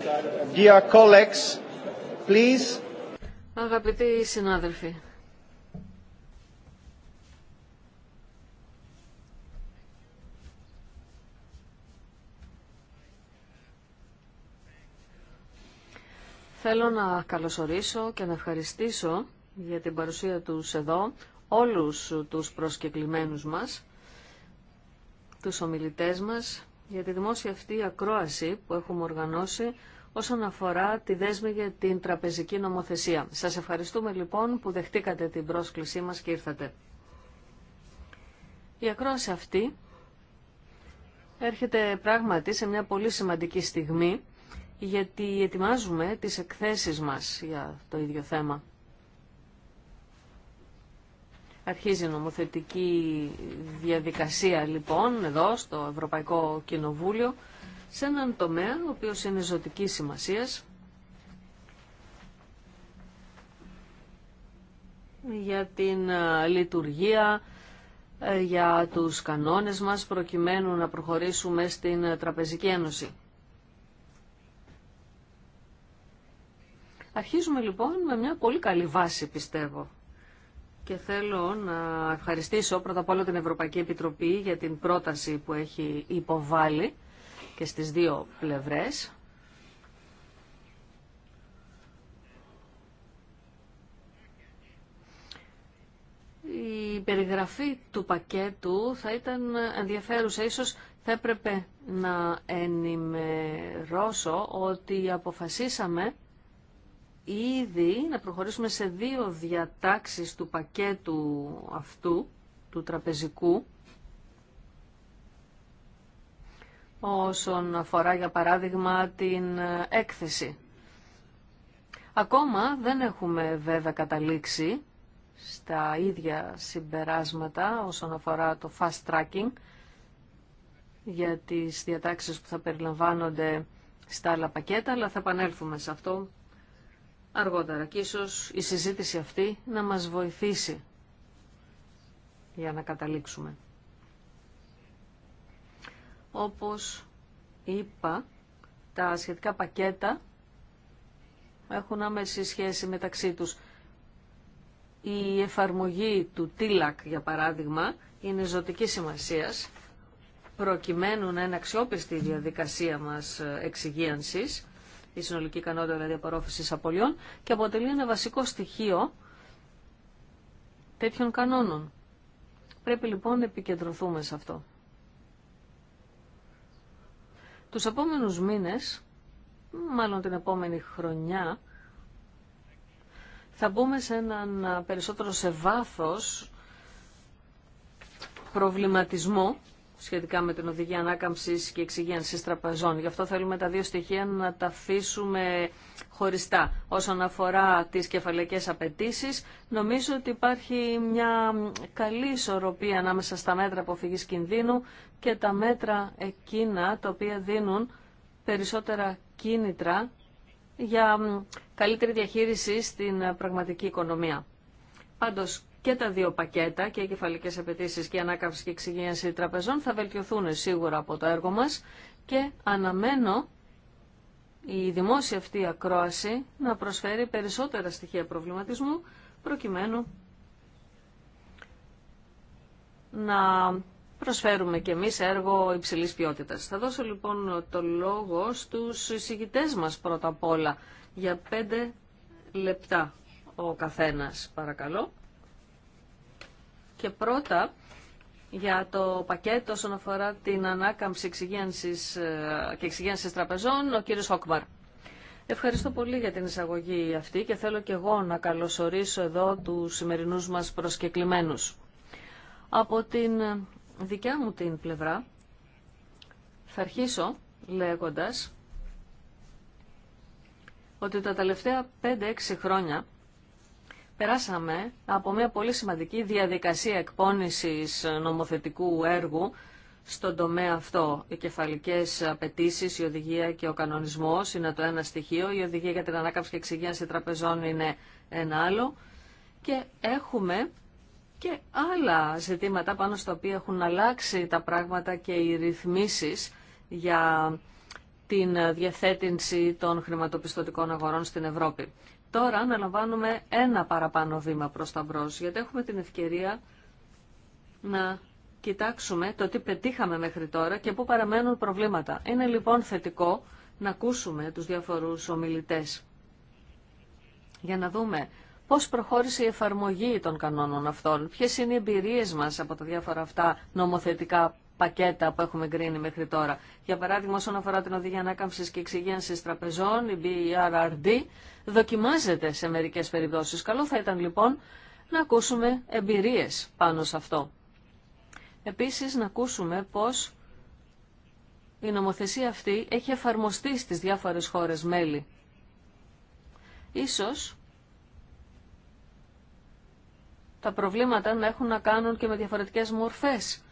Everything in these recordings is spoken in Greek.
Dear colleagues, please. Αγαπητοί συνάδελφοι, θέλω να καλωσορίσω και να ευχαριστήσω για την παρουσία τους εδώ όλους τους προσκεκλημένους μας, τους ομιλητές μας, για τη δημόσια αυτή ακρόαση που έχουμε οργανώσει όσον αφορά τη δέσμη για την τραπεζική νομοθεσία. Σας ευχαριστούμε λοιπόν που δεχτήκατε την πρόσκλησή μας και ήρθατε. Η ακρόαση αυτή έρχεται πράγματι σε μια πολύ σημαντική στιγμή γιατί ετοιμάζουμε τις εκθέσεις μας για το ίδιο θέμα. Αρχίζει η νομοθετική διαδικασία λοιπόν εδώ στο Ευρωπαϊκό Κοινοβούλιο σε έναν τομέα ο οποίος είναι ζωτική σημασίας για την λειτουργία, ε, για τους κανόνες μας προκειμένου να προχωρήσουμε στην ε, Τραπεζική Ένωση. Αρχίζουμε λοιπόν με μια πολύ καλή βάση πιστεύω και θέλω να ευχαριστήσω πρώτα απ' όλα την Ευρωπαϊκή Επιτροπή για την πρόταση που έχει υποβάλει και στις δύο πλευρές. Η περιγραφή του πακέτου θα ήταν ενδιαφέρουσα. Ίσως θα έπρεπε να ενημερώσω ότι αποφασίσαμε ήδη να προχωρήσουμε σε δύο διατάξεις του πακέτου αυτού, του τραπεζικού, όσον αφορά για παράδειγμα την έκθεση. Ακόμα δεν έχουμε βέβαια καταλήξει στα ίδια συμπεράσματα όσον αφορά το fast tracking για τις διατάξεις που θα περιλαμβάνονται στα άλλα πακέτα, αλλά θα επανέλθουμε σε αυτό αργότερα και ίσως η συζήτηση αυτή να μας βοηθήσει για να καταλήξουμε. Όπως είπα, τα σχετικά πακέτα έχουν άμεση σχέση μεταξύ τους. Η εφαρμογή του TILAC, για παράδειγμα, είναι ζωτική σημασίας, προκειμένου να είναι αξιόπιστη η διαδικασία μας εξυγίανσης η συνολική ικανότητα δηλαδή, απορρόφηση απολειών και αποτελεί ένα βασικό στοιχείο τέτοιων κανόνων. Πρέπει λοιπόν να επικεντρωθούμε σε αυτό. Τους επόμενους μήνες, μάλλον την επόμενη χρονιά, θα μπούμε σε έναν περισσότερο σε βάθος προβληματισμό σχετικά με την οδηγία ανάκαμψη και εξυγίανση τραπεζών. Γι' αυτό θέλουμε τα δύο στοιχεία να τα αφήσουμε χωριστά. Όσον αφορά τι κεφαλαϊκέ απαιτήσει, νομίζω ότι υπάρχει μια καλή ισορροπία ανάμεσα στα μέτρα αποφυγή κινδύνου και τα μέτρα εκείνα τα οποία δίνουν περισσότερα κίνητρα για καλύτερη διαχείριση στην πραγματική οικονομία. Πάντως, και τα δύο πακέτα και οι κεφαλικές απαιτήσει και η ανάκαυση και εξυγίανση τραπεζών θα βελτιωθούν σίγουρα από το έργο μας και αναμένω η δημόσια αυτή ακρόαση να προσφέρει περισσότερα στοιχεία προβληματισμού προκειμένου να προσφέρουμε και εμείς έργο υψηλής ποιότητας. Θα δώσω λοιπόν το λόγο στους εισηγητές μας πρώτα απ' όλα για πέντε λεπτά ο καθένας παρακαλώ και πρώτα για το πακέτο όσον αφορά την ανάκαμψη εξυγένσης ε, και εξυγένσης τραπεζών, ο κύριος Χόκμαρ. Ευχαριστώ πολύ για την εισαγωγή αυτή και θέλω και εγώ να καλωσορίσω εδώ τους σημερινούς μας προσκεκλημένους. Από την δικιά μου την πλευρά θα αρχίσω λέγοντας ότι τα τελευταία 5-6 χρόνια περάσαμε από μια πολύ σημαντική διαδικασία εκπόνησης νομοθετικού έργου στον τομέα αυτό. Οι κεφαλικές απαιτήσει, η οδηγία και ο κανονισμός είναι το ένα στοιχείο, η οδηγία για την ανάκαμψη και εξυγίανση τραπεζών είναι ένα άλλο και έχουμε και άλλα ζητήματα πάνω στα οποία έχουν αλλάξει τα πράγματα και οι ρυθμίσεις για την διαθέτηση των χρηματοπιστωτικών αγορών στην Ευρώπη. Τώρα αναλαμβάνουμε ένα παραπάνω βήμα προς τα μπρος, γιατί έχουμε την ευκαιρία να κοιτάξουμε το τι πετύχαμε μέχρι τώρα και πού παραμένουν προβλήματα. Είναι λοιπόν θετικό να ακούσουμε τους διαφορούς ομιλητές για να δούμε πώς προχώρησε η εφαρμογή των κανόνων αυτών, ποιες είναι οι εμπειρίες μας από τα διάφορα αυτά νομοθετικά πακέτα που έχουμε γκρίνει μέχρι τώρα. Για παράδειγμα, όσον αφορά την οδηγία ανάκαμψη και εξυγένση τραπεζών, η BRRD, δοκιμάζεται σε μερικέ περιπτώσει. Καλό θα ήταν λοιπόν να ακούσουμε εμπειρίε πάνω σε αυτό. Επίση, να ακούσουμε πώ η νομοθεσία αυτή έχει εφαρμοστεί στι διάφορε χώρε μέλη. Ίσως τα προβλήματα να έχουν να κάνουν και με διαφορετικές μορφές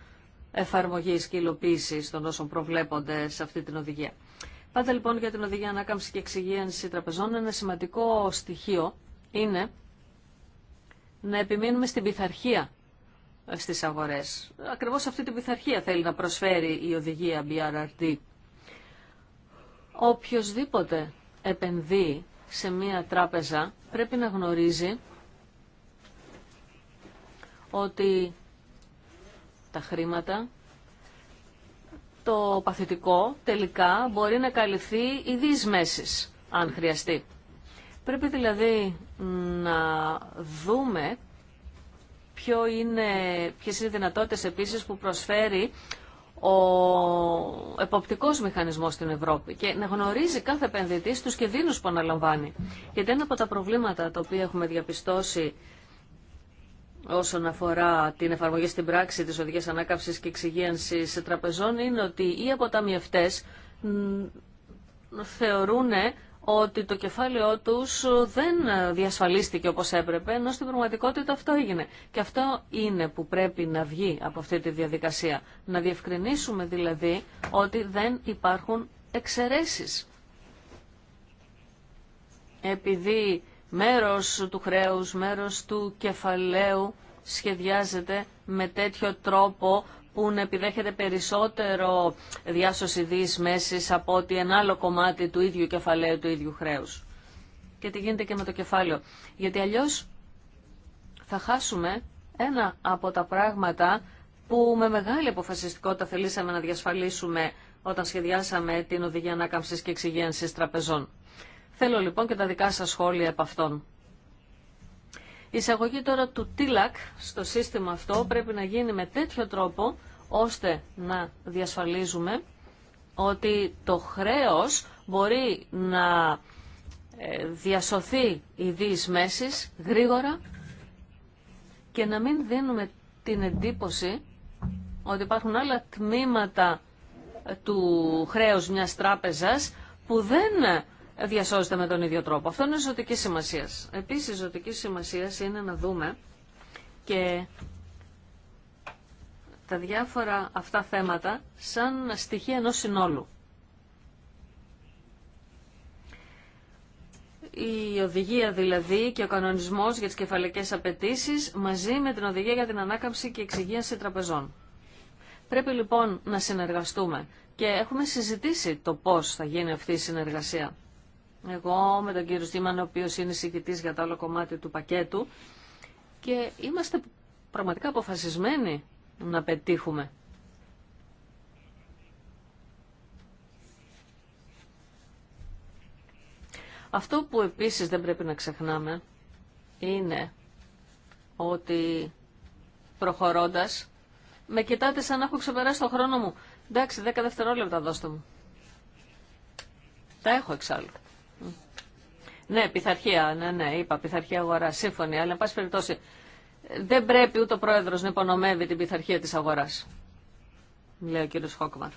εφαρμογής και υλοποίηση των όσων προβλέπονται σε αυτή την οδηγία. Πάντα λοιπόν για την οδηγία ανάκαμψη και εξυγίανση τραπεζών ένα σημαντικό στοιχείο είναι να επιμείνουμε στην πειθαρχία στις αγορές. Ακριβώς αυτή την πειθαρχία θέλει να προσφέρει η οδηγία BRRD. Οποιοςδήποτε επενδύει σε μία τράπεζα πρέπει να γνωρίζει ότι τα χρήματα, το παθητικό τελικά μπορεί να καλυφθεί ιδίς μέσης, αν χρειαστεί. Πρέπει δηλαδή να δούμε ποιο είναι, ποιες είναι οι δυνατότητες επίσης που προσφέρει ο εποπτικός μηχανισμός στην Ευρώπη και να γνωρίζει κάθε επενδυτή τους κινδύνους που αναλαμβάνει. Γιατί ένα από τα προβλήματα τα οποία έχουμε διαπιστώσει όσον αφορά την εφαρμογή στην πράξη της οδηγίας ανάκαψης και εξυγίανσης τραπεζών είναι ότι οι αποταμιευτές θεωρούν ότι το κεφάλαιό τους δεν διασφαλίστηκε όπως έπρεπε, ενώ στην πραγματικότητα αυτό έγινε. Και αυτό είναι που πρέπει να βγει από αυτή τη διαδικασία. Να διευκρινίσουμε δηλαδή ότι δεν υπάρχουν εξαιρέσεις. Επειδή μέρος του χρέους, μέρος του κεφαλαίου σχεδιάζεται με τέτοιο τρόπο που να επιδέχεται περισσότερο διάσωση δις μέσης από ότι ένα άλλο κομμάτι του ίδιου κεφαλαίου, του ίδιου χρέους. Και τι γίνεται και με το κεφάλαιο. Γιατί αλλιώς θα χάσουμε ένα από τα πράγματα που με μεγάλη αποφασιστικότητα θελήσαμε να διασφαλίσουμε όταν σχεδιάσαμε την οδηγία ανάκαμψης και εξυγένσης τραπεζών. Θέλω λοιπόν και τα δικά σας σχόλια από αυτόν. Η εισαγωγή τώρα του TILAC στο σύστημα αυτό πρέπει να γίνει με τέτοιο τρόπο ώστε να διασφαλίζουμε ότι το χρέος μπορεί να ε, διασωθεί οι δύο μέσης γρήγορα και να μην δίνουμε την εντύπωση ότι υπάρχουν άλλα τμήματα ε, του χρέους μιας τράπεζας που δεν διασώζεται με τον ίδιο τρόπο. Αυτό είναι ζωτική σημασία. Επίση, ζωτική σημασία είναι να δούμε και τα διάφορα αυτά θέματα σαν στοιχεία ενός συνόλου. η οδηγία δηλαδή και ο κανονισμός για τις κεφαλικές απαιτήσει μαζί με την οδηγία για την ανάκαμψη και εξυγίαση τραπεζών. Πρέπει λοιπόν να συνεργαστούμε και έχουμε συζητήσει το πώς θα γίνει αυτή η συνεργασία εγώ με τον κύριο Στήμαν, ο οποίος είναι συγκητής για το άλλο κομμάτι του πακέτου και είμαστε πραγματικά αποφασισμένοι να πετύχουμε. Αυτό που επίσης δεν πρέπει να ξεχνάμε είναι ότι προχωρώντας με κοιτάτε σαν να έχω ξεπεράσει τον χρόνο μου. Εντάξει, 10 δευτερόλεπτα δώστε μου. Τα έχω εξάλλου. Ναι, πειθαρχία, ναι, ναι, είπα πειθαρχία αγορά, σύμφωνη, αλλά εν πάση περιπτώσει δεν πρέπει ούτε ο πρόεδρο να υπονομεύει την πειθαρχία τη αγορά. Λέει ο κύριο Χόκμαρ.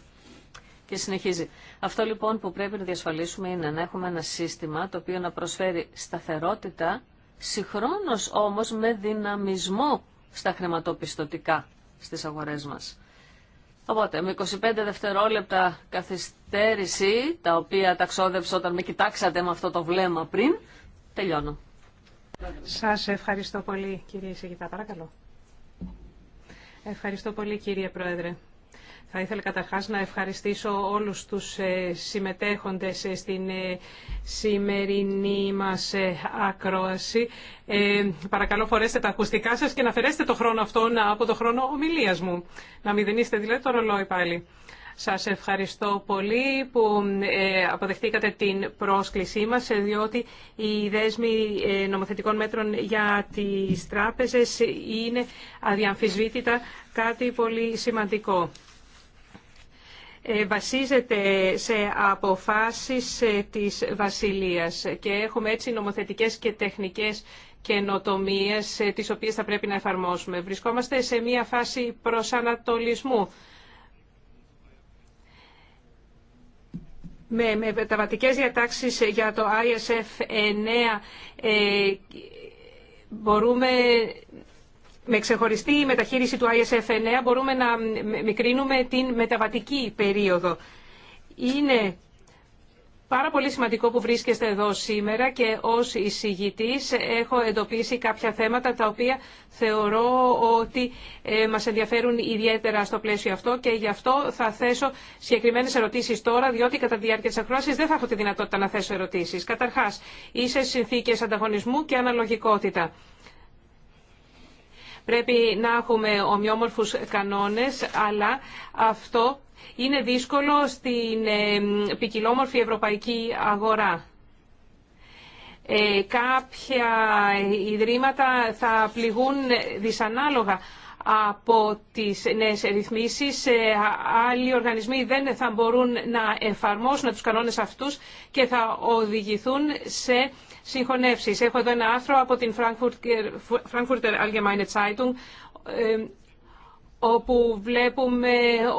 Και συνεχίζει. Αυτό λοιπόν που πρέπει να διασφαλίσουμε είναι να έχουμε ένα σύστημα το οποίο να προσφέρει σταθερότητα, συγχρόνω όμω με δυναμισμό στα χρηματοπιστωτικά στι αγορέ μα. Οπότε, με 25 δευτερόλεπτα καθυστέρηση, τα οποία ταξόδεψα όταν με κοιτάξατε με αυτό το βλέμμα πριν, τελειώνω. Σας ευχαριστώ πολύ, κύριε Ισηγητά. Παρακαλώ. Ευχαριστώ πολύ, κύριε Πρόεδρε. Θα ήθελα καταρχάς να ευχαριστήσω όλους τους ε, συμμετέχοντες ε, στην ε, σημερινή μας ακρόαση. Παρακαλώ φορέστε τα ακουστικά σας και να αφαιρέσετε το χρόνο αυτόν από το χρόνο ομιλίας μου. Να μηδενίσετε δηλαδή το ρολόι πάλι. Σας ευχαριστώ πολύ που αποδεχτήκατε την πρόσκλησή μας, διότι οι δέσμοι νομοθετικών μέτρων για τις τράπεζες είναι αδιαμφισβήτητα κάτι πολύ σημαντικό. Ε, βασίζεται σε αποφάσεις ε, της Βασιλείας και έχουμε έτσι νομοθετικές και τεχνικές καινοτομίες ε, τις οποίες θα πρέπει να εφαρμόσουμε. Βρισκόμαστε σε μια φάση προσανατολισμού. Με μεταβατικές διατάξεις για το ISF 9 μπορούμε με ξεχωριστή μεταχείριση του ISF9 μπορούμε να μικρύνουμε την μεταβατική περίοδο. Είναι πάρα πολύ σημαντικό που βρίσκεστε εδώ σήμερα και ως εισηγητής έχω εντοπίσει κάποια θέματα τα οποία θεωρώ ότι ε, μας ενδιαφέρουν ιδιαίτερα στο πλαίσιο αυτό και γι' αυτό θα θέσω συγκεκριμένες ερωτήσεις τώρα διότι κατά τη διάρκεια της ακρόασης δεν θα έχω τη δυνατότητα να θέσω ερωτήσεις. Καταρχάς, είσαι συνθήκες ανταγωνισμού και αναλογικότητα. Πρέπει να έχουμε ομοιόμορφους κανόνες, αλλά αυτό είναι δύσκολο στην ε, ποικιλόμορφη ευρωπαϊκή αγορά. Ε, κάποια ιδρύματα θα πληγούν δυσανάλογα από τις νέες ρυθμίσεις. Ε, άλλοι οργανισμοί δεν θα μπορούν να εφαρμόσουν τους κανόνες αυτούς και θα οδηγηθούν σε συγχωνεύσεις. Έχω εδώ ένα άρθρο από την Frankfurter, Frankfurter Allgemeine Zeitung ε, όπου βλέπουμε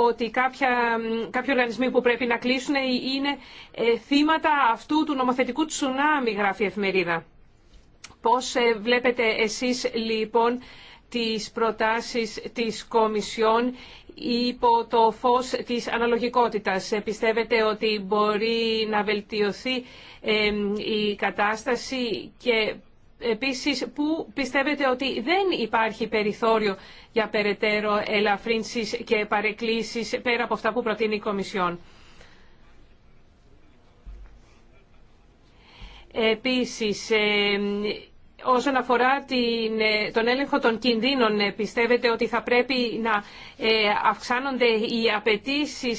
ότι κάποια, κάποιοι οργανισμοί που πρέπει να κλείσουν είναι ε, θύματα αυτού του νομοθετικού τσουνάμι, γράφει η εφημερίδα. Πώς ε, βλέπετε εσείς λοιπόν τις προτάσεις της Κομισιόν υπό το φως της αναλογικότητας. Ε, πιστεύετε ότι μπορεί να βελτιωθεί η κατάσταση και επίσης που πιστεύετε ότι δεν υπάρχει περιθώριο για περαιτέρω ελαφρύνσεις και παρεκκλήσεις πέρα από αυτά που προτείνει η Κομισιόν. Επίσης, Όσον αφορά την, ε, τον έλεγχο των κινδύνων, ε, πιστεύετε ότι θα πρέπει να ε, αυξάνονται οι απαιτήσει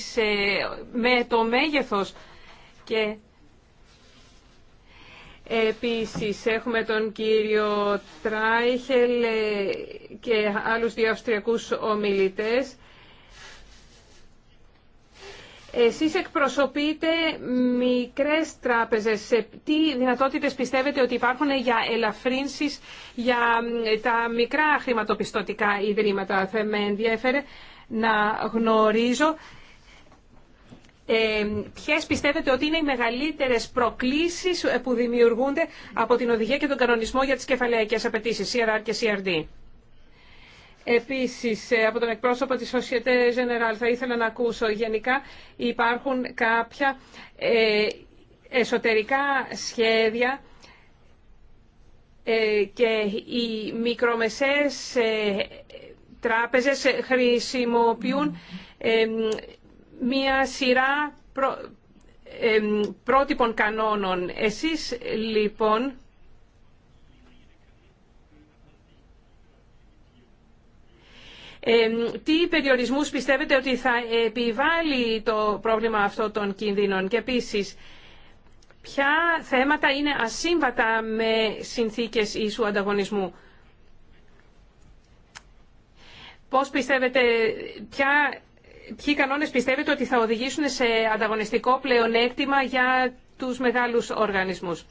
με το μέγεθος και Επίσης έχουμε τον κύριο Τράιχελ και άλλους δύο Αυστριακούς ομιλητές εσείς εκπροσωπείτε μικρές τράπεζες. Τι δυνατότητες πιστεύετε ότι υπάρχουν για ελαφρύνσεις για τα μικρά χρηματοπιστωτικά ιδρύματα. Θα με ενδιαφέρε να γνωρίζω ε, ποιες πιστεύετε ότι είναι οι μεγαλύτερες προκλήσεις ε, που δημιουργούνται από την οδηγία και τον κανονισμό για τις κεφαλαϊκές απαιτήσεις, CRR και CRD. Επίσης, ε, από τον εκπρόσωπο της Societe Generale θα ήθελα να ακούσω γενικά υπάρχουν κάποια ε, εσωτερικά σχέδια ε, και οι μικρομεσαίες τράπεζες χρησιμοποιούν μία σειρά πρότυπων κανόνων. Εσείς, λοιπόν, τι περιορισμούς πιστεύετε ότι θα επιβάλλει το πρόβλημα αυτό των κινδύνων και επίσης ποια θέματα είναι ασύμβατα με συνθήκες ίσου ανταγωνισμού. Πώς πιστεύετε, ποια, ποιοι κανόνες πιστεύετε ότι θα οδηγήσουν σε ανταγωνιστικό πλεονέκτημα για τους μεγάλους οργανισμούς.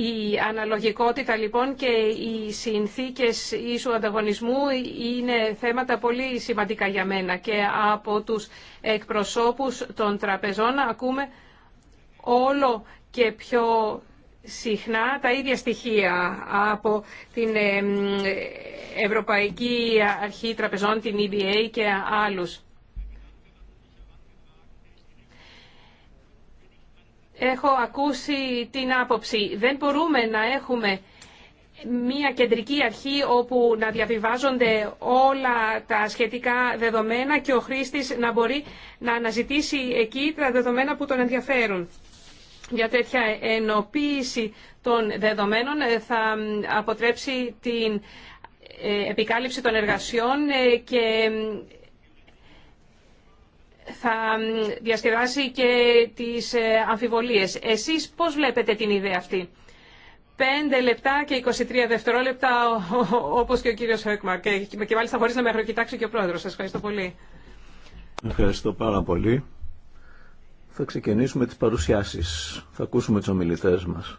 Η αναλογικότητα λοιπόν και οι συνθήκες ίσου ανταγωνισμού είναι θέματα πολύ σημαντικά για μένα και από τους εκπροσώπους των τραπεζών ακούμε όλο και πιο συχνά τα ίδια στοιχεία από την Ευρωπαϊκή Αρχή Τραπεζών, την EBA και άλλους. έχω ακούσει την άποψη. Δεν μπορούμε να έχουμε μια κεντρική αρχή όπου να διαβιβάζονται όλα τα σχετικά δεδομένα και ο χρήστης να μπορεί να αναζητήσει εκεί τα δεδομένα που τον ενδιαφέρουν. Για τέτοια ενοποίηση των δεδομένων ε, θα αποτρέψει την ε, επικάλυψη των εργασιών ε, και θα διασκεδάσει και τις ε, αμφιβολίες. Εσείς πώς βλέπετε την ιδέα αυτή. 5 λεπτά και 23 δευτερόλεπτα, όπως και ο κύριος Χέκμαρ. Ε, και, και μάλιστα χωρίς να με αγροκοιτάξει και ο πρόεδρος. Σας ευχαριστώ πολύ. Ευχαριστώ πάρα πολύ. Θα ξεκινήσουμε τις παρουσιάσεις. Θα ακούσουμε τους ομιλητές μας.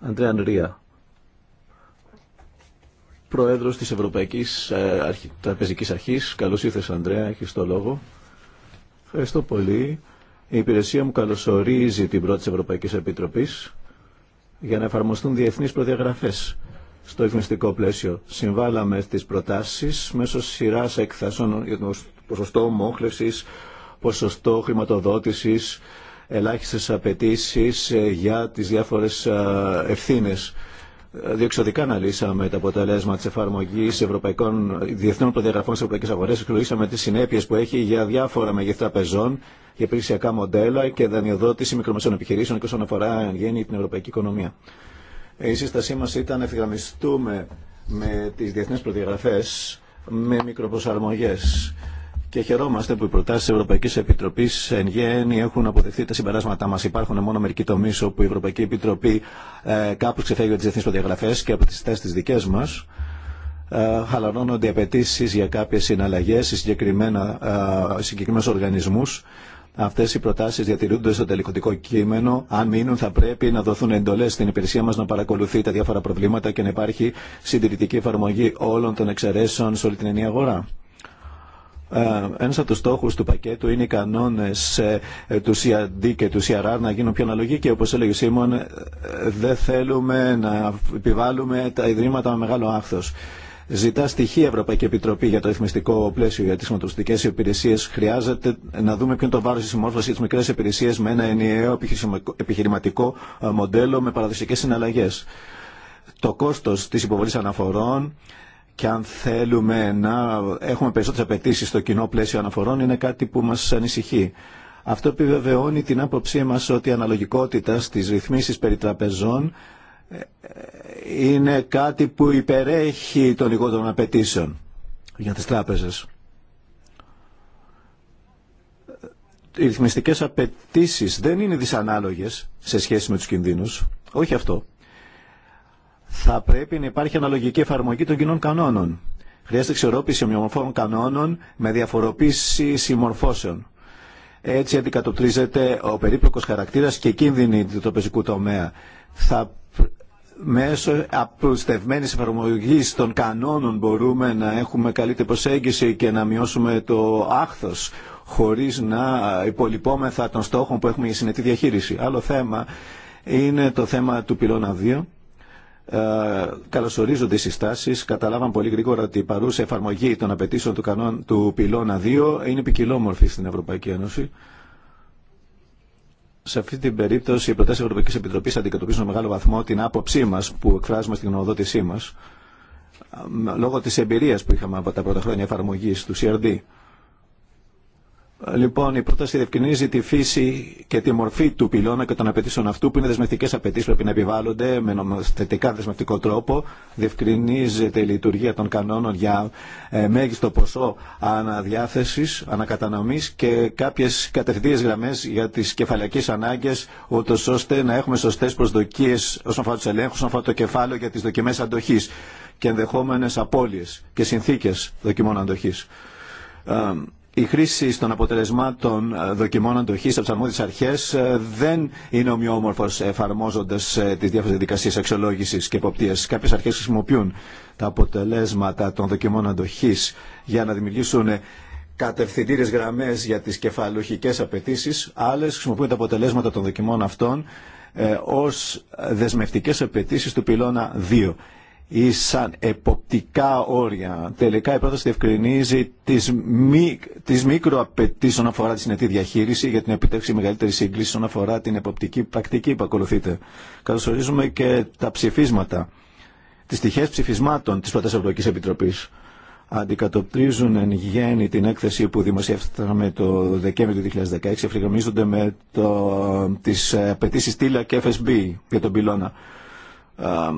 Αντρέα Ανρία Πρόεδρος της Ευρωπαϊκής ε, Τραπεζική Αρχής. Καλώς ήρθε, Ανδρέα, έχει το λόγο. Ευχαριστώ πολύ. Η υπηρεσία μου καλωσορίζει την πρώτη Ευρωπαϊκή Επιτροπή για να εφαρμοστούν διεθνεί προδιαγραφέ στο εθνιστικό πλαίσιο. Συμβάλαμε στι προτάσει μέσω σειρά εκθασών για το ποσοστό μόχλευση, ποσοστό χρηματοδότηση, ελάχιστε απαιτήσει ε, για τι διάφορε ε, ευθύνε Διεξοδικά αναλύσαμε τα αποτελέσματα τη εφαρμογή διεθνών προδιαγραφών στι ευρωπαϊκέ αγορέ. Εξολογήσαμε τι συνέπειε που έχει για διάφορα μεγεθά πεζών, για υπηρεσιακά μοντέλα και δανειοδότηση μικρομεσαίων επιχειρήσεων και όσον αφορά εν γέννη την ευρωπαϊκή οικονομία. Η σύστασή μα ήταν να ευθυγραμμιστούμε με τι διεθνεί προδιαγραφέ με μικροπροσαρμογέ και χαιρόμαστε που οι προτάσει τη Ευρωπαϊκή Επιτροπή εν γέννη έχουν αποδεχθεί τα συμπεράσματά μα. Υπάρχουν μόνο μερικοί τομεί όπου η Ευρωπαϊκή Επιτροπή ε, κάπω ξεφεύγει από τι διεθνεί προδιαγραφέ και από τι θέσει τι δικέ μα. Ε, χαλαρώνονται οι απαιτήσει για κάποιε συναλλαγέ σε ε, συγκεκριμένου οργανισμού. Αυτέ οι προτάσει διατηρούνται στο τελικό κείμενο. Αν μείνουν, θα πρέπει να δοθούν εντολέ στην υπηρεσία μα να παρακολουθεί τα διάφορα προβλήματα και να υπάρχει συντηρητική εφαρμογή όλων των εξαιρέσεων σε όλη την ενιαία αγορά. Ε, ένας από τους στόχους του πακέτου είναι οι κανόνες ε, του CRD και του CRR να γίνουν πιο αναλογικοί. Όπως έλεγε ο Σίμων, ε, δεν θέλουμε να επιβάλλουμε τα ιδρύματα με μεγάλο άχθος. Ζητά στοιχεία η Ευρωπαϊκή Επιτροπή για το ρυθμιστικό πλαίσιο για τι χρηματοπιστικέ υπηρεσίε. Χρειάζεται να δούμε ποιο είναι το βάρο τη συμμόρφωση για τι μικρέ υπηρεσίε με ένα ενιαίο επιχειρηματικό μοντέλο με παραδοσιακέ συναλλαγέ. Το κόστο τη υποβολή αναφορών, και αν θέλουμε να έχουμε περισσότερες απαιτήσει στο κοινό πλαίσιο αναφορών είναι κάτι που μας ανησυχεί. Αυτό επιβεβαιώνει την άποψή μας ότι η αναλογικότητα στις ρυθμίσεις περί τραπεζών ε, είναι κάτι που υπερέχει των λιγότερων απαιτήσεων για τις τράπεζες. Οι ρυθμιστικές απαιτήσει δεν είναι δυσανάλογες σε σχέση με τους κινδύνους. Όχι αυτό θα πρέπει να υπάρχει αναλογική εφαρμογή των κοινών κανόνων. Χρειάζεται εξορρόπηση ομοιομορφών κανόνων με διαφοροποίηση συμμορφώσεων. Έτσι αντικατοπτρίζεται ο περίπλοκο χαρακτήρα και κίνδυνη του πεζικού τομέα. Θα μέσω απλουστευμένη εφαρμογή των κανόνων μπορούμε να έχουμε καλύτερη προσέγγιση και να μειώσουμε το άχθο χωρί να υπολοιπόμεθα των στόχων που έχουμε για συνετή διαχείριση. Άλλο θέμα είναι το θέμα του πυλώνα 2 ε, καλωσορίζονται οι συστάσεις. Καταλάβαν πολύ γρήγορα ότι η παρούσα εφαρμογή των απαιτήσεων του, κανόν, του πυλώνα 2 είναι ποικιλόμορφη στην Ευρωπαϊκή Ένωση. Σε αυτή την περίπτωση, οι προτάσει Ευρωπαϊκή Επιτροπή αντικατοπίζουν μεγάλο βαθμό την άποψή μα που εκφράζουμε στην γνωμοδότησή μα, ε, λόγω τη εμπειρία που είχαμε από τα πρώτα χρόνια εφαρμογή του CRD. Λοιπόν, η πρόταση διευκρινίζει τη φύση και τη μορφή του πυλώνα και των απαιτήσεων αυτού, που είναι δεσμευτικέ απαιτήσει, πρέπει να επιβάλλονται με νομοθετικά δεσμευτικό τρόπο. Διευκρινίζεται η λειτουργία των κανόνων για ε, μέγιστο ποσό αναδιάθεση, ανακατανομή και κάποιε κατευθείαν γραμμέ για τι κεφαλαϊκέ ανάγκε, ούτω ώστε να έχουμε σωστέ προσδοκίε όσον αφορά του ελέγχου, όσον αφορά το κεφάλαιο για τι δοκιμέ αντοχή και ενδεχόμενε απώλειε και συνθήκε δοκιμών αντοχή ε, η χρήση των αποτελεσμάτων ε, δοκιμών αντοχή από τι αρμόδιε αρχέ ε, δεν είναι ομοιόμορφο εφαρμόζοντα ε, τι διάφορε διαδικασίε αξιολόγηση και εποπτεία. Κάποιε αρχέ χρησιμοποιούν τα αποτελέσματα των δοκιμών αντοχή για να δημιουργήσουν κατευθυντήρε γραμμέ για τι κεφαλουχικέ απαιτήσει. Άλλε χρησιμοποιούν τα αποτελέσματα των δοκιμών αυτών ω δεσμευτικέ απαιτήσει του πυλώνα 2 ή σαν εποπτικά όρια. Τελικά η πρόταση διευκρινίζει τις, τις όσον αφορά τη συνετή διαχείριση για την επιτεύξη μεγαλύτερη σύγκληση όσον αφορά την εποπτική πρακτική που ακολουθείται. Καλωσορίζουμε και τα ψηφίσματα, τις στοιχείες ψηφισμάτων της Πρωτεύουσα Ευρωπαϊκής Επιτροπής αντικατοπτρίζουν εν γέννη την έκθεση που δημοσιεύσαμε το Δεκέμβριο του 2016, ευθυγραμμίζονται με το, ε, απαιτήσει Τίλα και FSB για τον πυλώνα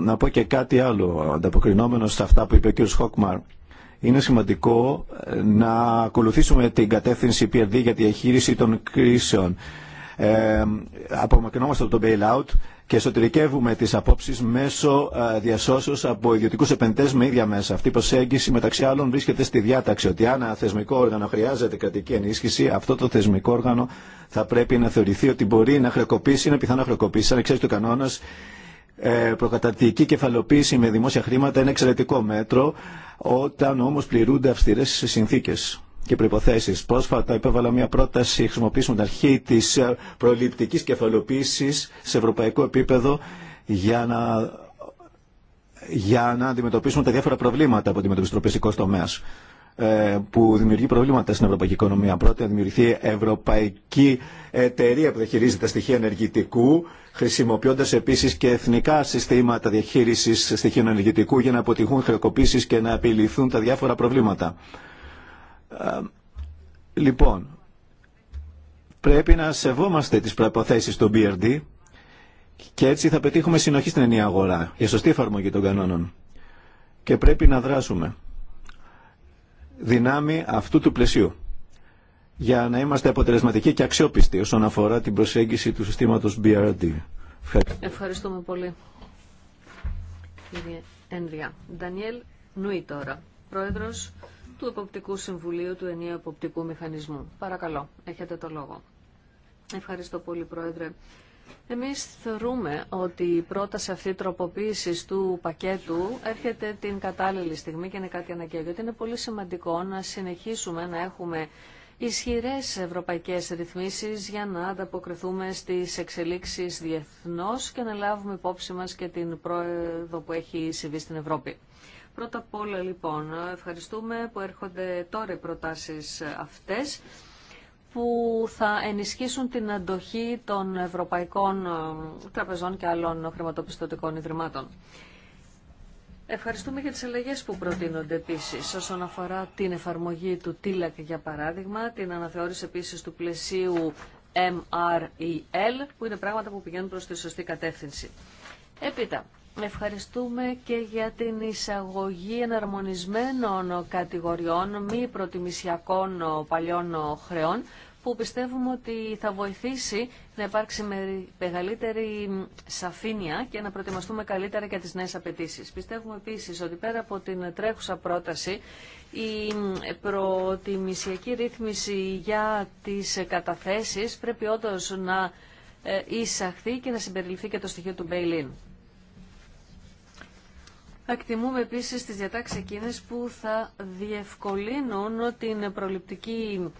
να πω και κάτι άλλο, ανταποκρινόμενο σε αυτά που είπε ο κ. Χόκμαρ. Είναι σημαντικό ε, να ακολουθήσουμε την κατεύθυνση PRD για τη διαχείριση των κρίσεων. Ε, απομακρυνόμαστε από το bailout και εσωτερικεύουμε τις απόψεις μέσω ε, διασώσεως από ιδιωτικούς επενδυτές με ίδια μέσα. Αυτή η προσέγγιση μεταξύ άλλων βρίσκεται στη διάταξη ότι αν ένα θεσμικό όργανο χρειάζεται κρατική ενίσχυση, αυτό το θεσμικό όργανο θα πρέπει να θεωρηθεί ότι μπορεί να χρεοκοπήσει, είναι πιθανό να χρεοκοπήσει, αν ε, προκαταρτική κεφαλοποίηση με δημόσια χρήματα είναι εξαιρετικό μέτρο όταν όμως πληρούνται αυστηρές συνθήκες και προϋποθέσεις. Πρόσφατα υπέβαλα μια πρόταση χρησιμοποιήσουμε την αρχή της ε, προληπτικής κεφαλοποίησης σε ευρωπαϊκό επίπεδο για να, για να αντιμετωπίσουμε τα διάφορα προβλήματα που αντιμετωπίζει ο τροπιστικός τομέας. Ε, που δημιουργεί προβλήματα στην ευρωπαϊκή οικονομία. Πρώτα, να δημιουργηθεί ευρωπαϊκή εταιρεία που διαχειρίζει τα στοιχεία ενεργητικού, χρησιμοποιώντα επίση και εθνικά συστήματα διαχείριση στοιχείων ενεργητικού για να αποτυχούν χρεοκοπήσει και να επιληθούν τα διάφορα προβλήματα. Ε, λοιπόν, πρέπει να σεβόμαστε τις προϋποθέσεις του BRD και έτσι θα πετύχουμε συνοχή στην ενιαία αγορά για σωστή εφαρμογή των κανόνων. Και πρέπει να δράσουμε δυνάμει αυτού του πλαισίου για να είμαστε αποτελεσματικοί και αξιόπιστοι όσον αφορά την προσέγγιση του συστήματος BRD. Ευχαριστούμε πολύ. Κύριε Ένδρια. Ντανιέλ Νουή τώρα, πρόεδρος του Εποπτικού Συμβουλίου του Ενίου Εποπτικού Μηχανισμού. Παρακαλώ, έχετε το λόγο. Ευχαριστώ πολύ, Πρόεδρε. Εμείς θεωρούμε ότι η πρόταση αυτή τροποποίηση του πακέτου έρχεται την κατάλληλη στιγμή και είναι κάτι αναγκαίο, γιατί είναι πολύ σημαντικό να συνεχίσουμε να έχουμε ισχυρές ευρωπαϊκές ρυθμίσεις για να ανταποκριθούμε στις εξελίξεις διεθνώς και να λάβουμε υπόψη μας και την πρόεδρο που έχει συμβεί στην Ευρώπη. Πρώτα απ' όλα λοιπόν, ευχαριστούμε που έρχονται τώρα οι προτάσεις αυτές που θα ενισχύσουν την αντοχή των ευρωπαϊκών ε, τραπεζών και άλλων χρηματοπιστωτικών ιδρυμάτων. Ευχαριστούμε για τις αλλαγές που προτείνονται επίσης όσον αφορά την εφαρμογή του TILAC για παράδειγμα, την αναθεώρηση επίσης του πλαισίου MREL που είναι πράγματα που πηγαίνουν προς τη σωστή κατεύθυνση. Έπειτα, ευχαριστούμε και για την εισαγωγή εναρμονισμένων κατηγοριών μη προτιμησιακών ε, παλιών ε, χρεών που πιστεύουμε ότι θα βοηθήσει να υπάρξει μεγαλύτερη σαφήνεια και να προετοιμαστούμε καλύτερα για τις νέες απαιτήσεις. Πιστεύουμε επίσης ότι πέρα από την τρέχουσα πρόταση, η προτιμησιακή ρύθμιση για τις καταθέσεις πρέπει όντω να ε, εισαχθεί και να συμπεριληφθεί και το στοιχείο του Μπέιλιν. Ακτιμούμε επίσης τις διατάξεις εκείνες που θα διευκολύνουν την προληπτική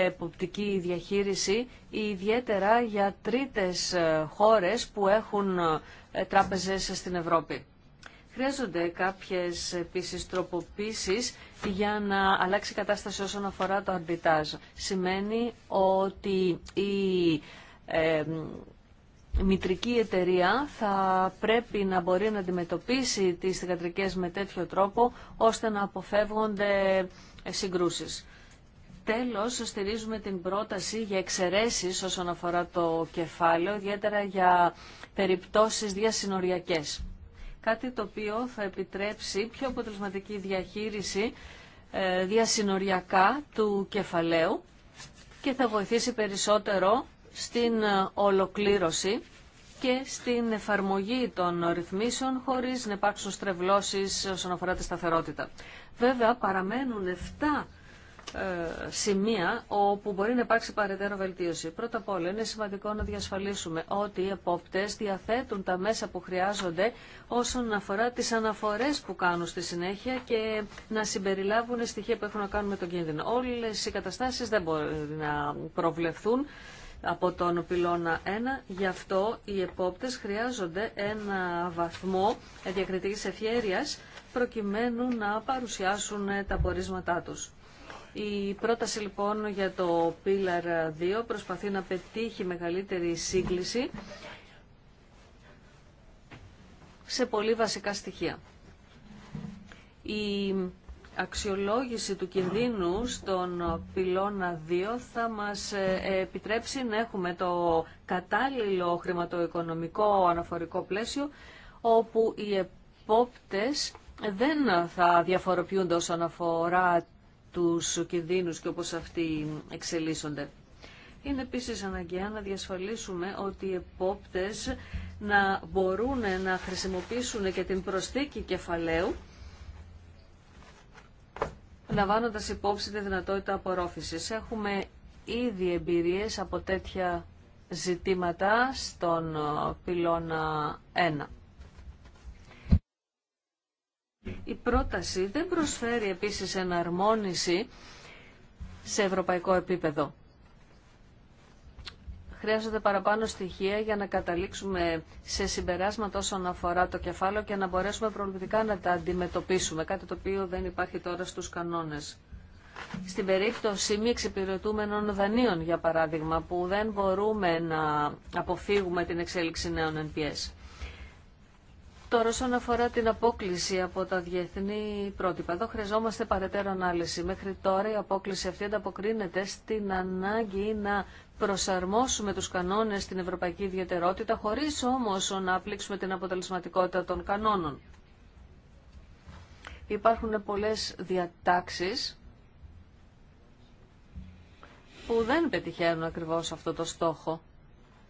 εποπτική διαχείριση, ιδιαίτερα για τρίτες ε, χώρες που έχουν ε, τράπεζες στην Ευρώπη. Χρειάζονται κάποιες επίσης τροποποίησεις για να αλλάξει η κατάσταση όσον αφορά το αρμπιτάζ. Σημαίνει ότι η ε, μητρική εταιρεία θα πρέπει να μπορεί να αντιμετωπίσει τις θηγατρικές με τέτοιο τρόπο ώστε να αποφεύγονται ε, συγκρούσεις. Τέλος, στηρίζουμε την πρόταση για εξαιρέσεις όσον αφορά το κεφάλαιο, ιδιαίτερα για περιπτώσεις διασυνοριακές. Κάτι το οποίο θα επιτρέψει πιο αποτελεσματική διαχείριση ε, διασυνοριακά του κεφαλαίου και θα βοηθήσει περισσότερο στην ε, ολοκλήρωση και στην εφαρμογή των ρυθμίσεων χωρίς να υπάρξουν στρεβλώσεις όσον αφορά τη σταθερότητα. Βέβαια παραμένουν 7 ε, σημεία όπου μπορεί να υπάρξει παρεντέρω βελτίωση. Πρώτα απ' όλα είναι σημαντικό να διασφαλίσουμε ότι οι επόπτες διαθέτουν τα μέσα που χρειάζονται όσον αφορά τις αναφορές που κάνουν στη συνέχεια και να συμπεριλάβουν στοιχεία που έχουν να κάνουν με τον κίνδυνο. Όλες οι καταστάσεις δεν μπορούν να προβλεφθούν από τον πυλώνα 1. Γι' αυτό οι επόπτες χρειάζονται ένα βαθμό διακριτικής ευχέρειας προκειμένου να παρουσιάσουν τα πορίσματά τους. Η πρόταση λοιπόν για το Pillar 2 προσπαθεί να πετύχει μεγαλύτερη σύγκληση σε πολύ βασικά στοιχεία. Η αξιολόγηση του κινδύνου στον πυλώνα 2 θα μας ε, επιτρέψει να έχουμε το κατάλληλο χρηματοοικονομικό αναφορικό πλαίσιο όπου οι επόπτες δεν θα διαφοροποιούνται όσον αφορά τους κινδύνους και όπως αυτοί εξελίσσονται. Είναι επίσης αναγκαία να διασφαλίσουμε ότι οι επόπτες να μπορούν να χρησιμοποιήσουν και την προσθήκη κεφαλαίου λαμβάνοντα υπόψη τη δυνατότητα απορρόφησης. Έχουμε ήδη εμπειρίες από τέτοια ζητήματα στον πυλώνα 1. Η πρόταση δεν προσφέρει επίσης εναρμόνιση σε ευρωπαϊκό επίπεδο. Χρειάζονται παραπάνω στοιχεία για να καταλήξουμε σε συμπεράσματα όσον αφορά το κεφάλαιο και να μπορέσουμε προληπτικά να τα αντιμετωπίσουμε, κάτι το οποίο δεν υπάρχει τώρα στους κανόνες. Στην περίπτωση μη εξυπηρετούμενων δανείων, για παράδειγμα, που δεν μπορούμε να αποφύγουμε την εξέλιξη νέων NPS. Τώρα, όσον αφορά την απόκληση από τα διεθνή πρότυπα, εδώ χρειαζόμαστε παρετέρω ανάλυση. Μέχρι τώρα η απόκληση αυτή ανταποκρίνεται στην ανάγκη να προσαρμόσουμε τους κανόνες στην ευρωπαϊκή ιδιαιτερότητα, χωρίς όμως να απλήξουμε την αποτελεσματικότητα των κανόνων. Υπάρχουν πολλές διατάξεις που δεν πετυχαίνουν ακριβώς αυτό το στόχο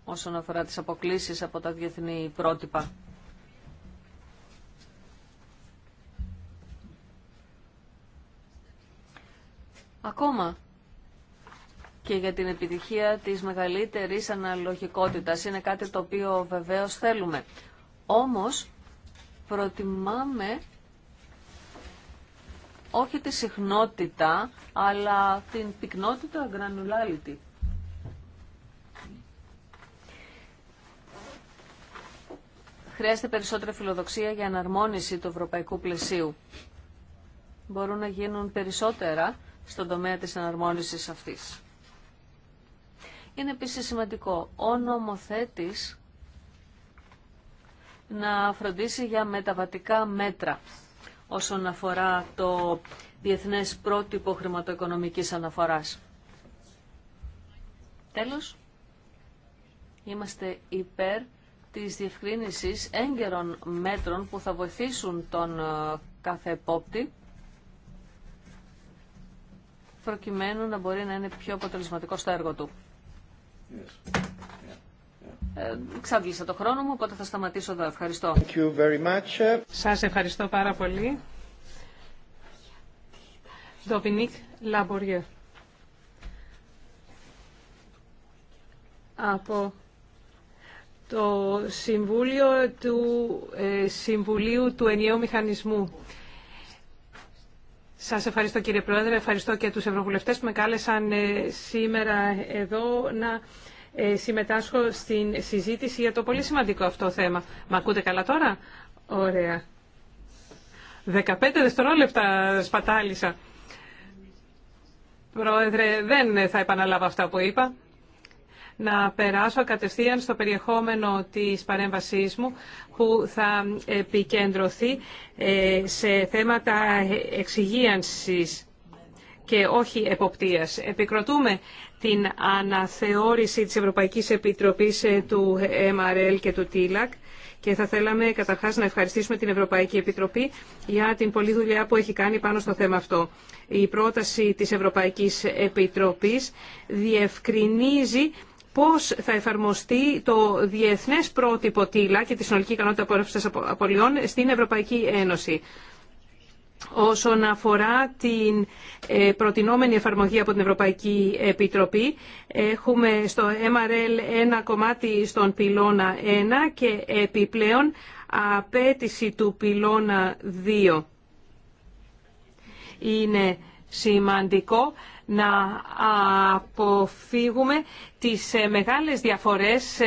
όσον αφορά τις αποκλήσεις από τα διεθνή πρότυπα. Ακόμα και για την επιτυχία της μεγαλύτερης αναλογικότητας. Είναι κάτι το οποίο βεβαίως θέλουμε. Όμως προτιμάμε όχι τη συχνότητα, αλλά την πυκνότητα granularity. Χρειάζεται περισσότερη φιλοδοξία για αναρμόνιση του ευρωπαϊκού πλαισίου. Μπορούν να γίνουν περισσότερα στον τομέα της εναρμόνισης αυτής. Είναι επίσης σημαντικό ο νομοθέτης να φροντίσει για μεταβατικά μέτρα όσον αφορά το διεθνές πρότυπο χρηματοοικονομικής αναφοράς. Τέλος, είμαστε υπέρ της διευκρίνησης έγκαιρων μέτρων που θα βοηθήσουν τον ε, κάθε επόπτη προκειμένου να μπορεί να είναι πιο αποτελεσματικό στο έργο του. Yes. Ε, το χρόνο μου, οπότε θα σταματήσω εδώ. Ευχαριστώ. Thank you very much. Σας ευχαριστώ πάρα πολύ. Δομινίκ Λαμποριέ. Από το Συμβούλιο του ε, Συμβουλίου του Ενιαίου Μηχανισμού. Σας ευχαριστώ κύριε Πρόεδρε, ευχαριστώ και τους ευρωβουλευτές που με κάλεσαν ε, σήμερα εδώ να ε, συμμετάσχω στην συζήτηση για το πολύ σημαντικό αυτό θέμα. Μα ακούτε καλά τώρα? Ωραία. 15 δευτερόλεπτα σπατάλησα. Πρόεδρε, δεν θα επαναλάβω αυτά που είπα να περάσω κατευθείαν στο περιεχόμενο της παρέμβασής μου που θα επικεντρωθεί ε, σε θέματα εξυγίανσης και όχι εποπτείας. Επικροτούμε την αναθεώρηση της Ευρωπαϊκής Επιτροπής ε, του MRL και του TILAC και θα θέλαμε καταρχάς να ευχαριστήσουμε την Ευρωπαϊκή Επιτροπή για την πολλή δουλειά που έχει κάνει πάνω στο θέμα αυτό. Η πρόταση της Ευρωπαϊκής Επιτροπής διευκρινίζει πώς θα εφαρμοστεί το διεθνές πρότυπο ΤΙΛΑ και τη συνολική ικανότητα απόρρευσης απολειών στην Ευρωπαϊκή Ένωση. Όσον αφορά την ε, προτινόμενη εφαρμογή από την Ευρωπαϊκή Επιτροπή, έχουμε στο MRL ένα κομμάτι στον πυλώνα 1 και επιπλέον απέτηση του πυλώνα 2. Είναι σημαντικό να αποφύγουμε τις ε, μεγάλες διαφορές ε,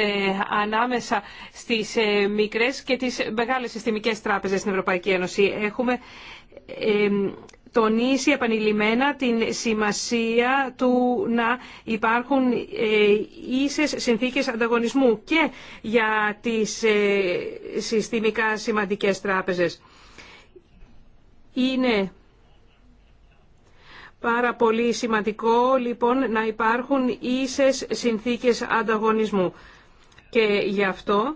ανάμεσα στις ε, μικρές και τις μεγάλες συστημικές τράπεζες στην Ευρωπαϊκή Ένωση. Έχουμε τονίσει επανειλημμένα την σημασία του να υπάρχουν ίσες συνθήκες ανταγωνισμού και για τις συστημικά σημαντικές τράπεζες. Είναι Πάρα πολύ σημαντικό λοιπόν να υπάρχουν ίσες συνθήκες ανταγωνισμού. Και γι' αυτό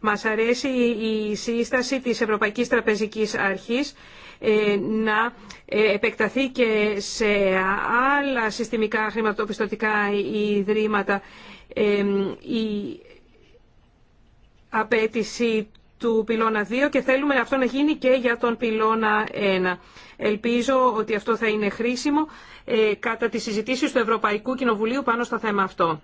μας αρέσει η σύσταση της Ευρωπαϊκής Τραπεζικής Αρχής ε, να ε, επεκταθεί και σε άλλα συστημικά χρηματοπιστωτικά ιδρύματα ε, η απέτηση του πυλώνα 2 και θέλουμε αυτό να γίνει και για τον πυλώνα 1. Ελπίζω ότι αυτό θα είναι χρήσιμο ε, κατά τις συζητήσεις του Ευρωπαϊκού Κοινοβουλίου πάνω στο θέμα αυτό.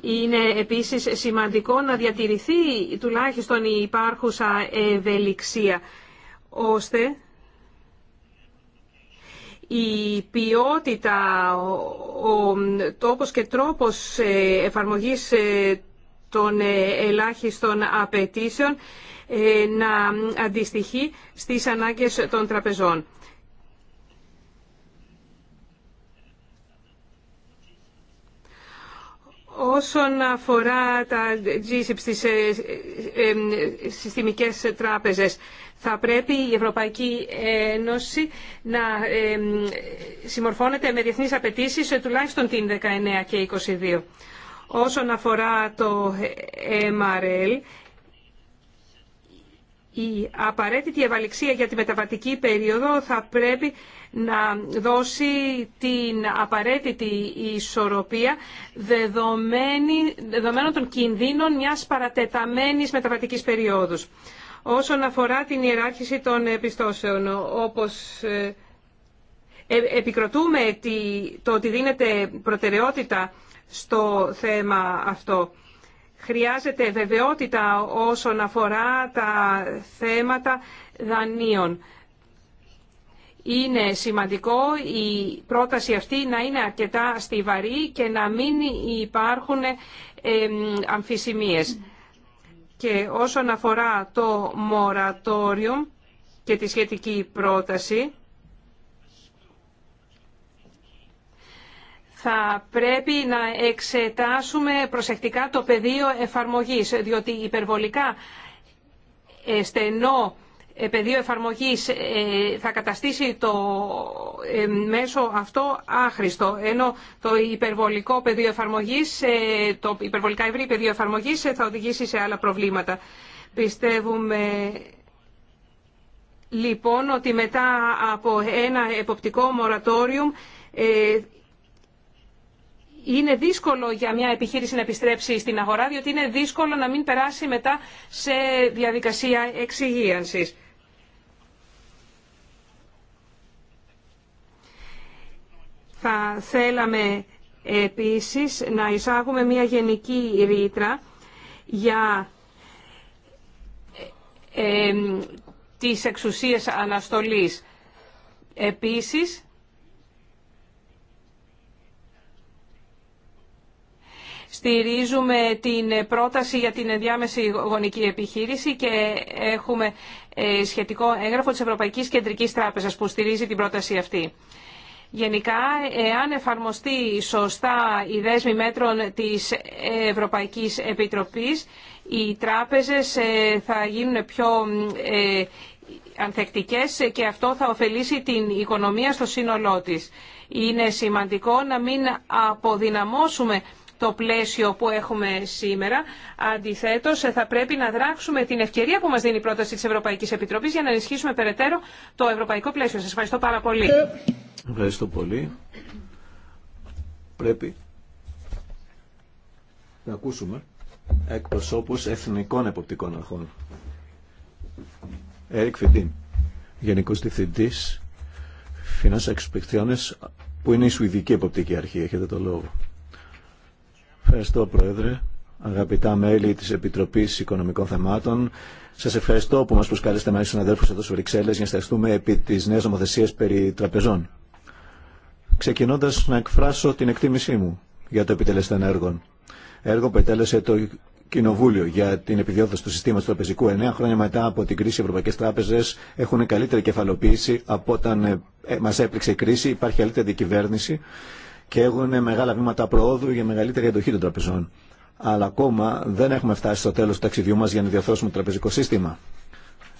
Είναι επίσης σημαντικό να διατηρηθεί τουλάχιστον η υπάρχουσα ευελιξία, ώστε η ποιότητα, ο τόπος και τρόπος ε, εφαρμογής ε, των ε, ελάχιστων απαιτήσεων ε, να αντιστοιχεί στις ανάγκες των τραπεζών. Όσον αφορά τα GSIP στις ε, συστημικές τράπεζες, θα πρέπει η Ευρωπαϊκή Ένωση να συμμορφώνεται με διεθνείς απαιτήσεις τουλάχιστον την 19 και 22. Όσον αφορά το MRL, η απαραίτητη ευαλιξία για τη μεταβατική περίοδο θα πρέπει να δώσει την απαραίτητη ισορροπία δεδομένων των κινδύνων μιας παρατεταμένης μεταβατικής περίοδου. Όσον αφορά την ιεράρχηση των επιστώσεων, όπως ε, ε, επικροτούμε το ότι δίνεται προτεραιότητα στο θέμα αυτό. Χρειάζεται βεβαιότητα όσον αφορά τα θέματα δανείων. Είναι σημαντικό η πρόταση αυτή να είναι αρκετά στιβαρή και να μην υπάρχουν αμφισημίες. Και όσον αφορά το μορατόριο και τη σχετική πρόταση, θα πρέπει να εξετάσουμε προσεκτικά το πεδίο εφαρμογής, διότι υπερβολικά ε, στενό ε, πεδίο εφαρμογής ε, θα καταστήσει το μέσο αυτό άχρηστο, ενώ το υπερβολικό πεδίο εφαρμογής, το υπερβολικά ευρύ πεδίο εφαρμογής θα οδηγήσει σε άλλα προβλήματα. Πιστεύουμε λοιπόν ότι μετά από ένα εποπτικό μορατόριουμ είναι δύσκολο για μια επιχείρηση να επιστρέψει στην αγορά, διότι είναι δύσκολο να μην περάσει μετά σε διαδικασία εξυγίανσης. Θα θέλαμε επίσης να εισάγουμε μια γενική ρήτρα για ε, ε, τις εξουσίες αναστολής. Επίσης, Στηρίζουμε την πρόταση για την ενδιάμεση γονική επιχείρηση και έχουμε ε, σχετικό έγγραφο της Ευρωπαϊκής Κεντρικής Τράπεζας που στηρίζει την πρόταση αυτή. Γενικά, εάν εφαρμοστεί σωστά η δέσμη μέτρων της Ευρωπαϊκής Επιτροπής, οι τράπεζες ε, θα γίνουν πιο ε, ανθεκτικές και αυτό θα ωφελήσει την οικονομία στο σύνολό της. Είναι σημαντικό να μην αποδυναμώσουμε το πλαίσιο που έχουμε σήμερα. Αντιθέτω, θα πρέπει να δράξουμε την ευκαιρία που μα δίνει η πρόταση τη Ευρωπαϊκή Επιτροπή για να ενισχύσουμε περαιτέρω το ευρωπαϊκό πλαίσιο. Σα ευχαριστώ πάρα πολύ. Ευχαριστώ πολύ. Πρέπει να ακούσουμε εκπροσώπους εθνικών εποπτικών αρχών. Έρικ Φιντίν, Γενικός Διευθυντής Φινάς Εξυπηρεσιών που είναι η Σουηδική Εποπτική Αρχή. Έχετε το λόγο. Ευχαριστώ, Πρόεδρε. Αγαπητά μέλη τη Επιτροπή Οικονομικών Θεμάτων, Σα ευχαριστώ που μας προσκάλεστε μαζί συναδέλφου εδώ στι Βρυξέλλες για να σταθούμε επί της νέα νομοθεσίας περί τραπεζών. Ξεκινώντας να εκφράσω την εκτίμησή μου για το επιτελεστέν έργων. Έργο που ετέλεσε το Κοινοβούλιο για την επιδιώθωση του συστήματο τραπεζικού. Εννέα χρόνια μετά από την κρίση, οι ευρωπαϊκέ τράπεζε έχουν καλύτερη κεφαλοποίηση από όταν ε, μα έπληξε η κρίση. Υπάρχει καλύτερη κυβέρνηση και έχουν μεγάλα βήματα προόδου για μεγαλύτερη εντοχή των τραπεζών. Αλλά ακόμα δεν έχουμε φτάσει στο τέλο του ταξιδιού μα για να διορθώσουμε το τραπεζικό σύστημα.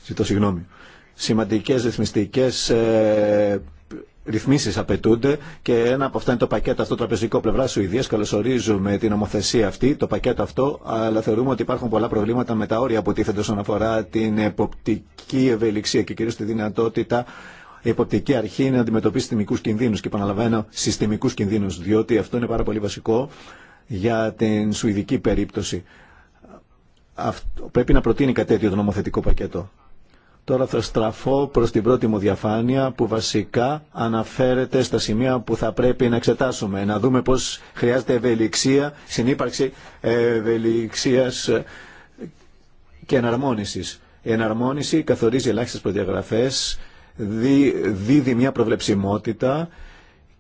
Ζητώ συγγνώμη. Σημαντικέ ρυθμιστικέ ε, ρυθμίσει απαιτούνται και ένα από αυτά είναι το πακέτο αυτό τραπεζικό πλευρά Σουηδία. Καλωσορίζουμε την νομοθεσία αυτή, το πακέτο αυτό, αλλά θεωρούμε ότι υπάρχουν πολλά προβλήματα με τα όρια που τίθενται όσον αφορά την εποπτική ευελιξία και κυρίω τη δυνατότητα η υποπτική αρχή είναι να αντιμετωπίσει συστημικού κινδύνους και επαναλαμβάνω συστημικούς κινδύνους διότι αυτό είναι πάρα πολύ βασικό για την σουηδική περίπτωση. Αυτό, πρέπει να προτείνει κάτι τέτοιο το νομοθετικό πακέτο. Τώρα θα στραφώ προς την πρώτη μου διαφάνεια που βασικά αναφέρεται στα σημεία που θα πρέπει να εξετάσουμε. Να δούμε πώς χρειάζεται ευελιξία, συνύπαρξη ευελιξίας και εναρμόνιση. Η εναρμόνιση καθορίζει ελάχιστε προδιαγραφές δίδει μια προβλεψιμότητα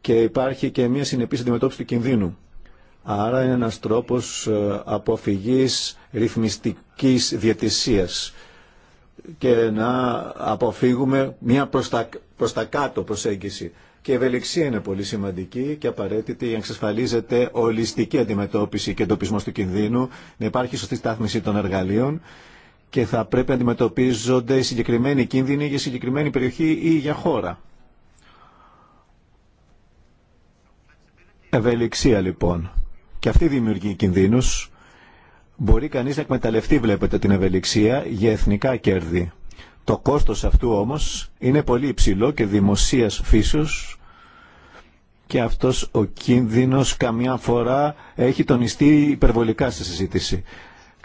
και υπάρχει και μια συνεπής αντιμετώπιση του κινδύνου. Άρα είναι ένας τρόπος ε, αποφυγής ρυθμιστικής διαιτησίας και να αποφύγουμε μια προς τα, τα κάτω προσέγγιση. Και η ευελιξία είναι πολύ σημαντική και απαραίτητη για να εξασφαλίζεται ολιστική αντιμετώπιση και εντοπισμό του κινδύνου, να υπάρχει σωστή στάθμιση των εργαλείων και θα πρέπει να αντιμετωπίζονται συγκεκριμένοι κίνδυνοι για συγκεκριμένη περιοχή ή για χώρα. Ευελιξία λοιπόν. Και αυτή δημιουργεί κινδύνους. Μπορεί κανείς να εκμεταλλευτεί, βλέπετε, την ευελιξία για εθνικά κέρδη. Το κόστος αυτού όμως είναι πολύ υψηλό και δημοσίας φύσεως και αυτός ο κίνδυνος καμιά φορά έχει τονιστεί υπερβολικά στη συζήτηση.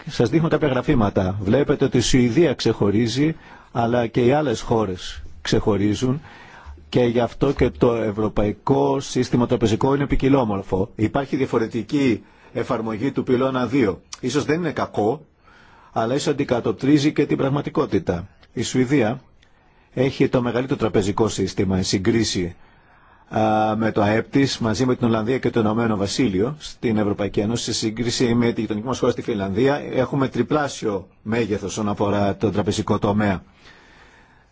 Σας δείχνω κάποια γραφήματα. Βλέπετε ότι η Σουηδία ξεχωρίζει, αλλά και οι άλλες χώρες ξεχωρίζουν και γι' αυτό και το ευρωπαϊκό σύστημα τραπεζικό είναι ποικιλόμορφο. Υπάρχει διαφορετική εφαρμογή του πυλώνα 2. Ίσως δεν είναι κακό, αλλά ίσως αντικατοπτρίζει και την πραγματικότητα. Η Σουηδία έχει το μεγαλύτερο τραπεζικό σύστημα, η συγκρίση με το ΑΕΠ τη μαζί με την Ολλανδία και το Ηνωμένο Βασίλειο στην Ευρωπαϊκή Ένωση. Σε σύγκριση με τη γειτονική μα χώρα στη Φιλανδία έχουμε τριπλάσιο μέγεθος όσον αφορά τον τραπεζικό τομέα.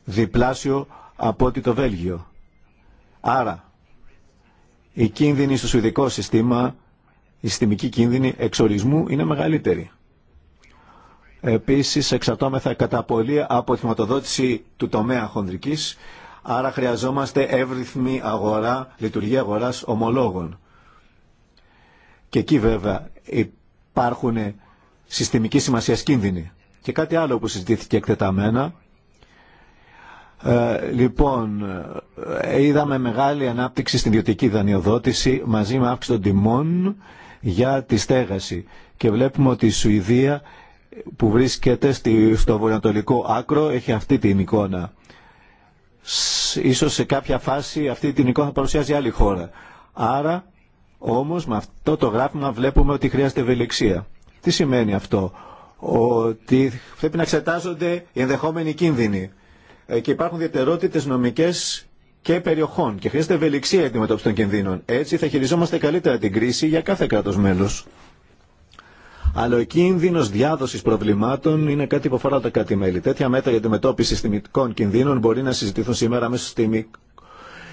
Διπλάσιο από ότι το Βέλγιο. Άρα, η κίνδυνη στο σουηδικό σύστημα, η συστημική κίνδυνη εξορισμού είναι μεγαλύτερη. Επίσης, εξαρτώμεθα κατά πολύ από τη χρηματοδότηση του τομέα χονδρικής Άρα χρειαζόμαστε εύρυθμη αγορά, λειτουργία αγοράς ομολόγων. Και εκεί βέβαια υπάρχουν συστημική σημασία κίνδυνοι. Και κάτι άλλο που συζητήθηκε εκτεταμένα. Ε, λοιπόν, ε, είδαμε μεγάλη ανάπτυξη στην ιδιωτική δανειοδότηση μαζί με αύξηση των τιμών για τη στέγαση. Και βλέπουμε ότι η Σουηδία που βρίσκεται στο βορειοανατολικό άκρο έχει αυτή την εικόνα ίσως σε κάποια φάση αυτή την εικόνα θα παρουσιάζει άλλη χώρα. Άρα όμως με αυτό το γράφημα βλέπουμε ότι χρειάζεται ευελιξία. Τι σημαίνει αυτό. Ότι πρέπει να εξετάζονται οι ενδεχόμενοι κίνδυνοι ε, και υπάρχουν διατερότητες νομικές και περιοχών και χρειάζεται ευελιξία την αντιμετώπιση των κινδύνων. Έτσι θα χειριζόμαστε καλύτερα την κρίση για κάθε κράτος μέλος. Αλλά ο κίνδυνο διάδοση προβλημάτων είναι κάτι που αφορά τα κράτη-μέλη. Τέτοια μέτρα για αντιμετώπιση συστημικών κινδύνων μπορεί να συζητηθούν σήμερα μέσω συστημικών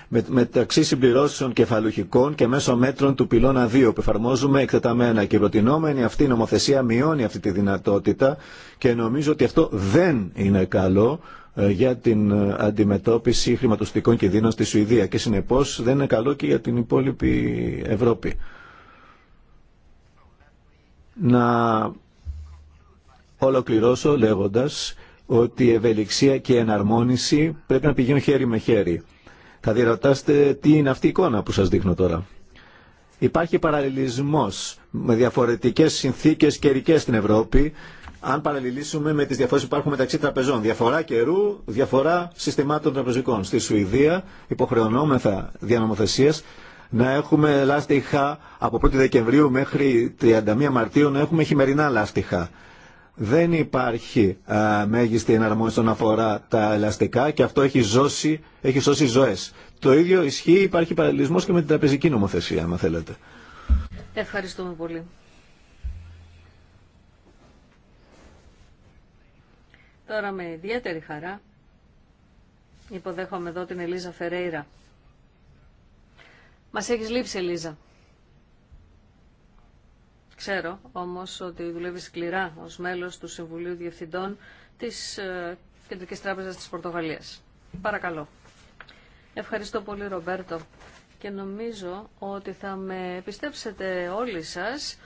με, μεταξύ συμπληρώσεων κεφαλουχικών και μέσω μέτρων του πυλώνα 2 που εφαρμόζουμε εκτεταμένα και η προτινόμενη αυτή η νομοθεσία μειώνει αυτή τη δυνατότητα και νομίζω ότι αυτό δεν είναι καλό ε, για την ε, αντιμετώπιση χρηματοστικών κινδύνων στη Σουηδία και συνεπώς δεν είναι καλό και για την υπόλοιπη Ευρώπη. Να ολοκληρώσω λέγοντας ότι η ευελιξία και η εναρμόνιση πρέπει να πηγαίνουν χέρι με χέρι. Θα διερωτάστε τι είναι αυτή η εικόνα που σας δείχνω τώρα. Υπάρχει παραλληλισμός με διαφορετικές συνθήκες καιρικέ στην Ευρώπη, αν παραλληλήσουμε με τις διαφορές που υπάρχουν μεταξύ τραπεζών. Διαφορά καιρού, διαφορά συστημάτων τραπεζικών. Στη Σουηδία, υποχρεωνόμεθα διανομοθεσίας, να έχουμε λάστιχα από 1η Δεκεμβρίου μέχρι 31 Μαρτίου να έχουμε χειμερινά λάστιχα. Δεν υπάρχει μέγιστη εναρμόνιση όσον αφορά τα ελαστικά και αυτό έχει, ζώσει, έχει σώσει ζωές. Το ίδιο ισχύει, υπάρχει παραλληλισμός και με την τραπεζική νομοθεσία, αν θέλετε. Ευχαριστούμε πολύ. Τώρα με ιδιαίτερη χαρά υποδέχομαι εδώ την Ελίζα Φερέιρα μας έχεις λείψει, Ελίζα. Ξέρω όμως ότι δουλεύει σκληρά ως μέλος του Συμβουλίου Διευθυντών της ε, Κεντρικής Τράπεζας της Πορτογαλίας. Παρακαλώ. Ευχαριστώ πολύ, Ρομπέρτο. Και νομίζω ότι θα με πιστέψετε όλοι σας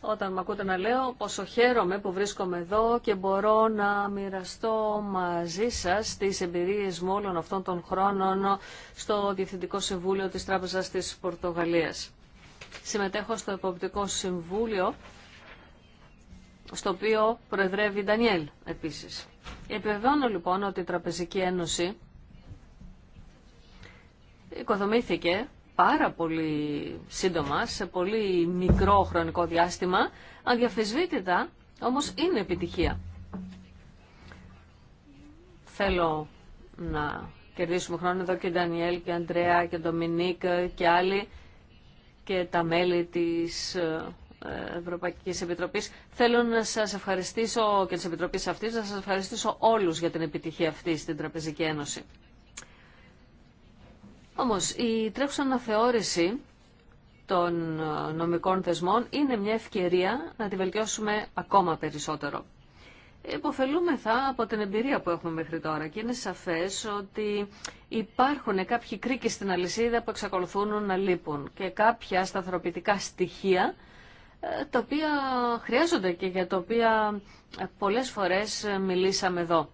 όταν με ακούτε να λέω πόσο χαίρομαι που βρίσκομαι εδώ και μπορώ να μοιραστώ μαζί σας τις εμπειρίες μου όλων αυτών των χρόνων στο Διευθυντικό Συμβούλιο της Τράπεζας της Πορτογαλίας. Συμμετέχω στο Εποπτικό Συμβούλιο, στο οποίο προεδρεύει Ντανιέλ επίσης. Επιβεβαιώνω λοιπόν ότι η Τραπεζική Ένωση οικοδομήθηκε πάρα πολύ σύντομα, σε πολύ μικρό χρονικό διάστημα, αδιαφεσβήτητα όμως είναι επιτυχία. Θέλω να κερδίσουμε χρόνο εδώ και Ντανιέλ και Αντρέα και Ντομινίκ και άλλοι και τα μέλη της ε, Ευρωπαϊκής Επιτροπής. Θέλω να σας ευχαριστήσω και της Επιτροπής αυτής, να σας ευχαριστήσω όλους για την επιτυχία αυτή στην Τραπεζική Ένωση. Όμως η τρέχουσα αναθεώρηση των ε, νομικών θεσμών είναι μια ευκαιρία να τη βελτιώσουμε ακόμα περισσότερο. Υποφελούμεθα από την εμπειρία που έχουμε μέχρι τώρα και είναι σαφές ότι υπάρχουν κάποιοι κρίκοι στην αλυσίδα που εξακολουθούν να λείπουν και κάποια σταθεροποιητικά στοιχεία ε, τα οποία χρειάζονται και για τα οποία πολλές φορές μιλήσαμε εδώ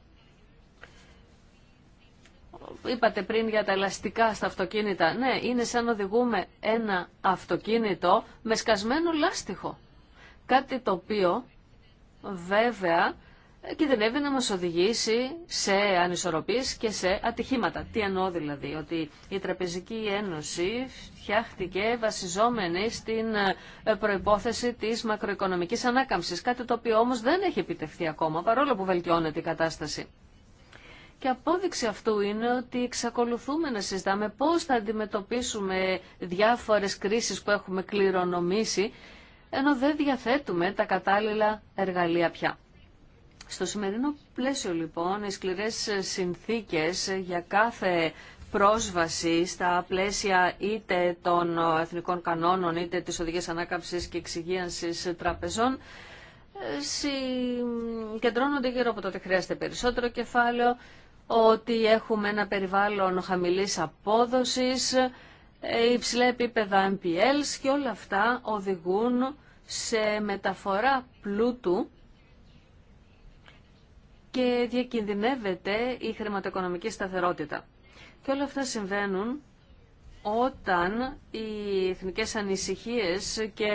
είπατε πριν για τα ελαστικά στα αυτοκίνητα. Ναι, είναι σαν να οδηγούμε ένα αυτοκίνητο με σκασμένο λάστιχο. Κάτι το οποίο βέβαια κινδυνεύει να μας οδηγήσει σε ανισορροπίες και σε ατυχήματα. Τι εννοώ δηλαδή, ότι η Τραπεζική Ένωση φτιάχτηκε βασιζόμενη στην ε, προϋπόθεση της μακροοικονομικής ανάκαμψης, κάτι το οποίο όμως δεν έχει επιτευχθεί ακόμα, παρόλο που βελτιώνεται η κατάσταση. Και απόδειξη αυτού είναι ότι εξακολουθούμε να συζητάμε πώς θα αντιμετωπίσουμε διάφορες κρίσεις που έχουμε κληρονομήσει, ενώ δεν διαθέτουμε τα κατάλληλα εργαλεία πια. Στο σημερινό πλαίσιο λοιπόν, οι σκληρές συνθήκες για κάθε πρόσβαση στα πλαίσια είτε των εθνικών κανόνων είτε της οδηγίας ανάκαμψης και εξυγίανσης τραπεζών ε, συγκεντρώνονται γύρω από το ότι χρειάζεται περισσότερο κεφάλαιο, ότι έχουμε ένα περιβάλλον χαμηλής απόδοσης, ε, υψηλά επίπεδα MPLs και όλα αυτά οδηγούν σε μεταφορά πλούτου και διακινδυνεύεται η χρηματοοικονομική σταθερότητα. Και όλα αυτά συμβαίνουν όταν οι εθνικές ανησυχίες και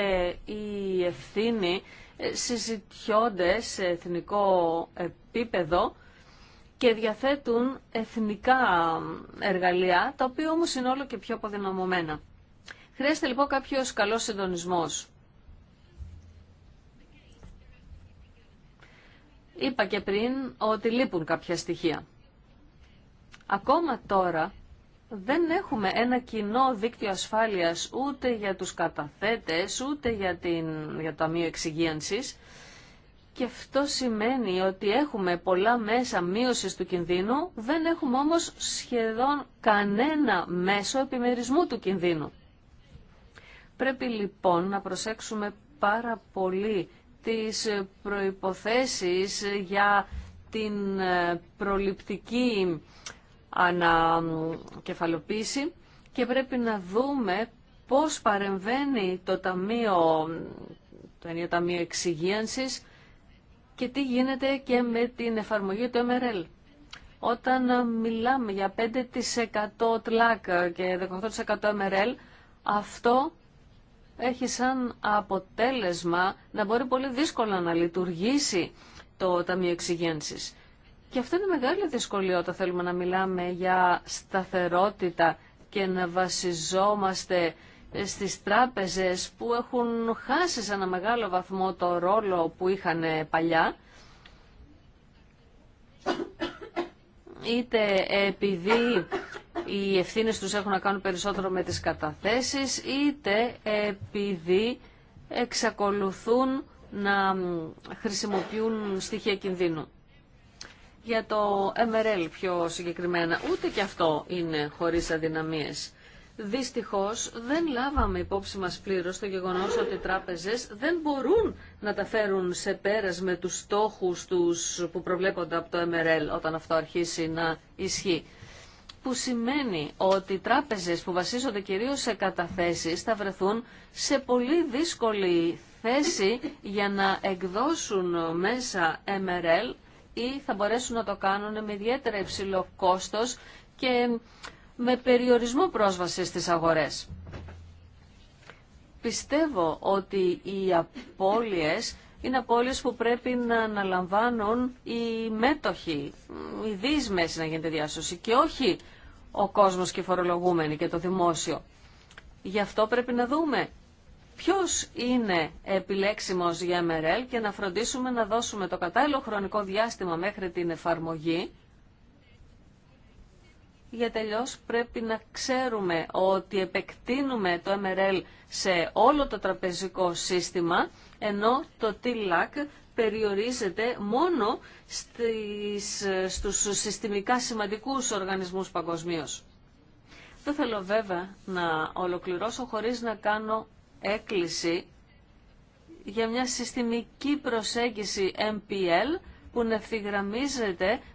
η ευθύνη ε, συζητιώνται σε εθνικό επίπεδο και διαθέτουν εθνικά εργαλεία, τα οποία όμως είναι όλο και πιο αποδυναμωμένα. Χρειάζεται λοιπόν κάποιος καλός συντονισμός. Είπα και πριν ότι λείπουν κάποια στοιχεία. Ακόμα τώρα δεν έχουμε ένα κοινό δίκτυο ασφάλειας ούτε για τους καταθέτες, ούτε για, την, για το Ταμείο Εξυγίανσης. Και αυτό σημαίνει ότι έχουμε πολλά μέσα μείωσης του κινδύνου, δεν έχουμε όμως σχεδόν κανένα μέσο επιμερισμού του κινδύνου. Πρέπει λοιπόν να προσέξουμε πάρα πολύ τις προϋποθέσεις για την ε, προληπτική ανακεφαλοποίηση και πρέπει να δούμε πώς παρεμβαίνει το Ταμείο, το Ενίο Ταμείο Εξυγίανσης και τι γίνεται και με την εφαρμογή του MRL. Όταν μιλάμε για 5% τλάκα και 18% MRL, αυτό έχει σαν αποτέλεσμα να μπορεί πολύ δύσκολα να λειτουργήσει το Ταμείο Εξυγένσης. Και αυτό είναι μεγάλη δυσκολία όταν θέλουμε να μιλάμε για σταθερότητα και να βασιζόμαστε στις τράπεζες που έχουν χάσει σε ένα μεγάλο βαθμό το ρόλο που είχαν παλιά είτε επειδή οι ευθύνες τους έχουν να κάνουν περισσότερο με τις καταθέσεις είτε επειδή εξακολουθούν να χρησιμοποιούν στοιχεία κινδύνου. Για το MRL πιο συγκεκριμένα, ούτε και αυτό είναι χωρίς αδυναμίες. Δυστυχώς δεν λάβαμε υπόψη μας πλήρως το γεγονός ότι οι τράπεζες δεν μπορούν να τα φέρουν σε πέρας με τους στόχους τους που προβλέπονται από το MRL όταν αυτό αρχίσει να ισχύει. Που σημαίνει ότι οι τράπεζες που βασίζονται κυρίως σε καταθέσεις θα βρεθούν σε πολύ δύσκολη θέση για να εκδώσουν μέσα MRL ή θα μπορέσουν να το κάνουν με ιδιαίτερα υψηλό κόστος και με περιορισμό πρόσβασης στις αγορές. Πιστεύω ότι οι απώλειες είναι απώλειες που πρέπει να αναλαμβάνουν οι μέτοχοι, οι δύσμες να γίνεται διάσωση και όχι ο κόσμος και οι φορολογούμενοι και το δημόσιο. Γι' αυτό πρέπει να δούμε ποιος είναι επιλέξιμος για MRL και να φροντίσουμε να δώσουμε το κατάλληλο χρονικό διάστημα μέχρι την εφαρμογή για τελειώς πρέπει να ξέρουμε ότι επεκτείνουμε το MRL σε όλο το τραπεζικό σύστημα, ενώ το TLAC περιορίζεται μόνο στις, στους συστημικά σημαντικούς οργανισμούς παγκοσμίως. Δεν θέλω βέβαια να ολοκληρώσω χωρίς να κάνω έκκληση για μια συστημική προσέγγιση MPL που να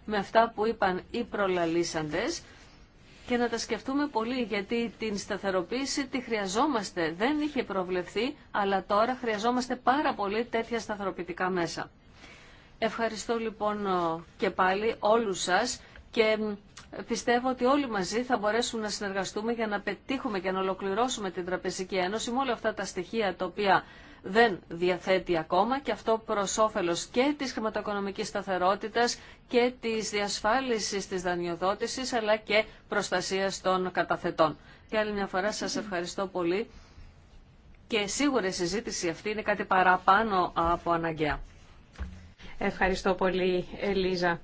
με αυτά που είπαν οι προλαλήσαντες και να τα σκεφτούμε πολύ γιατί την σταθεροποίηση τη χρειαζόμαστε. Δεν είχε προβλεφθεί, αλλά τώρα χρειαζόμαστε πάρα πολύ τέτοια σταθεροποιητικά μέσα. Ευχαριστώ λοιπόν και πάλι όλους σας και πιστεύω ότι όλοι μαζί θα μπορέσουμε να συνεργαστούμε για να πετύχουμε και να ολοκληρώσουμε την Τραπεζική Ένωση με όλα αυτά τα στοιχεία τα οποία δεν διαθέτει ακόμα και αυτό προς όφελος και της χρηματοοικονομικής σταθερότητας και της διασφάλισης της δανειοδότησης αλλά και προστασίας των καταθετών. Και άλλη μια φορά σας ευχαριστώ πολύ και σίγουρα η συζήτηση αυτή είναι κάτι παραπάνω από αναγκαία. Ευχαριστώ πολύ, Ελίζα.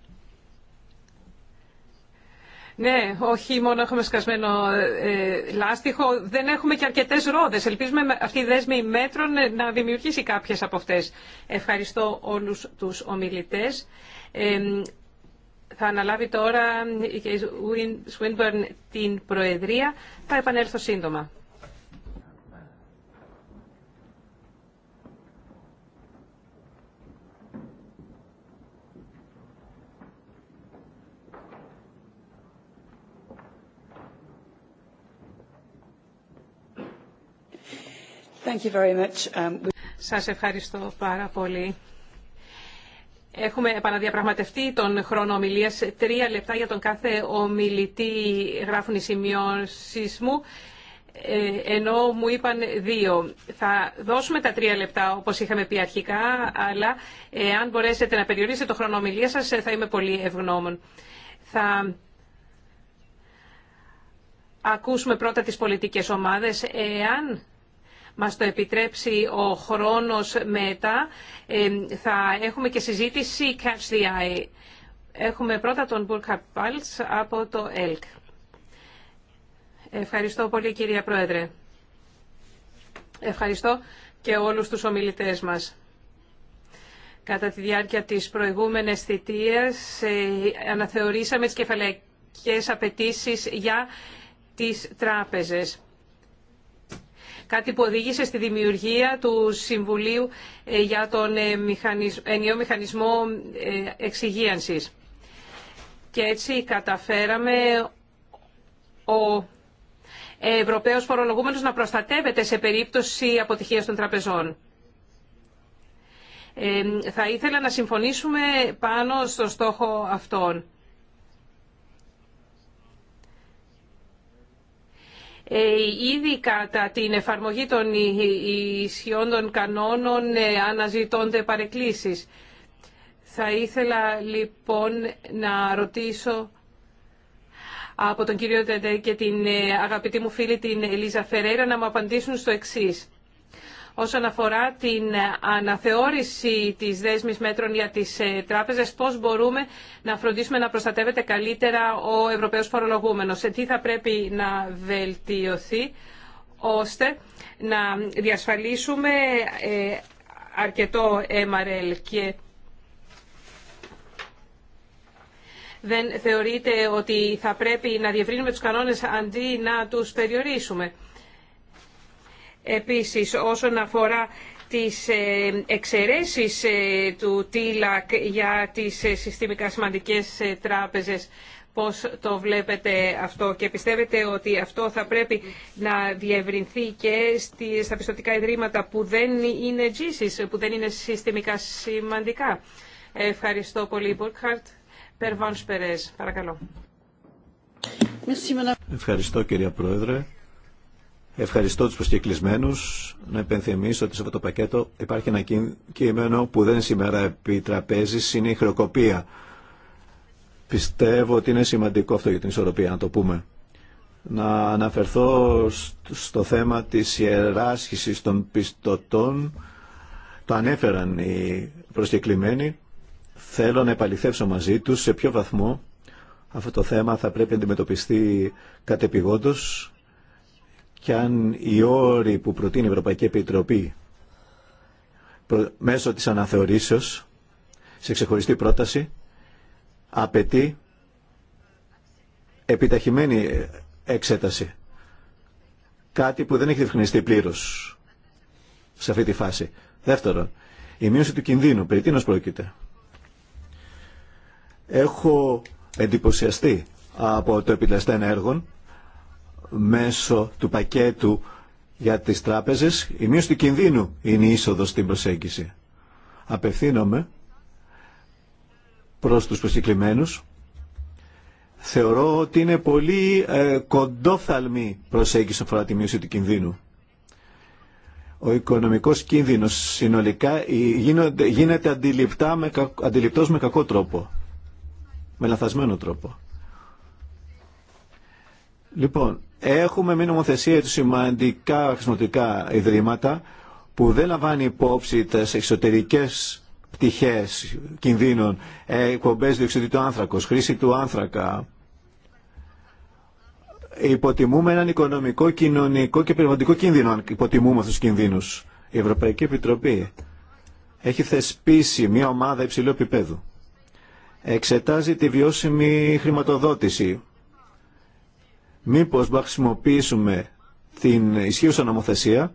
Ναι, όχι μόνο έχουμε σκασμένο ε, ε, λάστιχο, δεν έχουμε και αρκετέ ρόδε. Ελπίζουμε αυτή η δέσμη μέτρων ε, να δημιουργήσει κάποιε από αυτέ. Ευχαριστώ όλου του ομιλητέ. θα αναλάβει τώρα η Σουίνμπερν την Προεδρία. Θα επανέλθω σύντομα. Thank um, Σας ευχαριστώ πάρα πολύ. Έχουμε επαναδιαπραγματευτεί τον χρόνο ομιλία. Τρία λεπτά για τον κάθε ομιλητή γράφουν οι σημειώσει μου, ε, ενώ μου είπαν δύο. Θα δώσουμε τα τρία λεπτά όπω είχαμε πει αρχικά, αλλά αν μπορέσετε να περιορίσετε το χρόνο ομιλία σα, ε, θα είμαι πολύ ευγνώμων. Θα ακούσουμε πρώτα τις πολιτικές ομάδες. Εάν μας το επιτρέψει ο χρόνος μετά, ε, θα έχουμε και συζήτηση Catch the Eye. Έχουμε πρώτα τον Μπούρκα Πάλτς από το ΕΛΚ. Ευχαριστώ πολύ κυρία Πρόεδρε. Ευχαριστώ και όλους τους ομιλητές μας. Κατά τη διάρκεια της προηγούμενης θητείας ε, αναθεωρήσαμε τις κεφαλαϊκές απαιτήσει για τις τράπεζες κάτι που οδήγησε στη δημιουργία του Συμβουλίου ε, για τον ε, ενιαίο μηχανισμό ε, εξυγίανσης. Και έτσι καταφέραμε ο Ευρωπαίος φορολογούμενος να προστατεύεται σε περίπτωση αποτυχίας των τραπεζών. θα ήθελα να συμφωνήσουμε πάνω στο στόχο αυτόν. Ε, ήδη κατά την εφαρμογή των ισχυών των κανόνων ε, αναζητώνται παρεκκλήσεις. Θα ήθελα λοιπόν να ρωτήσω από τον κύριο Τέντε και την ε, αγαπητή μου φίλη την Ελίζα Φερέρα να μου απαντήσουν στο εξής όσον αφορά την αναθεώρηση της δέσμης μέτρων για τις ε, τράπεζες, πώς μπορούμε να φροντίσουμε να προστατεύεται καλύτερα ο Ευρωπαίος φορολογούμενος, σε τι θα πρέπει να βελτιωθεί, ώστε να διασφαλίσουμε ε, αρκετό MRL και δεν θεωρείτε ότι θα πρέπει να διευρύνουμε τους κανόνες αντί να τους περιορίσουμε. Επίσης, όσον αφορά τις ε, εξαιρέσεις ε, του ΤΙΛΑΚ για τις ε, συστημικά σημαντικές τράπεζες, πώς το βλέπετε αυτό και πιστεύετε ότι αυτό θα πρέπει να διευρυνθεί και στα πιστοτικά ιδρύματα που δεν είναι GCs, που δεν είναι συστημικά σημαντικά. Ευχαριστώ πολύ, Μπουρκχαρτ. Περβάνς Περές, παρακαλώ. Ευχαριστώ, κυρία Πρόεδρε. Ευχαριστώ τους προσκεκλισμένους. Να επενθυμίσω ότι σε αυτό το πακέτο υπάρχει ένα κείμενο που δεν σήμερα επί τραπέζης, είναι η χρεοκοπία. Πιστεύω ότι είναι σημαντικό αυτό για την ισορροπία, να το πούμε. Να αναφερθώ στο θέμα της ιεράσχησης των πιστωτών. Το ανέφεραν οι προσκεκλημένοι. Θέλω να επαληθεύσω μαζί τους σε ποιο βαθμό αυτό το θέμα θα πρέπει να αντιμετωπιστεί κατεπηγόντως και αν οι όροι που προτείνει η Ευρωπαϊκή Επιτροπή μέσω της αναθεωρήσεως σε ξεχωριστή πρόταση απαιτεί επιταχυμένη εξέταση. Κάτι που δεν έχει διευκρινιστεί πλήρως σε αυτή τη φάση. Δεύτερον, η μείωση του κινδύνου. Περί τίνος πρόκειται. Έχω εντυπωσιαστεί από το επιτελεστέν έργων μέσω του πακέτου για τις τράπεζες, η μείωση του κινδύνου είναι η είσοδος στην προσέγγιση. Απευθύνομαι προς τους προσκεκλημένους. Θεωρώ ότι είναι πολύ ε, κοντόφθαλμη προσέγγιση αφορά τη μείωση του κινδύνου. Ο οικονομικός κίνδυνος συνολικά ε, γίνεται, γίνεται με, αντιληπτός με κακό τρόπο, με λαθασμένο τρόπο. Λοιπόν, Έχουμε μια νομοθεσία του σημαντικά χρησιμοτικά ιδρύματα που δεν λαμβάνει υπόψη τι εξωτερικές πτυχές κινδύνων, ε, εκπομπέ διοξιδίου του άνθρακος, χρήση του άνθρακα. Υποτιμούμε έναν οικονομικό, κοινωνικό και περιβαλλοντικό κίνδυνο, αν υποτιμούμε αυτούς τους κινδύνους. Η Ευρωπαϊκή Επιτροπή έχει θεσπίσει μια ομάδα υψηλού επίπεδου. Εξετάζει τη βιώσιμη χρηματοδότηση μήπως να χρησιμοποιήσουμε την ισχύουσα νομοθεσία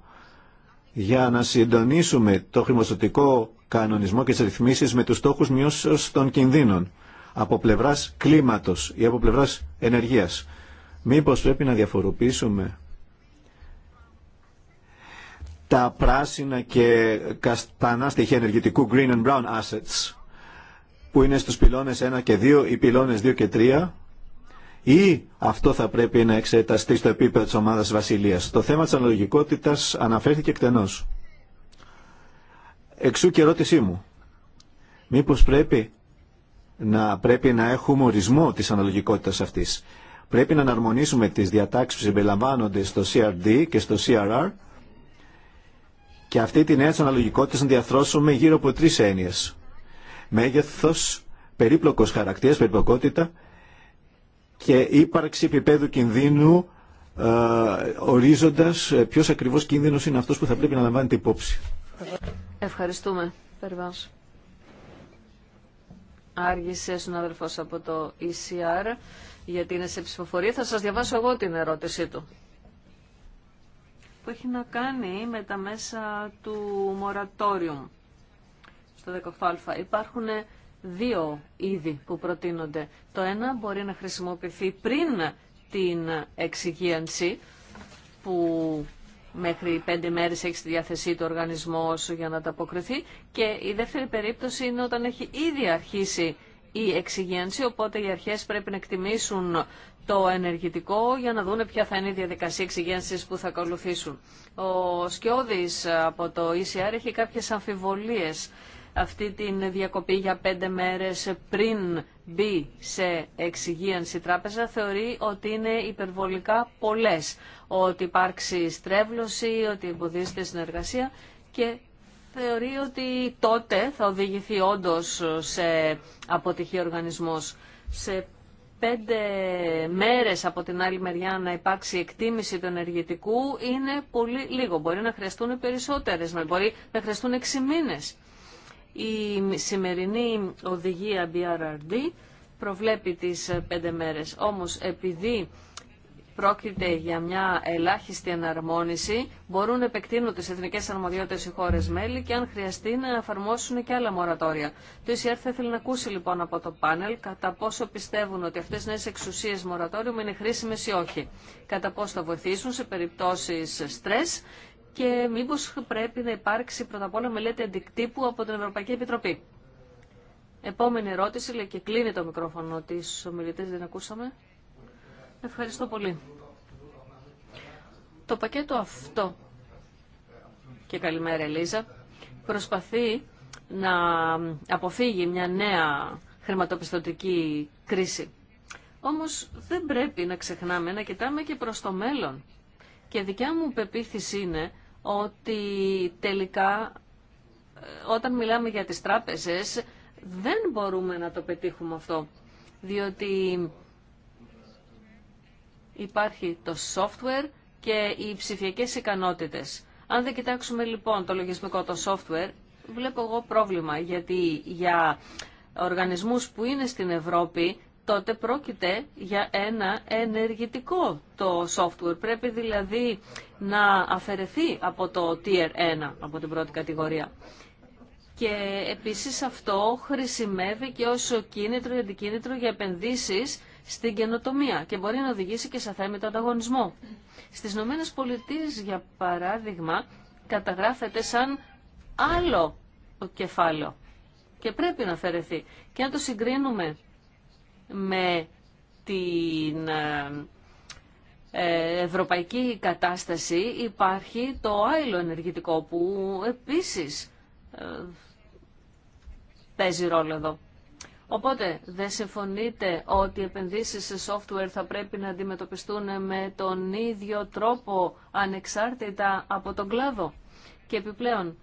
για να συντονίσουμε το χρηματοδοτικό κανονισμό και τις ρυθμίσεις με τους στόχους μειώσεως των κινδύνων από πλευράς κλίματος ή από πλευράς ενεργείας. Μήπως πρέπει να διαφοροποιήσουμε τα πράσινα και καστανά στοιχεία ενεργητικού green and brown assets που είναι στους πυλώνες 1 και 2 ή πυλώνες 2 και 3 ή αυτό θα πρέπει να εξεταστεί στο επίπεδο της ομάδας βασιλείας. Το θέμα της αναλογικότητας αναφέρθηκε εκτενώς. Εξού και ερώτησή μου. Μήπως πρέπει να, πρέπει να έχουμε ορισμό της αναλογικότητας αυτής. Πρέπει να αναρμονίσουμε τις διατάξεις που συμπεριλαμβάνονται στο CRD και στο CRR και αυτή την νέα της αναλογικότητας να διαθρώσουμε γύρω από τρεις έννοιες. Μέγεθος, περίπλοκος χαρακτήρας, περιπλοκότητα και ύπαρξη επίπεδου κινδύνου ε, ορίζοντας ε, ποιος ακριβώς κίνδυνος είναι αυτός που θα πρέπει να την υπόψη. Ευχαριστούμε. Περβάς. Άργησε ο συνάδελφος από το ECR γιατί είναι σε ψηφοφορία. Θα σας διαβάσω εγώ την ερώτησή του που έχει να κάνει με τα μέσα του μορατόριου στο 10α. Υπάρχουν δύο είδη που προτείνονται. Το ένα μπορεί να χρησιμοποιηθεί πριν την εξυγίανση που μέχρι πέντε μέρες έχει στη διάθεσή του οργανισμό για να τα αποκριθεί και η δεύτερη περίπτωση είναι όταν έχει ήδη αρχίσει η εξυγίανση οπότε οι αρχές πρέπει να εκτιμήσουν το ενεργητικό για να δούνε ποια θα είναι η διαδικασία εξυγίανσης που θα ακολουθήσουν. Ο Σκιώδης από το ECR έχει κάποιες αμφιβολίες αυτή την διακοπή για πέντε μέρες πριν μπει σε εξυγίανση τράπεζα θεωρεί ότι είναι υπερβολικά πολλές, ότι υπάρξει στρέβλωση, ότι εμποδίζεται συνεργασία και θεωρεί ότι τότε θα οδηγηθεί όντως σε ο οργανισμός. Σε πέντε μέρες από την άλλη μεριά να υπάρξει εκτίμηση του ενεργητικού είναι πολύ λίγο. Μπορεί να χρειαστούν περισσότερες, μπορεί να χρειαστούν έξι μήνες. Η σημερινή οδηγία BRRD προβλέπει τις πέντε μέρες. Όμως επειδή πρόκειται για μια ελάχιστη εναρμόνιση, μπορούν να επεκτείνουν τις εθνικές αρμοδιότητες οι χώρες μέλη και αν χρειαστεί να εφαρμόσουν και άλλα μορατόρια. Το ECR θα ήθελε να ακούσει λοιπόν από το πάνελ κατά πόσο πιστεύουν ότι αυτές οι νέες εξουσίες μορατόριου είναι χρήσιμες ή όχι. Κατά πόσο θα βοηθήσουν σε περιπτώσεις στρες και μήπω πρέπει να υπάρξει πρώτα απ' όλα μελέτη αντικτύπου από την Ευρωπαϊκή Επιτροπή. Επόμενη ερώτηση, λέει και κλείνει το μικρόφωνο τη ομιλητής, δεν ακούσαμε. Ευχαριστώ πολύ. Το πακέτο αυτό, και καλημέρα Ελίζα, προσπαθεί να αποφύγει μια νέα χρηματοπιστωτική κρίση. Όμως δεν πρέπει να ξεχνάμε να κοιτάμε και προς το μέλλον. Και δικιά μου πεποίθηση είναι ότι τελικά ε, όταν μιλάμε για τις τράπεζες δεν μπορούμε να το πετύχουμε αυτό. Διότι υπάρχει το software και οι ψηφιακές ικανότητες. Αν δεν κοιτάξουμε λοιπόν το λογισμικό, το software, βλέπω εγώ πρόβλημα, γιατί για οργανισμούς που είναι στην Ευρώπη τότε πρόκειται για ένα ενεργητικό το software. Πρέπει δηλαδή να αφαιρεθεί από το Tier 1, από την πρώτη κατηγορία. Και επίσης αυτό χρησιμεύει και ως κίνητρο ή αντικίνητρο για επενδύσεις στην καινοτομία και μπορεί να οδηγήσει και σε θέμητο ανταγωνισμό. Στις Ηνωμένες Πολιτείες, για παράδειγμα, καταγράφεται σαν άλλο κεφάλαιο και πρέπει να αφαιρεθεί. Και αν το συγκρίνουμε με την ε, ε, ευρωπαϊκή κατάσταση υπάρχει το άλλο ενεργητικό που επίσης ε, παίζει ρόλο εδώ. Οπότε δεν συμφωνείτε ότι οι επενδύσεις σε software θα πρέπει να αντιμετωπιστούν με τον ίδιο τρόπο ανεξάρτητα από τον κλάδο. Και επιπλέον,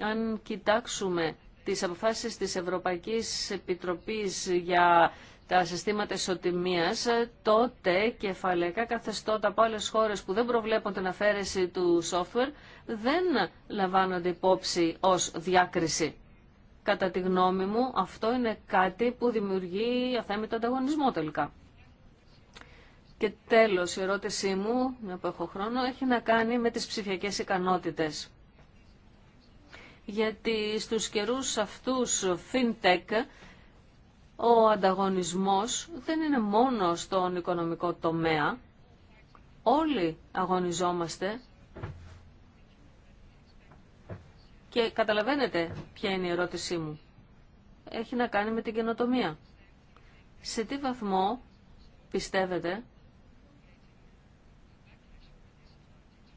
αν κοιτάξουμε τις αποφάσεις της Ευρωπαϊκής Επιτροπής για τα συστήματα ισοτιμίας, τότε κεφαλαϊκά καθεστώτα από άλλες χώρες που δεν προβλέπουν την αφαίρεση του software δεν λαμβάνονται υπόψη ως διάκριση. Κατά τη γνώμη μου αυτό είναι κάτι που δημιουργεί αθέμητο ανταγωνισμό τελικά. Και τέλος η ερώτησή μου, με που έχω χρόνο, έχει να κάνει με τις ψηφιακές ικανότητες γιατί στους καιρούς αυτούς fintech ο ανταγωνισμός δεν είναι μόνο στον οικονομικό τομέα. Όλοι αγωνιζόμαστε και καταλαβαίνετε ποια είναι η ερώτησή μου. Έχει να κάνει με την καινοτομία. Σε τι βαθμό πιστεύετε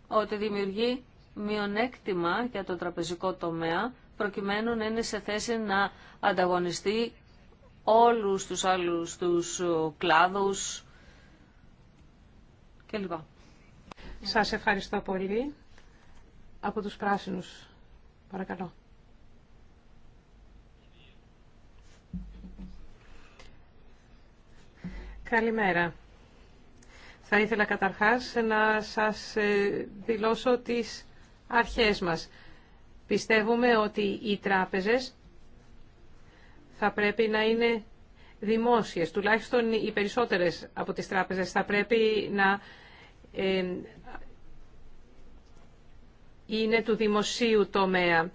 ότι δημιουργεί μειονέκτημα για το τραπεζικό τομέα προκειμένου να είναι σε θέση να ανταγωνιστεί όλους τους άλλους τους κλάδους κλπ. Σας ευχαριστώ πολύ. Από τους πράσινους, παρακαλώ. Καλημέρα. Θα ήθελα καταρχάς να σας ε, δηλώσω τις αρχές μας. Πιστεύουμε ότι οι τράπεζες θα πρέπει να είναι δημόσιες. Τουλάχιστον οι περισσότερες από τις τράπεζες θα πρέπει να ε, είναι του δημοσίου τομέα.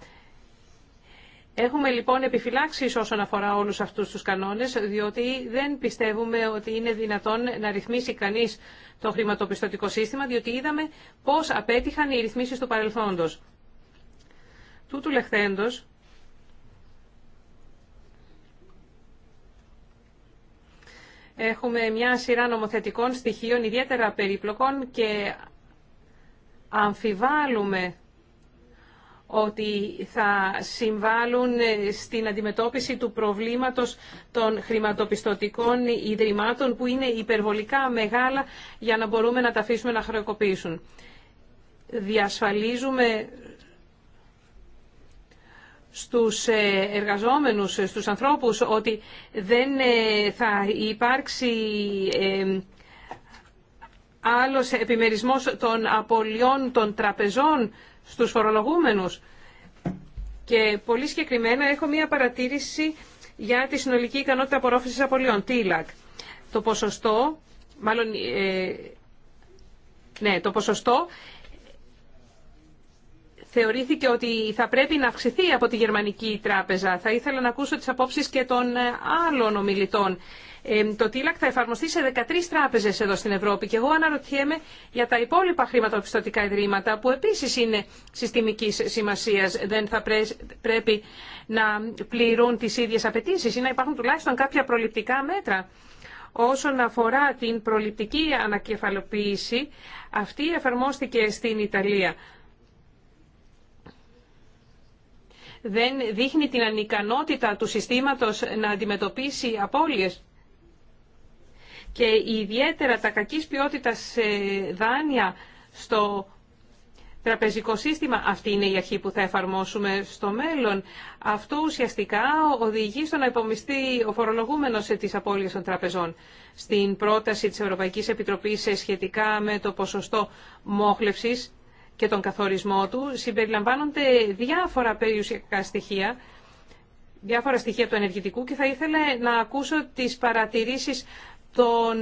Έχουμε λοιπόν επιφυλάξεις όσον αφορά όλους αυτούς τους κανόνες, διότι δεν πιστεύουμε ότι είναι δυνατόν να ρυθμίσει κανείς το χρηματοπιστωτικό σύστημα, διότι είδαμε πώς απέτυχαν οι ρυθμίσεις του παρελθόντος. Τούτου λεχθέντος, έχουμε μια σειρά νομοθετικών στοιχείων ιδιαίτερα περίπλοκων και αμφιβάλλουμε ότι θα συμβάλλουν ε, στην αντιμετώπιση του προβλήματος των χρηματοπιστωτικών ιδρυμάτων που είναι υπερβολικά μεγάλα για να μπορούμε να τα αφήσουμε να χρεοκοπήσουν. Διασφαλίζουμε στους ε, εργαζόμενους, στους ανθρώπους, ότι δεν ε, θα υπάρξει άλλος επιμερισμός των απολειών των τραπεζών στους φορολογούμενους. Και πολύ συγκεκριμένα έχω μία παρατήρηση για τη συνολική ικανότητα απορρόφησης απολειών, TILAC. Το ποσοστό, μάλλον, ε, ναι, το ποσοστό θεωρήθηκε ότι θα πρέπει να αυξηθεί από τη Γερμανική Τράπεζα. Θα ήθελα να ακούσω τις απόψεις και των ε, άλλων ομιλητών το TILAC θα εφαρμοστεί σε 13 τράπεζε εδώ στην Ευρώπη και εγώ αναρωτιέμαι για τα υπόλοιπα χρηματοπιστωτικά ιδρύματα που επίση είναι συστημική σημασία. Δεν θα πρέπει να πληρούν τι ίδιε απαιτήσει ή να υπάρχουν τουλάχιστον κάποια προληπτικά μέτρα. Όσον αφορά την προληπτική ανακεφαλοποίηση, αυτή εφαρμόστηκε στην Ιταλία. Δεν δείχνει την ανικανότητα του συστήματος να αντιμετωπίσει απώλειες και ιδιαίτερα τα κακής ποιότητας ε, δάνεια στο τραπεζικό σύστημα. Αυτή είναι η αρχή που θα εφαρμόσουμε στο μέλλον. Αυτό ουσιαστικά οδηγεί στο να υπομειστεί ο φορολογούμενος ε, της απώλειας των τραπεζών. Στην πρόταση της Ευρωπαϊκής Επιτροπής ε, σχετικά με το ποσοστό μόχλευσης και τον καθορισμό του συμπεριλαμβάνονται διάφορα περιουσιακά στοιχεία διάφορα στοιχεία του ενεργητικού και θα ήθελα να ακούσω τις παρατηρήσεις των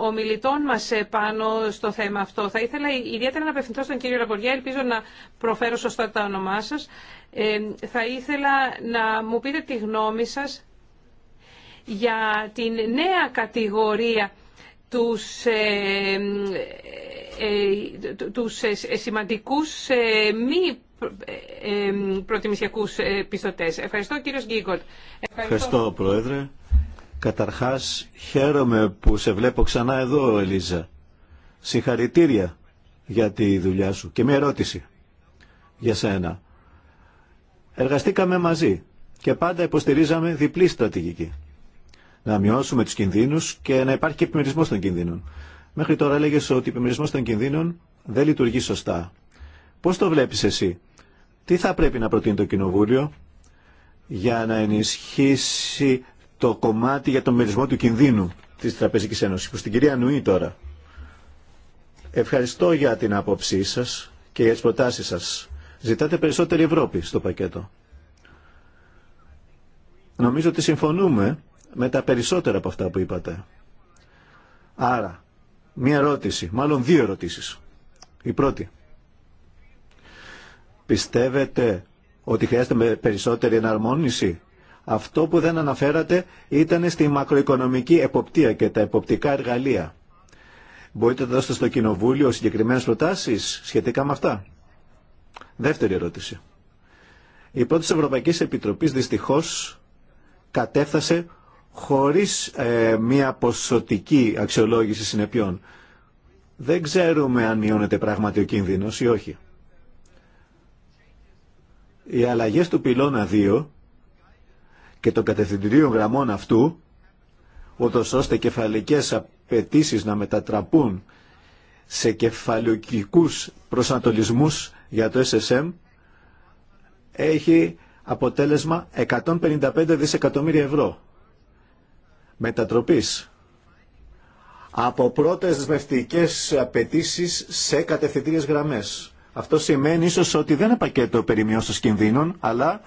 ομιλητών μας ε, πάνω στο θέμα αυτό. Θα ήθελα ιδιαίτερα να απευθυνθώ στον κύριο Ραποριά, ελπίζω να προφέρω σωστά τα όνομά σας. θα ήθελα να μου πείτε τη γνώμη σας για την νέα κατηγορία τους, ε, ε, τους σημαντικούς μη προτιμησιακούς πιστωτές. Ευχαριστώ κύριος Γκίγκολτ. Ευχαριστώ, Ευχαριστώ Πρόεδρε. Καταρχάς χαίρομαι που σε βλέπω ξανά εδώ Ελίζα. Συγχαρητήρια για τη δουλειά σου. Και μια ερώτηση για σένα. Εργαστήκαμε μαζί και πάντα υποστηρίζαμε διπλή στρατηγική. Να μειώσουμε τους κινδύνους και να υπάρχει και επιμερισμός των κινδύνων. Μέχρι τώρα έλεγε ότι ο επιμερισμός των κινδύνων δεν λειτουργεί σωστά. Πώς το βλέπεις εσύ. Τι θα πρέπει να προτείνει το Κοινοβούλιο για να ενισχύσει το κομμάτι για τον μερισμό του κινδύνου της Τραπεζικής Ένωσης. που στην κυρία Νουή τώρα. Ευχαριστώ για την άποψή σας και για τις προτάσεις σας. Ζητάτε περισσότερη Ευρώπη στο πακέτο. Νομίζω ότι συμφωνούμε με τα περισσότερα από αυτά που είπατε. Άρα, μία ερώτηση, μάλλον δύο ερωτήσεις. Η πρώτη. Πιστεύετε ότι χρειάζεται περισσότερη εναρμόνιση αυτό που δεν αναφέρατε ήταν στη μακροοικονομική εποπτεία και τα εποπτικά εργαλεία. Μπορείτε να δώσετε στο Κοινοβούλιο συγκεκριμένες προτάσει σχετικά με αυτά. Δεύτερη ερώτηση. Η πρώτη Ευρωπαϊκή Επιτροπής δυστυχώς κατέφθασε χωρίς ε, μια ποσοτική αξιολόγηση συνεπειών. Δεν ξέρουμε αν μειώνεται πράγματι ο κίνδυνος ή όχι. Οι αλλαγές του πυλώνα 2 και των κατευθυντηρίων γραμμών αυτού, ούτω ώστε κεφαλικές απαιτήσει να μετατραπούν σε κεφαλαιοκικούς προσανατολισμούς για το SSM, έχει αποτέλεσμα 155 δισεκατομμύρια ευρώ μετατροπής από πρώτες δεσμευτικές απαιτήσει σε κατευθυντήριες γραμμές. Αυτό σημαίνει ίσως ότι δεν είναι πακέτο περιμειώσεως κινδύνων, αλλά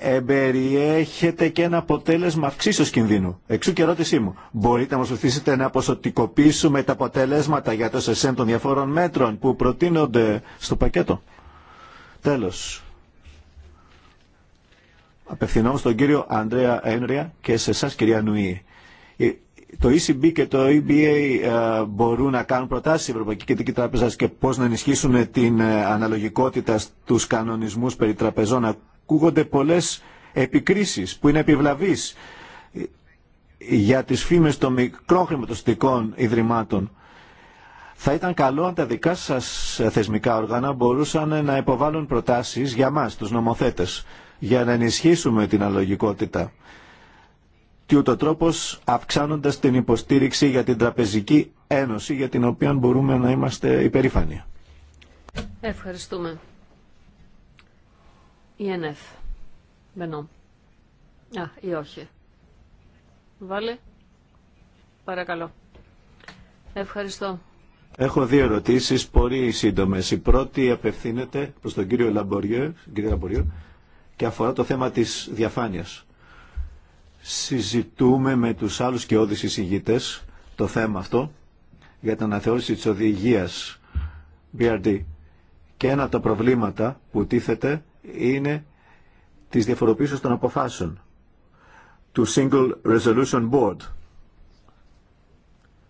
εμπεριέχεται και ένα αποτέλεσμα αυξήσεως κινδύνου. Εξού και ερώτησή μου. Μπορείτε να μας βοηθήσετε να ποσοτικοποιήσουμε τα αποτελέσματα για το ΣΕΣΕΜ των διαφόρων μέτρων που προτείνονται στο πακέτο. Τέλος. Απευθυνόμαστε στον κύριο Ανδρέα Ένρια και σε εσά κυρία Νουή. Ε, το ECB και το EBA ε, μπορούν να κάνουν προτάσεις στην Ευρωπαϊκή Κεντρική Τράπεζα και πώς να ενισχύσουν την ε, αναλογικότητα στους κανονισμούς περί τραπεζών ακούγονται πολλές επικρίσεις που είναι επιβλαβείς για τις φήμες των μικρών χρηματοστικών ιδρυμάτων. Θα ήταν καλό αν τα δικά σας θεσμικά όργανα μπορούσαν να υποβάλουν προτάσεις για μας, τους νομοθέτες, για να ενισχύσουμε την αλογικότητα. Τι ούτω τρόπος αυξάνοντας την υποστήριξη για την Τραπεζική Ένωση, για την οποία μπορούμε να είμαστε υπερήφανοι. Ευχαριστούμε. ΙΕΝΕΦ. Μπαινό. Α, ή όχι. Βάλε. Παρακαλώ. Ευχαριστώ. Έχω δύο ερωτήσεις, πολύ σύντομε. Η πρώτη απευθύνεται προς τον κύριο Λαμποριέ, κύριο Λαμποριέ και αφορά το θέμα της διαφάνειας. Συζητούμε με τους άλλους και όδης εισηγητές το θέμα αυτό για την αναθεώρηση της οδηγίας BRD. Και ένα από τα προβλήματα που τίθεται είναι της διαφοροποίησης των αποφάσεων του Single Resolution Board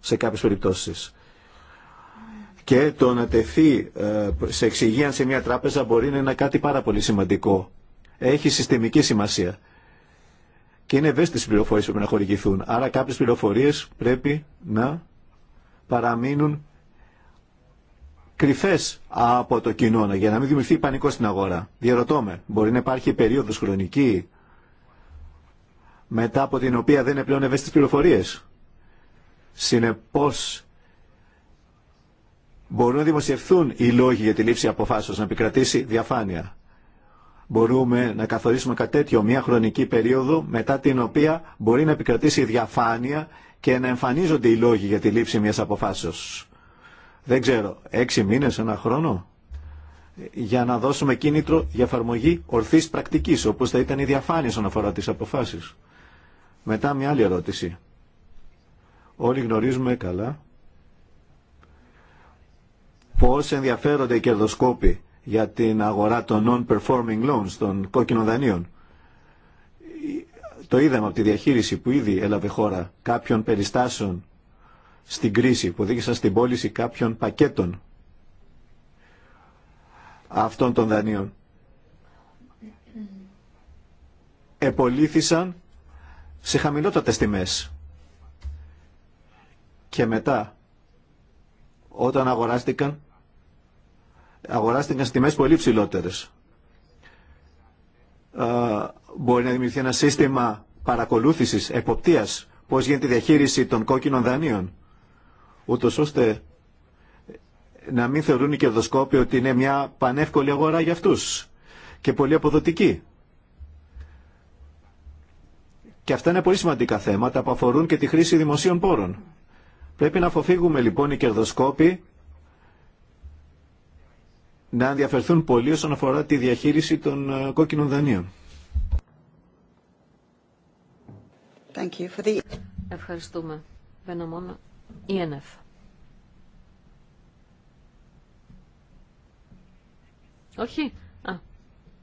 σε κάποιες περιπτώσεις. Και το να τεθεί ε, σε σε μια τράπεζα μπορεί να είναι κάτι πάρα πολύ σημαντικό. Έχει συστημική σημασία. Και είναι ευαίσθητε οι πληροφορίε που πρέπει να χορηγηθούν. Άρα κάποιε πληροφορίε πρέπει να παραμείνουν κρυφές από το κοινό για να μην δημιουργηθεί πανικό στην αγορά. Διαρωτώ με, μπορεί να υπάρχει περίοδος χρονική μετά από την οποία δεν είναι πλέον ευαίσθητες πληροφορίες. Συνεπώς μπορούν να δημοσιευθούν οι λόγοι για τη λήψη αποφάσεως, να επικρατήσει διαφάνεια. Μπορούμε να καθορίσουμε κάτι τέτοιο, μια χρονική περίοδο μετά την οποία μπορεί να επικρατήσει διαφάνεια και να εμφανίζονται οι λόγοι για τη λήψη μιας αποφάσεως δεν ξέρω, έξι μήνες, ένα χρόνο, για να δώσουμε κίνητρο για εφαρμογή ορθής πρακτικής, όπως θα ήταν η διαφάνεια στον αφορά τις αποφάσεις. Μετά μια άλλη ερώτηση. Όλοι γνωρίζουμε καλά πώς ενδιαφέρονται οι κερδοσκόποι για την αγορά των non-performing loans, των κόκκινων δανείων. Το είδαμε από τη διαχείριση που ήδη έλαβε χώρα κάποιων περιστάσεων στην κρίση που οδήγησαν στην πώληση κάποιων πακέτων αυτών των δανείων. Επολύθησαν σε χαμηλότατες τιμές. Και μετά, όταν αγοράστηκαν, αγοράστηκαν στις τιμές πολύ ψηλότερες. μπορεί να δημιουργηθεί ένα σύστημα παρακολούθησης, εποπτείας, πώς γίνεται η διαχείριση των κόκκινων δανείων ούτως ώστε να μην θεωρούν οι κερδοσκόποι ότι είναι μια πανεύκολη αγορά για αυτούς και πολύ αποδοτική. Και αυτά είναι πολύ σημαντικά θέματα που αφορούν και τη χρήση δημοσίων πόρων. Πρέπει να αποφύγουμε λοιπόν οι κερδοσκόποι να ενδιαφερθούν πολύ όσον αφορά τη διαχείριση των ε, κόκκινων δανείων. Thank you for Ευχαριστούμε. ΕΝΕΦ. Όχι. Α,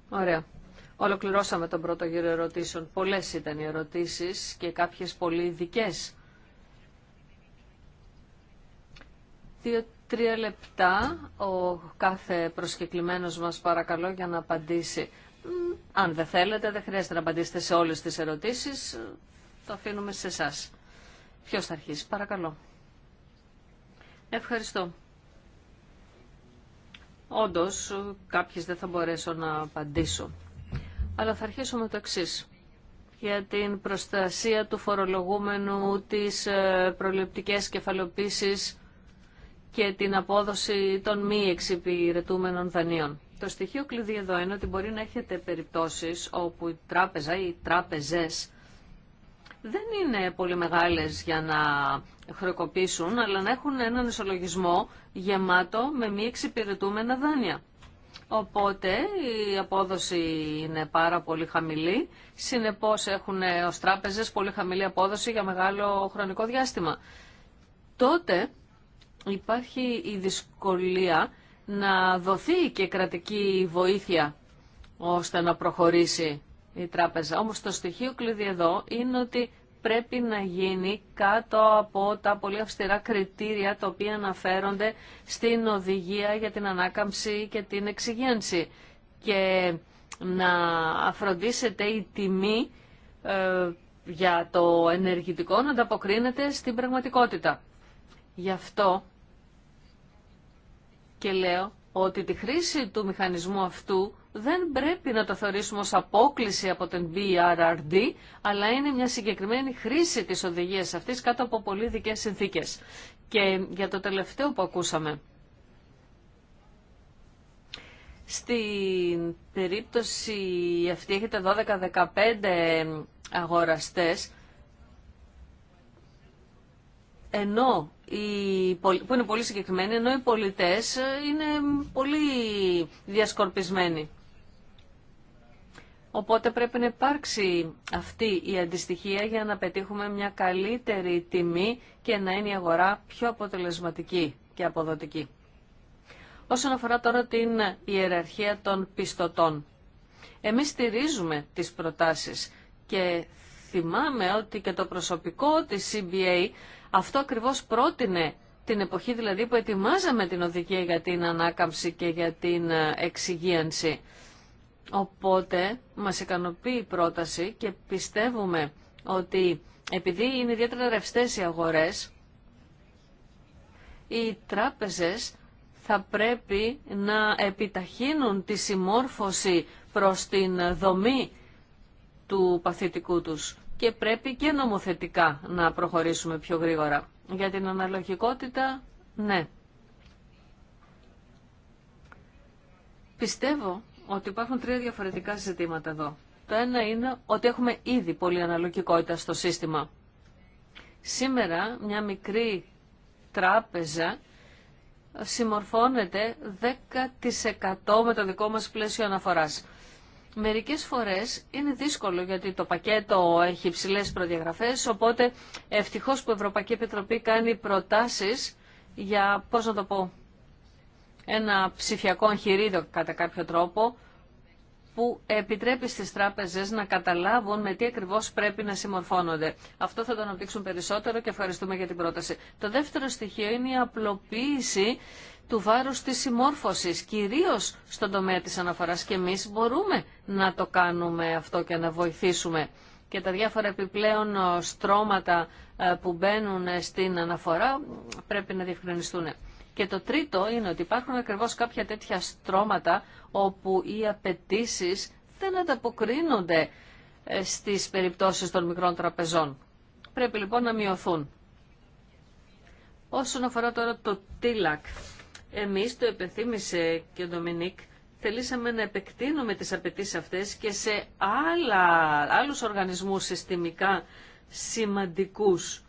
ωραία. Ολοκληρώσαμε τον πρώτο γύρο ερωτήσεων. Πολλές ήταν οι ερωτήσεις και κάποιες πολύ ειδικέ. Δύο-τρία λεπτά ο κάθε προσκεκλημένος μας παρακαλώ για να απαντήσει. Αν δεν θέλετε, δεν χρειάζεται να απαντήσετε σε όλες τις ερωτήσεις. Το αφήνουμε σε εσά. Ποιος θα αρχίσει, παρακαλώ. Ευχαριστώ. Όντως, κάποιες δεν θα μπορέσω να απαντήσω. Αλλά θα αρχίσω με το εξή για την προστασία του φορολογούμενου, τις ε, προληπτικές κεφαλοποίησεις και την απόδοση των μη εξυπηρετούμενων δανείων. Το στοιχείο κλειδί εδώ είναι ότι μπορεί να έχετε περιπτώσεις όπου η τράπεζα ή οι τράπεζες δεν είναι πολύ μεγάλες για να χρεοκοπήσουν, αλλά να έχουν έναν ισολογισμό γεμάτο με μη εξυπηρετούμενα δάνεια. Οπότε η απόδοση είναι πάρα πολύ χαμηλή. Συνεπώς έχουν ως τράπεζες πολύ χαμηλή απόδοση για μεγάλο χρονικό διάστημα. Τότε υπάρχει η δυσκολία να δοθεί και κρατική βοήθεια ώστε να προχωρήσει η τράπεζα. Όμως το στοιχείο κλειδί εδώ είναι ότι πρέπει να γίνει κάτω από τα πολύ αυστηρά κριτήρια τα οποία αναφέρονται στην οδηγία για την ανάκαμψη και την εξυγένση και να αφροντίσετε η τιμή ε, για το ενεργητικό να ανταποκρίνεται στην πραγματικότητα. Γι' αυτό και λέω ότι τη χρήση του μηχανισμού αυτού δεν πρέπει να το θεωρήσουμε ως απόκληση από την BRRD, αλλά είναι μια συγκεκριμένη χρήση της οδηγίας αυτής κάτω από πολύ δικές συνθήκες. Και για το τελευταίο που ακούσαμε, στην περίπτωση αυτή έχετε 12-15 αγοραστές, ενώ οι, που είναι πολύ συγκεκριμένοι, ενώ οι πολιτές είναι πολύ διασκορπισμένοι. Οπότε πρέπει να υπάρξει αυτή η αντιστοιχία για να πετύχουμε μια καλύτερη τιμή και να είναι η αγορά πιο αποτελεσματική και αποδοτική. Όσον αφορά τώρα την ιεραρχία των πιστωτών. Εμείς στηρίζουμε τις προτάσεις και θυμάμαι ότι και το προσωπικό της CBA αυτό ακριβώς πρότεινε την εποχή δηλαδή που ετοιμάζαμε την οδηγία για την ανάκαμψη και για την εξυγίανση. Οπότε μας ικανοποιεί η πρόταση και πιστεύουμε ότι επειδή είναι ιδιαίτερα ρευστές οι αγορές, οι τράπεζες θα πρέπει να επιταχύνουν τη συμμόρφωση προς την δομή του παθητικού τους και πρέπει και νομοθετικά να προχωρήσουμε πιο γρήγορα. Για την αναλογικότητα, ναι. Πιστεύω ότι υπάρχουν τρία διαφορετικά ζητήματα εδώ. Το ένα είναι ότι έχουμε ήδη πολλή αναλογικότητα στο σύστημα. Σήμερα μια μικρή τράπεζα συμμορφώνεται 10% με το δικό μας πλαίσιο αναφοράς. Μερικές φορές είναι δύσκολο γιατί το πακέτο έχει υψηλέ προδιαγραφές, οπότε ευτυχώς που η Ευρωπαϊκή Επιτροπή κάνει προτάσεις για, πώς να το πω, ένα ψηφιακό εγχειρίδιο κατά κάποιο τρόπο που επιτρέπει στις τράπεζες να καταλάβουν με τι ακριβώς πρέπει να συμμορφώνονται. Αυτό θα το αναπτύξουν περισσότερο και ευχαριστούμε για την πρόταση. Το δεύτερο στοιχείο είναι η απλοποίηση του βάρους της συμμόρφωσης, κυρίως στον τομέα της αναφοράς και εμείς μπορούμε να το κάνουμε αυτό και να βοηθήσουμε. Και τα διάφορα επιπλέον στρώματα ε, που μπαίνουν στην αναφορά πρέπει να διευκρινιστούν. Και το τρίτο είναι ότι υπάρχουν ακριβώ κάποια τέτοια στρώματα όπου οι απαιτήσει δεν ανταποκρίνονται ε, στις περιπτώσεις των μικρών τραπεζών. Πρέπει λοιπόν να μειωθούν. Όσον αφορά τώρα το TILAC, εμείς το επενθύμησε και ο Ντομινίκ, θελήσαμε να επεκτείνουμε τις απαιτήσει αυτές και σε άλλα, άλλους οργανισμούς συστημικά σημαντικούς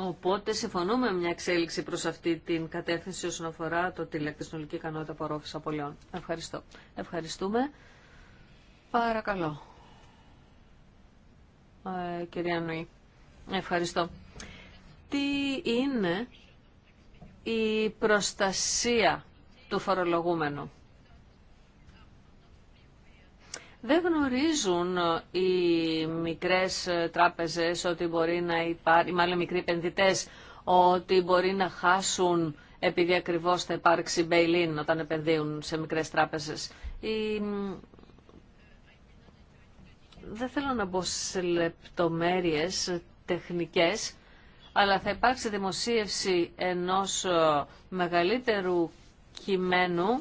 Οπότε συμφωνούμε με μια εξέλιξη προς αυτή την κατεύθυνση όσον αφορά το τηλεκτρονική ικανότητα απορρόφησης απολειών. Ευχαριστώ. Ευχαριστούμε. Παρακαλώ. Ε, κυρία Νουή. Ευχαριστώ. Τι είναι η προστασία του φορολογούμενου. Δεν γνωρίζουν ε, οι μικρές ε, τράπεζες ότι μπορεί να υπάρχει, μάλλον μικροί επενδυτέ, ότι μπορεί να χάσουν επειδή ακριβώς θα υπάρξει bail-in όταν επενδύουν σε μικρές τράπεζες. Δεν θέλω να μπω σε λεπτομέρειες τεχνικές, αλλά θα υπάρξει δημοσίευση ενός ε, μεγαλύτερου κειμένου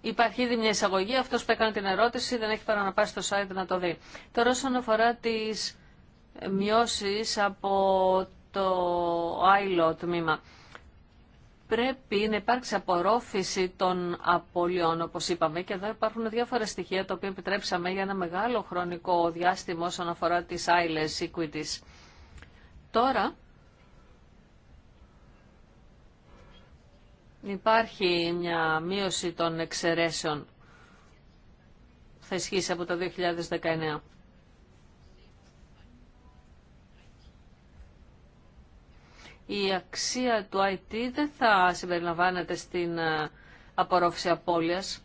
Υπάρχει ήδη μια εισαγωγή, αυτός που έκανε την ερώτηση δεν έχει παρά να πάει στο site να το δει. Τώρα όσον αφορά τι μειώσει από το ILO τμήμα, πρέπει να υπάρξει απορρόφηση των απολειών, όπως είπαμε, και εδώ υπάρχουν διάφορα στοιχεία τα οποία επιτρέψαμε για ένα μεγάλο χρονικό διάστημα όσον αφορά τις ILS equities. Τώρα, υπάρχει μια μείωση των εξαιρέσεων. Θα ισχύσει από το 2019. Η αξία του IT δεν θα συμπεριλαμβάνεται στην ε, απορρόφηση απώλειας.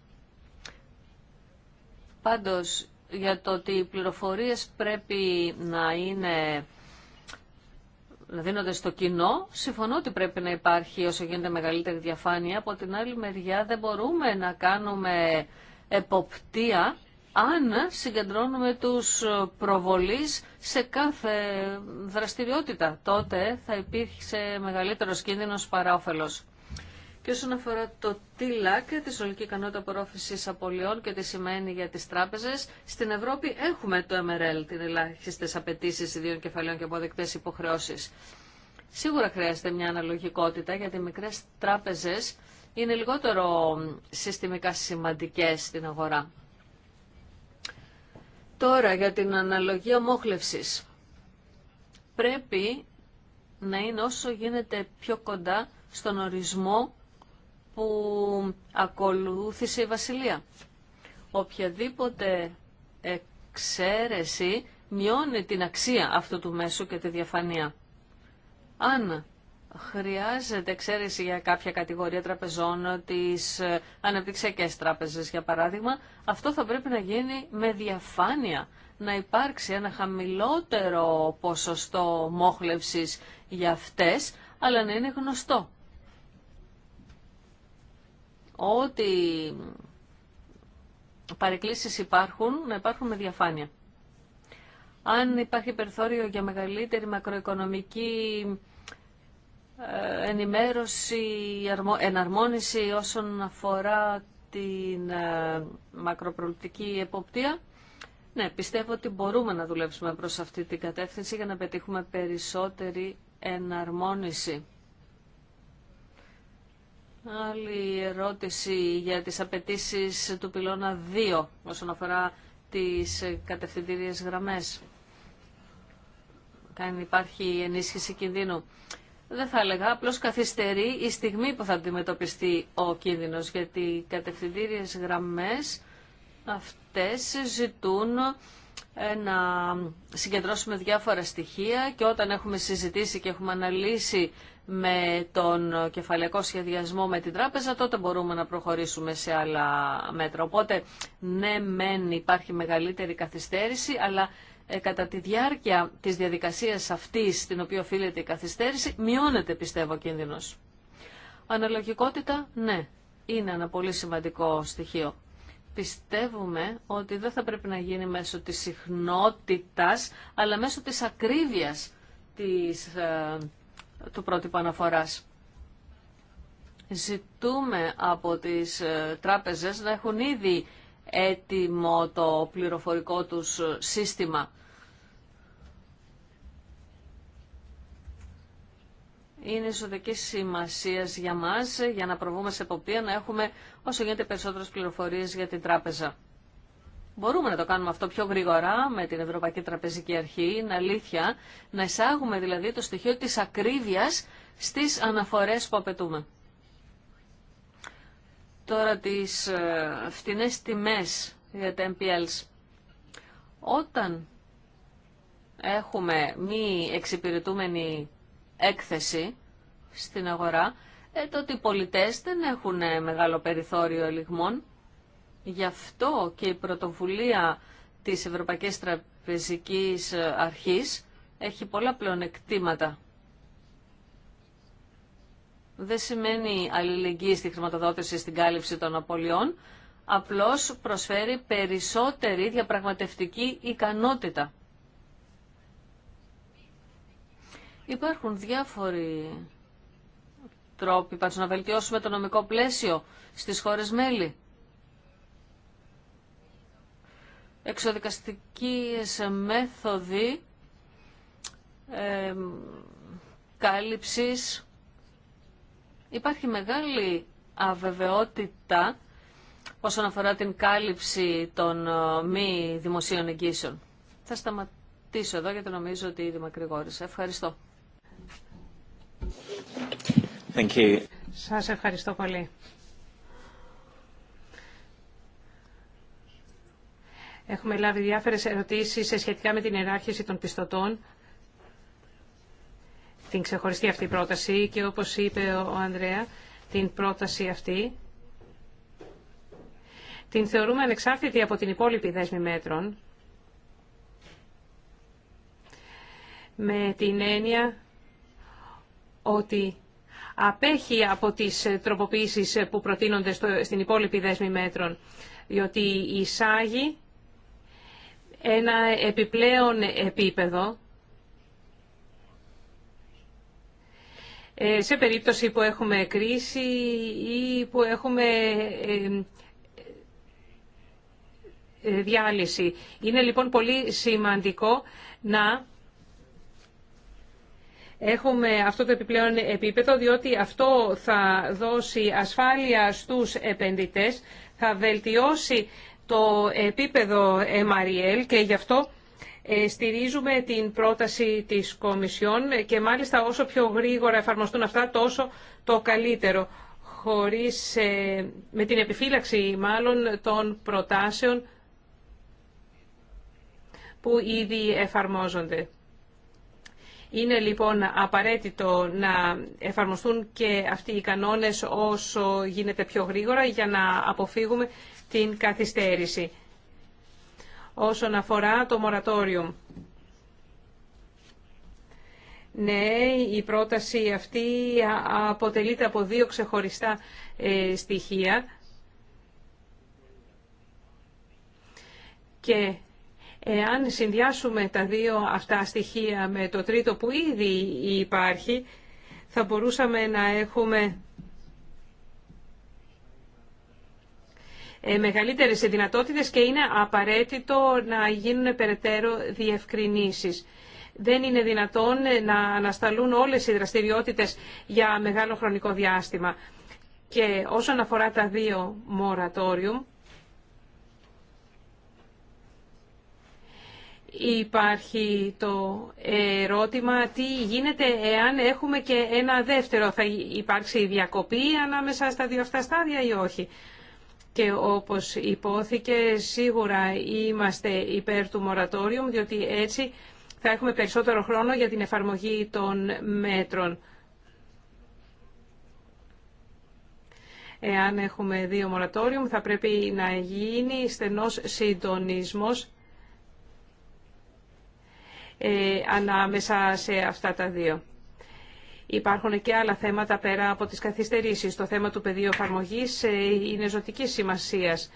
Πάντως, για το ότι οι πληροφορίες πρέπει να είναι Δηλαδή, δίνονται στο κοινό, συμφωνώ ότι πρέπει να υπάρχει όσο γίνεται μεγαλύτερη διαφάνεια. Από την άλλη μεριά δεν μπορούμε να κάνουμε εποπτεία αν συγκεντρώνουμε τους προβολείς σε κάθε δραστηριότητα. Τότε θα υπήρχε μεγαλύτερος κίνδυνος παράοφελος. Και όσον αφορά το TILAC, τη συνολική ικανότητα απορρόφηση απολειών και τι σημαίνει για τι τράπεζε, στην Ευρώπη έχουμε το MRL, την ελάχιστε απαιτήσει ιδίων κεφαλαίων και αποδεκτέ υποχρεώσει. Σίγουρα χρειάζεται μια αναλογικότητα γιατί οι μικρέ τράπεζε είναι λιγότερο συστημικά σημαντικέ στην αγορά. Τώρα για την αναλογία μόχλευση. Πρέπει να είναι όσο γίνεται πιο κοντά στον ορισμό που ακολούθησε η Βασιλεία. Οποιαδήποτε εξαίρεση μειώνει την αξία αυτού του μέσου και τη διαφανεία. Αν χρειάζεται εξαίρεση για κάποια κατηγορία τραπεζών, τις ε, αναπτυξιακές τράπεζες για παράδειγμα, αυτό θα πρέπει να γίνει με διαφάνεια, να υπάρξει ένα χαμηλότερο ποσοστό μόχλευσης για αυτές, αλλά να είναι γνωστό ό,τι παρεκκλήσεις υπάρχουν, να υπάρχουν με διαφάνεια. Αν υπάρχει περιθώριο για μεγαλύτερη μακροοικονομική ε, ενημέρωση, εναρμόνιση όσον αφορά την ε, μακροπροληπτική εποπτεία, ναι, πιστεύω ότι μπορούμε να δουλέψουμε προς αυτή την κατεύθυνση για να πετύχουμε περισσότερη εναρμόνιση Άλλη ερώτηση για τις απαιτήσει του πυλώνα 2 όσον αφορά τις κατευθυντήριες γραμμές. Κάνει υπάρχει ενίσχυση κινδύνου. Δεν θα έλεγα, απλώς καθυστερεί η στιγμή που θα αντιμετωπιστεί ο κίνδυνος, γιατί οι κατευθυντήριες γραμμές αυτές ζητούν να συγκεντρώσουμε διάφορα στοιχεία και όταν έχουμε συζητήσει και έχουμε αναλύσει με τον κεφαλαικό σχεδιασμό με την τράπεζα, τότε μπορούμε να προχωρήσουμε σε άλλα μέτρα. Οπότε, ναι, μεν υπάρχει μεγαλύτερη καθυστέρηση, αλλά ε, κατά τη διάρκεια της διαδικασίας αυτής στην οποία οφείλεται η καθυστέρηση, μειώνεται, πιστεύω, ο κίνδυνος. Αναλογικότητα, ναι, είναι ένα πολύ σημαντικό στοιχείο. Πιστεύουμε ότι δεν θα πρέπει να γίνει μέσω της συχνότητας, αλλά μέσω της ακρίβειας της ε, του πρότυπο αναφοράς. Ζητούμε από τις ε, τράπεζες να έχουν ήδη έτοιμο το πληροφορικό τους σύστημα. είναι ισοδική σημασία για μας για να προβούμε σε εποπτεία, να έχουμε όσο γίνεται περισσότερες πληροφορίες για την τράπεζα. Μπορούμε να το κάνουμε αυτό πιο γρήγορα με την Ευρωπαϊκή Τραπεζική Αρχή, είναι αλήθεια, να εισάγουμε δηλαδή το στοιχείο της ακρίβειας στις αναφορές που απαιτούμε. Τώρα τις ε, φτηνές τιμές για τα MPLs. Όταν έχουμε μη εξυπηρετούμενη έκθεση στην αγορά, ε, τότε οι πολιτές δεν έχουν μεγάλο περιθώριο ελιγμών Γι' αυτό και η πρωτοβουλία της Ευρωπαϊκής Τραπεζικής Αρχής έχει πολλά πλεονεκτήματα. Δεν σημαίνει αλληλεγγύη στη χρηματοδότηση στην κάλυψη των απολειών, απλώς προσφέρει περισσότερη διαπραγματευτική ικανότητα. Υπάρχουν διάφοροι τρόποι πάντως να βελτιώσουμε το νομικό πλαίσιο στις χώρες μέλη. εξοδικαστικές μέθοδοι ε, κάλυψης. Υπάρχει μεγάλη αβεβαιότητα όσον αφορά την κάλυψη των ε, μη δημοσίων εγγύσεων. Θα σταματήσω εδώ γιατί νομίζω ότι ήδη μακρηγόρησα. Ευχαριστώ. Thank you. Σας ευχαριστώ πολύ. Έχουμε λάβει διάφορες ερωτήσεις σχετικά με την ιεράρχηση των πιστωτών, την ξεχωριστή αυτή πρόταση και όπως είπε ο Ανδρέα, την πρόταση αυτή την θεωρούμε ανεξάρτητη από την υπόλοιπη δέσμη μέτρων, με την έννοια ότι απέχει από τις τροποποίησεις που προτείνονται στην υπόλοιπη δέσμη μέτρων, διότι εισάγει ένα επιπλέον επίπεδο ε, σε περίπτωση που έχουμε κρίση ή που έχουμε ε, διάλυση. Είναι λοιπόν πολύ σημαντικό να έχουμε αυτό το επιπλέον επίπεδο, διότι αυτό θα δώσει ασφάλεια στους επενδυτές, θα βελτιώσει το επίπεδο MRL e και γι' αυτό ε, στηρίζουμε την πρόταση της Κομισιόν και μάλιστα όσο πιο γρήγορα εφαρμοστούν αυτά τόσο το καλύτερο χωρίς, ε, με την επιφύλαξη μάλλον των προτάσεων που ήδη εφαρμόζονται. Είναι λοιπόν απαραίτητο να εφαρμοστούν και αυτοί οι κανόνες όσο γίνεται πιο γρήγορα για να αποφύγουμε την καθυστέρηση. Όσον αφορά το μορατόριο. Ναι, η πρόταση αυτή αποτελείται από δύο ξεχωριστά ε, στοιχεία και εάν συνδυάσουμε τα δύο αυτά στοιχεία με το τρίτο που ήδη υπάρχει, θα μπορούσαμε να έχουμε Ε, μεγαλύτερες δυνατότητες και είναι απαραίτητο να γίνουν περαιτέρω διευκρινήσεις. Δεν είναι δυνατόν ε, να ανασταλούν όλες οι δραστηριότητες για μεγάλο χρονικό διάστημα. Και όσον αφορά τα δύο moratorium, υπάρχει το ερώτημα τι γίνεται εάν έχουμε και ένα δεύτερο. Θα υπάρξει διακοπή ανάμεσα στα δύο αυτά στάδια ή όχι και όπως υπόθηκε σίγουρα είμαστε υπέρ του μορατόριου διότι έτσι θα έχουμε περισσότερο χρόνο για την εφαρμογή των μέτρων. Εάν έχουμε δύο μορατόριου θα πρέπει να γίνει στενός συντονισμός ε, ανάμεσα σε αυτά τα δύο. Υπάρχουν και άλλα θέματα πέρα από τις καθυστερήσεις. Το θέμα του πεδίου εφαρμογή ε, είναι ζωτικής σημασίας.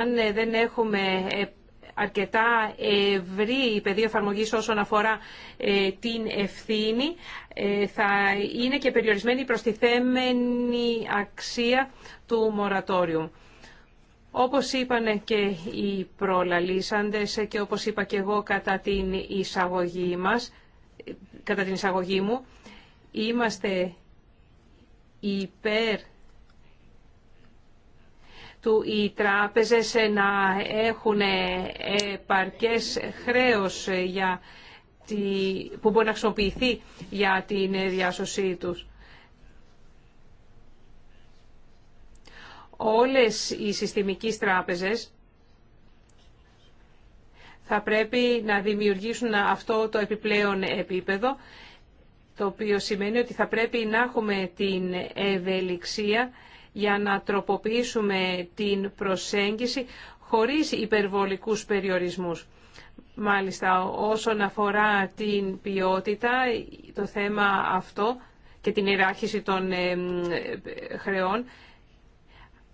Αν ε, δεν έχουμε ε, αρκετά ευρύ πεδίο εφαρμογή όσον αφορά την ευθύνη, θα είναι και περιορισμένη η προστιθέμενη αξία του μορατόριου. Όπως είπαν και οι προλαλήσαντες και όπως είπα και εγώ κατά την εισαγωγή μας, κατά την εισαγωγή μου, Είμαστε υπέρ του οι τράπεζες να έχουν επαρκές χρέος για τη, που μπορεί να χρησιμοποιηθεί για την διάσωσή τους. Όλες οι συστημικές τράπεζες θα πρέπει να δημιουργήσουν αυτό το επιπλέον επίπεδο το οποίο σημαίνει ότι θα πρέπει να έχουμε την ευελιξία για να τροποποιήσουμε την προσέγγιση χωρίς υπερβολικούς περιορισμούς. Μάλιστα, όσον αφορά την ποιότητα, το θέμα αυτό και την ιεράρχηση των χρεών,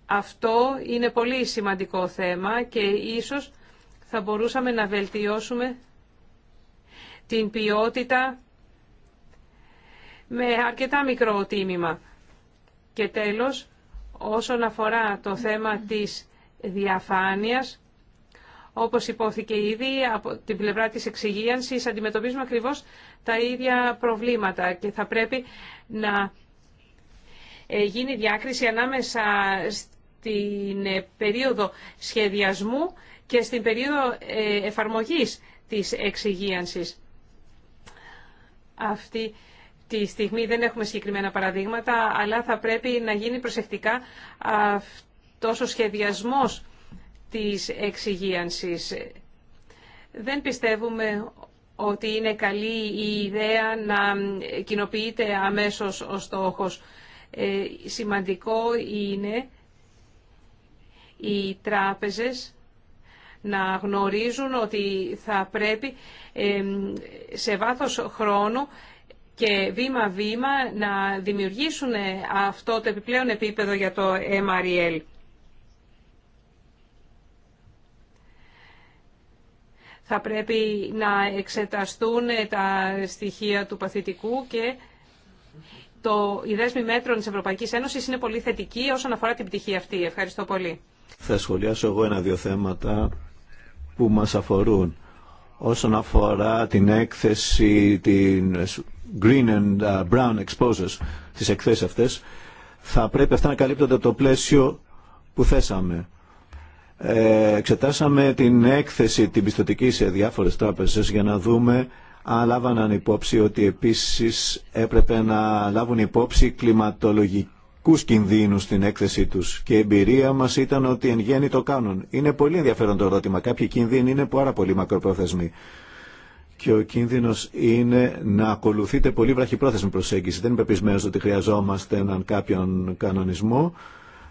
αυτό είναι πολύ σημαντικό θέμα και ίσως θα μπορούσαμε να βελτιώσουμε την ποιότητα με αρκετά μικρό τίμημα. Και τέλος, όσον αφορά το θέμα της διαφάνειας, όπως υπόθηκε ήδη, από την πλευρά της εξυγίανσης αντιμετωπίζουμε ακριβώς τα ίδια προβλήματα και θα πρέπει να ε, γίνει διάκριση ανάμεσα στην ε, περίοδο σχεδιασμού και στην περίοδο ε, εφαρμογής της εξυγίανσης. Αυτή τη στιγμή δεν έχουμε συγκεκριμένα παραδείγματα, αλλά θα πρέπει να γίνει προσεκτικά αυτός ο σχεδιασμός της εξυγίανσης. Δεν πιστεύουμε ότι είναι καλή η ιδέα να κοινοποιείται αμέσως ο στόχος. Ε, σημαντικό είναι οι τράπεζες να γνωρίζουν ότι θα πρέπει ε, σε βάθος χρόνου και βήμα-βήμα να δημιουργήσουν αυτό το επιπλέον επίπεδο για το MREL. Θα πρέπει να εξεταστούν τα στοιχεία του παθητικού και το, η δέσμη μέτρων της Ευρωπαϊκής Ένωσης είναι πολύ θετική όσον αφορά την πτυχή αυτή. Ευχαριστώ πολύ. Θα σχολιάσω εγώ ένα-δύο θέματα που μας αφορούν όσον αφορά την έκθεση την green and uh, brown exposures, τις εκθέσεις αυτές, θα πρέπει αυτά να καλύπτονται το πλαίσιο που θέσαμε. Ε, εξετάσαμε την έκθεση την πιστοτική σε διάφορες τράπεζες για να δούμε αν λάβαναν υπόψη ότι επίσης έπρεπε να λάβουν υπόψη κλιματολογικούς κινδύνους στην έκθεσή τους και η εμπειρία μας ήταν ότι εν γέννη το κάνουν. Είναι πολύ ενδιαφέρον το ερώτημα. Κάποιοι κινδύνοι είναι πάρα πολύ μακροπρόθεσμοι και ο κίνδυνο είναι να ακολουθείτε πολύ βραχυπρόθεσμη προσέγγιση. Δεν είμαι πεπισμένο ότι χρειαζόμαστε έναν κάποιον κανονισμό.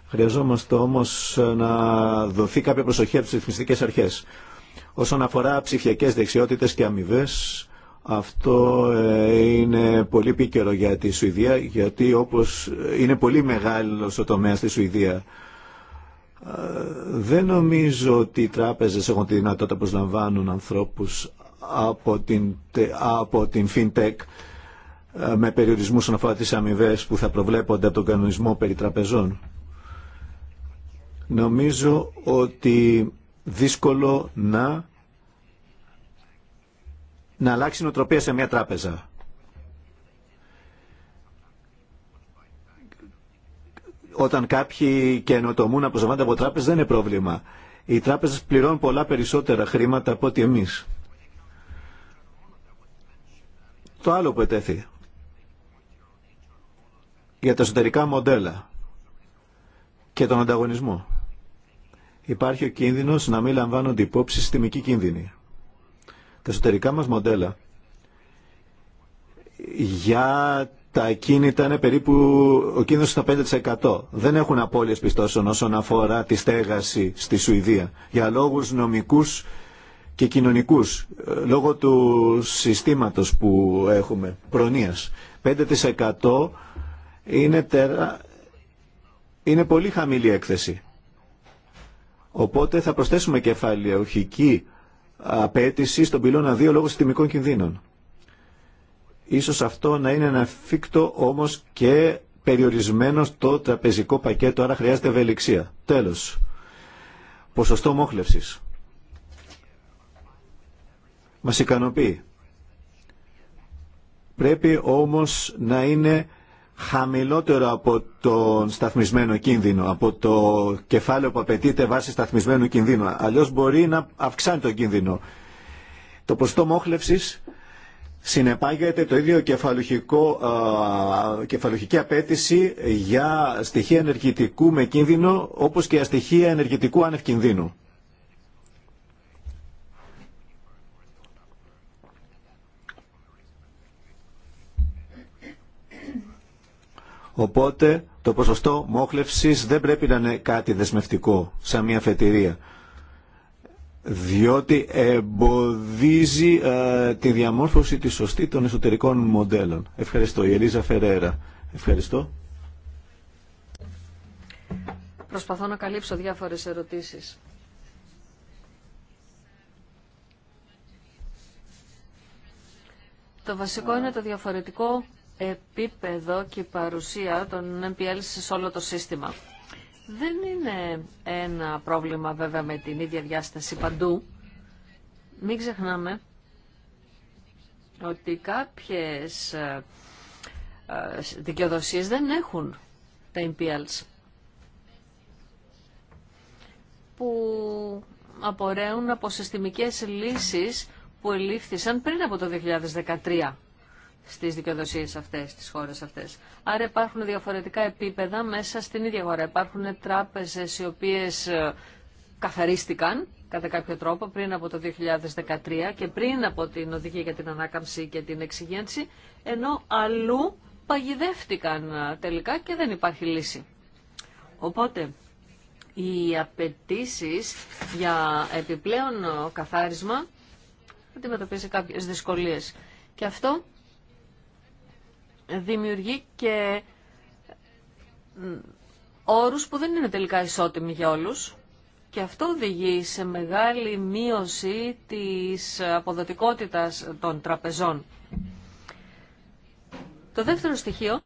Χρειαζόμαστε όμως να δοθεί κάποια προσοχή από τι ρυθμιστικέ αρχές. Όσον αφορά ψηφιακέ δεξιότητε και αμοιβέ, αυτό ε, είναι πολύ επίκαιρο για τη Σουηδία, γιατί όπως ε, είναι πολύ μεγάλο ο τομέα στη Σουηδία. Ε, δεν νομίζω ότι οι τράπεζες έχουν τη δυνατότητα να προσλαμβάνουν ανθρώπους από την, από την FinTech ε, με περιορισμού όσον αφορά τι αμοιβέ που θα προβλέπονται από τον κανονισμό περί τραπεζών. Νομίζω ότι δύσκολο να, να αλλάξει νοοτροπία σε μια τράπεζα. Όταν κάποιοι καινοτομούν να προσλαμβάνονται από τράπεζα δεν είναι πρόβλημα. Οι τράπεζες πληρώνουν πολλά περισσότερα χρήματα από ό,τι εμείς. Το άλλο που ετέθη για τα εσωτερικά μοντέλα και τον ανταγωνισμό. Υπάρχει ο κίνδυνος να μην λαμβάνονται υπόψη συστημική κίνδυνη. Τα εσωτερικά μας μοντέλα για τα κίνητα είναι περίπου ο κίνδυνος στα 5%. Δεν έχουν απώλειες πιστώσεων όσον αφορά τη στέγαση στη Σουηδία. Για λόγους νομικούς και κοινωνικούς ε, λόγω του συστήματος που έχουμε, προνοίας. 5% είναι, είναι πολύ χαμηλή έκθεση. Οπότε θα προσθέσουμε κεφαλαιοχική απέτηση στον πυλώνα 2 λόγω συστημικών κινδύνων. Ίσως αυτό να είναι ένα φύκτο όμως και περιορισμένο στο τραπεζικό πακέτο, άρα χρειάζεται ευελιξία. Τέλος, ποσοστό μόχλευσης μας ικανοποιεί. Πρέπει όμως να είναι χαμηλότερο από τον σταθμισμένο κίνδυνο, από το κεφάλαιο που απαιτείται βάσει σταθμισμένου κινδύνου. Αλλιώς μπορεί να αυξάνει τον κίνδυνο. Το ποστό μόχλευσης συνεπάγεται το ίδιο κεφαλουχικό, α, κεφαλουχική απέτηση για στοιχεία ενεργητικού με κίνδυνο όπως και για στοιχεία ενεργητικού ανευκίνδυνου. Οπότε το ποσοστό μόχλευσης δεν πρέπει να είναι κάτι δεσμευτικό, σαν μια φετηρία. Διότι εμποδίζει ε, τη διαμόρφωση τη σωστή των εσωτερικών μοντέλων. Ευχαριστώ. Η Ελίζα Φερέρα. Ευχαριστώ. Προσπαθώ να καλύψω διάφορες ερωτήσεις. Το βασικό είναι το διαφορετικό επίπεδο και παρουσία των MPL σε όλο το σύστημα. Δεν είναι ένα πρόβλημα βέβαια με την ίδια διάσταση παντού. Μην ξεχνάμε ότι κάποιες ε, ε, δικαιοδοσίες δεν έχουν τα NPLs που απορρέουν από συστημικές λύσεις που ελήφθησαν πριν από το 2013 στις δικαιοδοσίες αυτές, στις χώρες αυτές. Άρα υπάρχουν διαφορετικά επίπεδα μέσα στην ίδια χώρα. Υπάρχουν τράπεζες οι οποίες ε, καθαρίστηκαν κατά κάποιο τρόπο πριν από το 2013 και πριν από την οδηγία για την ανάκαμψη και την εξυγένση, ενώ αλλού παγιδεύτηκαν ε, τελικά και δεν υπάρχει λύση. Οπότε, οι απαιτήσει για επιπλέον καθάρισμα αντιμετωπίζει κάποιες δυσκολίες. Και αυτό δημιουργεί και όρους που δεν είναι τελικά ισότιμοι για όλους και αυτό οδηγεί σε μεγάλη μείωση της αποδοτικότητας των τραπεζών. Το δεύτερο στοιχείο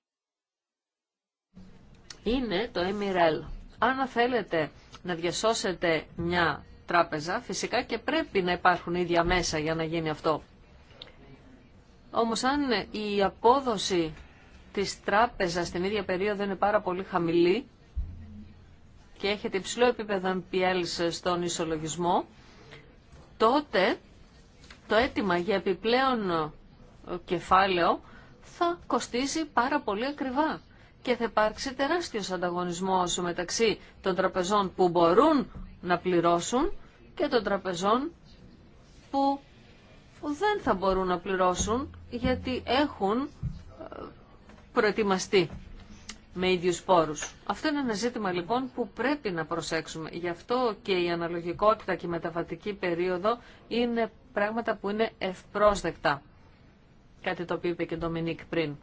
είναι το MRL. Αν θέλετε να διασώσετε μια τράπεζα, φυσικά και πρέπει να υπάρχουν ίδια μέσα για να γίνει αυτό. Όμως αν η απόδοση της τράπεζας στην ίδια περίοδο είναι πάρα πολύ χαμηλή και έχετε υψηλό επίπεδο NPL στον ισολογισμό, τότε το αίτημα για επιπλέον κεφάλαιο θα κοστίζει πάρα πολύ ακριβά και θα υπάρξει τεράστιος ανταγωνισμός μεταξύ των τραπεζών που μπορούν να πληρώσουν και των τραπεζών που που δεν θα μπορούν να πληρώσουν γιατί έχουν ε, προετοιμαστεί με ίδιους πόρους. Αυτό είναι ένα ζήτημα λοιπόν που πρέπει να προσέξουμε. Γι' αυτό και η αναλογικότητα και η μεταβατική περίοδο είναι πράγματα που είναι ευπρόσδεκτα. Κάτι το οποίο είπε και ο Ντομινίκ πριν.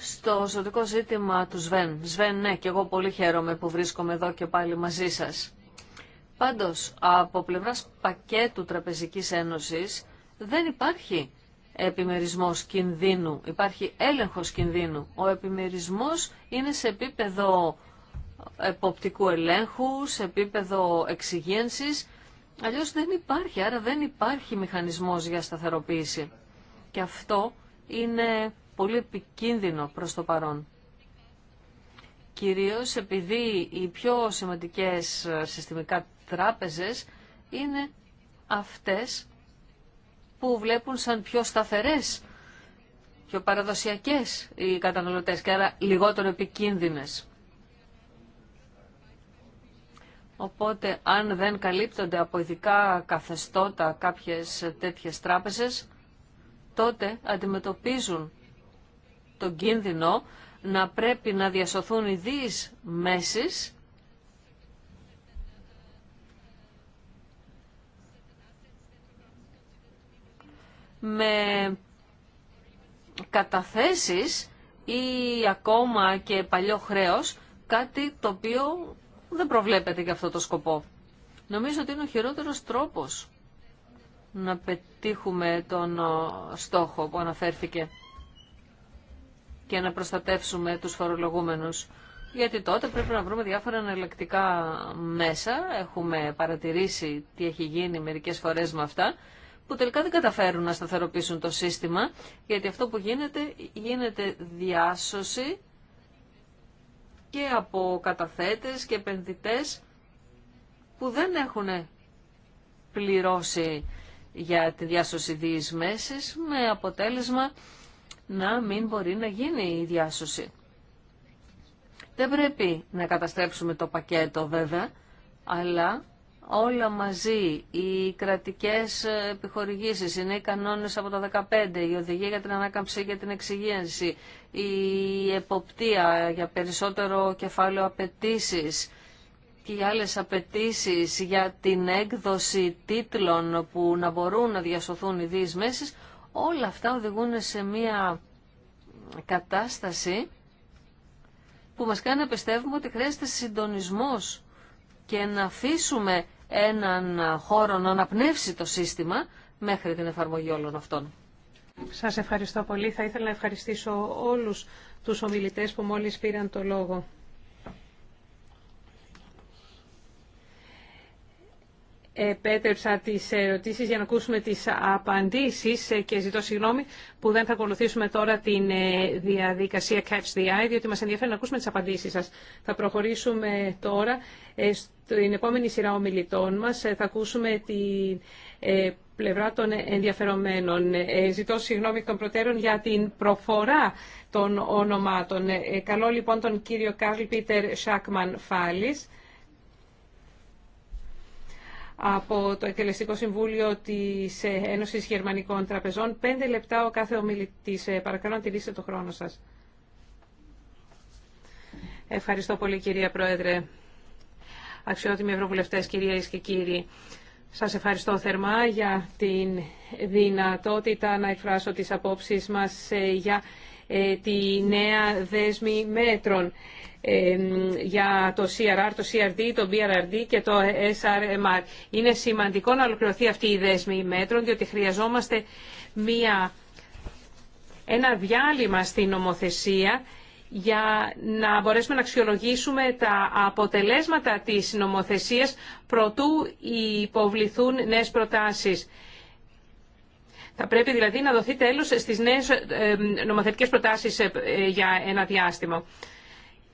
Στο ζωτικό ζήτημα του Σβέν. Σβέν, ναι, και εγώ πολύ χαίρομαι που βρίσκομαι εδώ και πάλι μαζί σας. Πάντως, από πλευράς πακέτου Τραπεζικής Ένωσης δεν υπάρχει επιμερισμός κινδύνου, υπάρχει έλεγχος κινδύνου. Ο επιμερισμός είναι σε επίπεδο εποπτικού ελέγχου, σε επίπεδο εξυγένσης, αλλιώς δεν υπάρχει, άρα δεν υπάρχει μηχανισμός για σταθεροποίηση. Και αυτό είναι πολύ επικίνδυνο προς το παρόν. Κυρίως επειδή οι πιο σημαντικές συστημικά τράπεζες είναι αυτές που βλέπουν σαν πιο σταθερές, πιο παραδοσιακές οι καταναλωτές και άρα λιγότερο επικίνδυνες. Οπότε αν δεν καλύπτονται από ειδικά καθεστώτα κάποιες τέτοιες τράπεζες, τότε αντιμετωπίζουν τον κίνδυνο να πρέπει να διασωθούν οι μέσεις με καταθέσεις ή ακόμα και παλιό χρέος, κάτι το οποίο δεν προβλέπεται για αυτό το σκοπό. Νομίζω ότι είναι ο χειρότερος τρόπος να πετύχουμε τον στόχο που αναφέρθηκε και να προστατεύσουμε τους φορολογούμενους. Γιατί τότε πρέπει να βρούμε διάφορα εναλλακτικά μέσα. Έχουμε παρατηρήσει τι έχει γίνει μερικές φορές με αυτά που τελικά δεν καταφέρουν να σταθεροποιήσουν το σύστημα, γιατί αυτό που γίνεται, γίνεται διάσωση και από καταθέτες και επενδυτέ που δεν έχουν πληρώσει για τη διάσωση μέση με αποτέλεσμα να μην μπορεί να γίνει η διάσωση. Δεν πρέπει να καταστρέψουμε το πακέτο βέβαια, αλλά όλα μαζί, οι κρατικές επιχορηγήσεις, οι νέοι κανόνες από τα 15, η οδηγία για την ανάκαμψη και την εξυγίανση, η εποπτεία για περισσότερο κεφάλαιο απαιτήσει και οι άλλες απαιτήσει για την έκδοση τίτλων που να μπορούν να διασωθούν οι δύο όλα αυτά οδηγούν σε μια κατάσταση που μας κάνει να πιστεύουμε ότι χρειάζεται συντονισμός και να αφήσουμε έναν χώρο να αναπνεύσει το σύστημα μέχρι την εφαρμογή όλων αυτών. Σας ευχαριστώ πολύ. Θα ήθελα να ευχαριστήσω όλους τους ομιλητές που μόλις πήραν το λόγο. επέτρεψα τις ερωτήσεις για να ακούσουμε τις απαντήσεις και ζητώ συγγνώμη που δεν θα ακολουθήσουμε τώρα την ε, διαδικασία Catch the Eye, διότι μας ενδιαφέρει να ακούσουμε τις απαντήσεις σας. Θα προχωρήσουμε τώρα ε, στην επόμενη σειρά ομιλητών μας. Ε, θα ακούσουμε την πλευρά των ενδιαφερομένων. Ζητώ συγγνώμη των προτέρων για την προφορά των ονομάτων. Καλό λοιπόν τον κύριο Κάρλ Πίτερ Σάκμαν Φάλης από το Εκτελεστικό Συμβούλιο της Ένωσης Γερμανικών Τραπεζών. Πέντε λεπτά ο κάθε ομιλητής. Ε, παρακαλώ να τηρήσετε το χρόνο σας. Ευχαριστώ πολύ κυρία Πρόεδρε. Αξιότιμοι Ευρωβουλευτές, κυρίες και κύριοι. Σας ευχαριστώ θερμά για την δυνατότητα να εκφράσω τις απόψεις μας ε, για ε, τη νέα δέσμη μέτρων για το CRR, το CRD, το BRRD και το SRMR. Είναι σημαντικό να ολοκληρωθεί αυτή η δέσμη μέτρων, διότι χρειαζόμαστε μία, ένα διάλειμμα στην νομοθεσία για να μπορέσουμε να αξιολογήσουμε τα αποτελέσματα της νομοθεσίας προτού υποβληθούν νέες προτάσεις. Θα πρέπει δηλαδή να δοθεί τέλος στις νέες νομοθετικές προτάσεις ε, ε, για ένα διάστημα.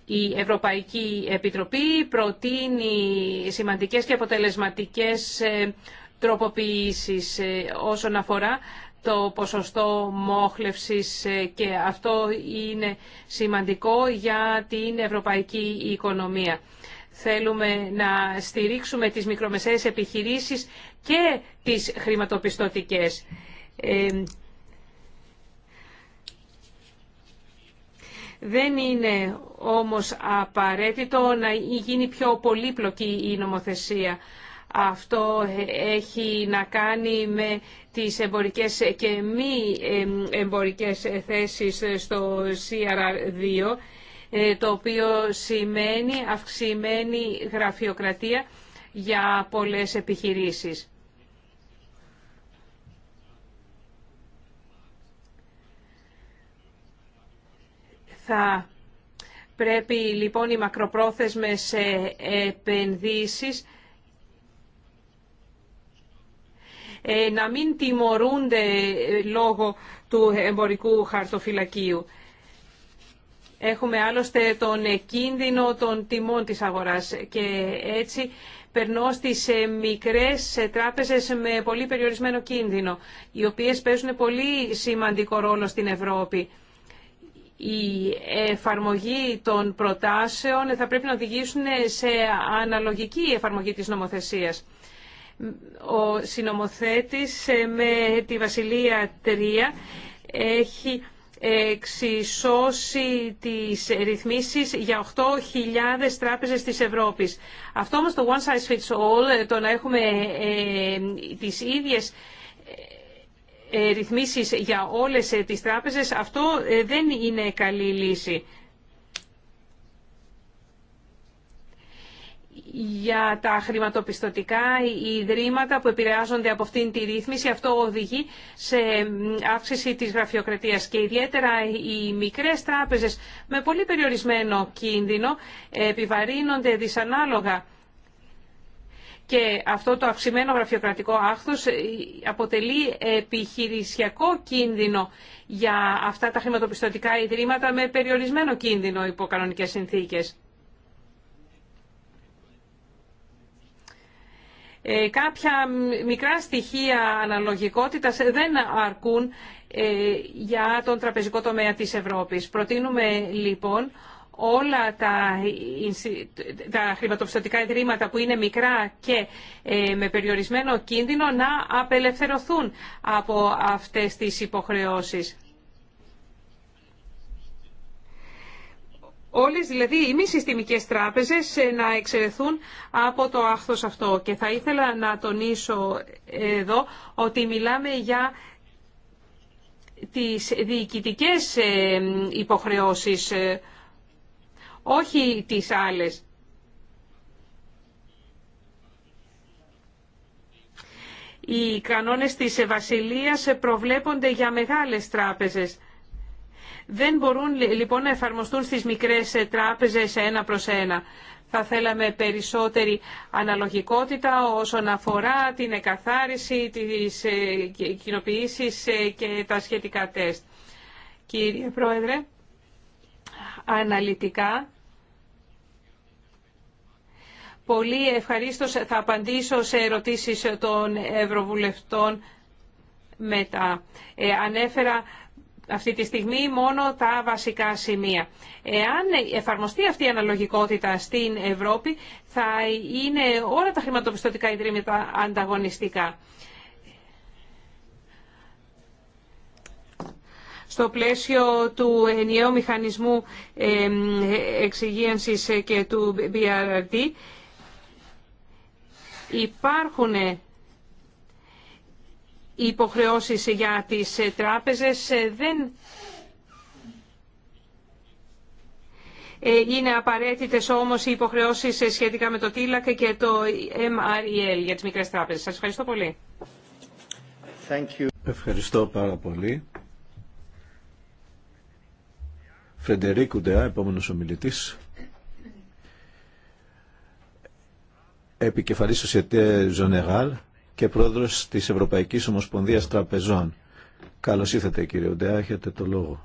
Η Ευρωπαϊκή Επιτροπή προτείνει σημαντικές και αποτελεσματικές ε, τροποποιήσεις ε, όσον αφορά το ποσοστό μόχλευσης ε, και αυτό είναι σημαντικό για την ευρωπαϊκή οικονομία. Θέλουμε να στηρίξουμε τις μικρομεσαίες επιχειρήσεις και τις χρηματοπιστωτικές. Δεν είναι όμως απαραίτητο να γίνει πιο πολύπλοκη η νομοθεσία. Αυτό έχει να κάνει με τις εμπορικές και μη εμπορικές θέσεις στο CRR2, ε, το οποίο σημαίνει αυξημένη γραφειοκρατία για πολλές επιχειρήσεις. Θα πρέπει λοιπόν οι μακροπρόθεσμες ε, επενδύσεις ε, να μην τιμωρούνται ε, λόγω του εμπορικού χαρτοφυλακίου. Έχουμε άλλωστε τον κίνδυνο των τιμών της αγοράς και έτσι περνώ στις μικρές τράπεζες με πολύ περιορισμένο κίνδυνο, οι οποίες παίζουν πολύ σημαντικό ρόλο στην Ευρώπη η εφαρμογή των προτάσεων θα πρέπει να οδηγήσουν σε αναλογική εφαρμογή της νομοθεσίας. Ο συνομοθέτης ε, με τη Βασιλεία 3 έχει εξισώσει τις ρυθμίσεις για 8.000 τράπεζες της Ευρώπης. Αυτό όμως το one size fits all, ε, το να έχουμε ε, τις ίδιες ε, ρυθμίσεις για όλες ε, τις τράπεζες, αυτό ε, δεν είναι καλή λύση. για τα χρηματοπιστωτικά ιδρύματα που επηρεάζονται από αυτήν τη ρύθμιση. Αυτό οδηγεί σε αύξηση της γραφειοκρατίας και ιδιαίτερα οι μικρές τράπεζες με πολύ περιορισμένο κίνδυνο επιβαρύνονται δυσανάλογα και αυτό το αυξημένο γραφειοκρατικό άχθος ε, αποτελεί επιχειρησιακό κίνδυνο για αυτά τα χρηματοπιστωτικά ιδρύματα με περιορισμένο κίνδυνο υπό κανονικές συνθήκες. Ε, κάποια μικρά στοιχεία αναλογικότητας δεν αρκούν ε, για τον τραπεζικό τομέα της Ευρώπης. Προτείνουμε λοιπόν όλα τα, τα χρηματοπιστωτικά ιδρύματα που είναι μικρά και ε, με περιορισμένο κίνδυνο να απελευθερωθούν από αυτές τις υποχρεώσεις. Όλες δηλαδή οι μη συστημικές τράπεζες ε, να εξαιρεθούν από το άχθος αυτό. Και θα ήθελα να τονίσω ε, εδώ ότι μιλάμε για τις διοικητικές υποχρεώσεις όχι τις άλλες. Οι κανόνες της Βασιλείας προβλέπονται για μεγάλες τράπεζες. Δεν μπορούν λοιπόν να εφαρμοστούν στις μικρές τράπεζες ένα προς ένα. Θα θέλαμε περισσότερη αναλογικότητα όσον αφορά την εκαθάριση, τις ε, κοινοποιήσεις ε, και τα σχετικά τεστ. Κύριε Πρόεδρε, αναλυτικά Πολύ ευχαρίστως θα απαντήσω σε ερωτήσεις των Ευρωβουλευτών μετά. Ε, ανέφερα αυτή τη στιγμή μόνο τα βασικά σημεία. Εάν εφαρμοστεί αυτή η αναλογικότητα στην Ευρώπη, θα είναι όλα τα χρηματοπιστωτικά ιδρύματα ανταγωνιστικά. στο πλαίσιο του ενιαίου μηχανισμού εξυγίανσης και του BRD Υπάρχουν υποχρεώσεις για τις ε, τράπεζες. Ε, δεν ε, είναι απαραίτητες όμως οι υποχρεώσεις σχετικά με το TILAC και το MREL για τις μικρές τράπεζες. Σας ευχαριστώ πολύ. Thank you. Ευχαριστώ πάρα πολύ. Φρεντερίκου Ντεά, επόμενος ομιλητής. επικεφαλής Σοσιατέ Ζωνεγάλ και πρόεδρος της Ευρωπαϊκής Ομοσπονδίας Τραπεζών. Καλώ ήρθατε κύριε Οντεά, έχετε το λόγο.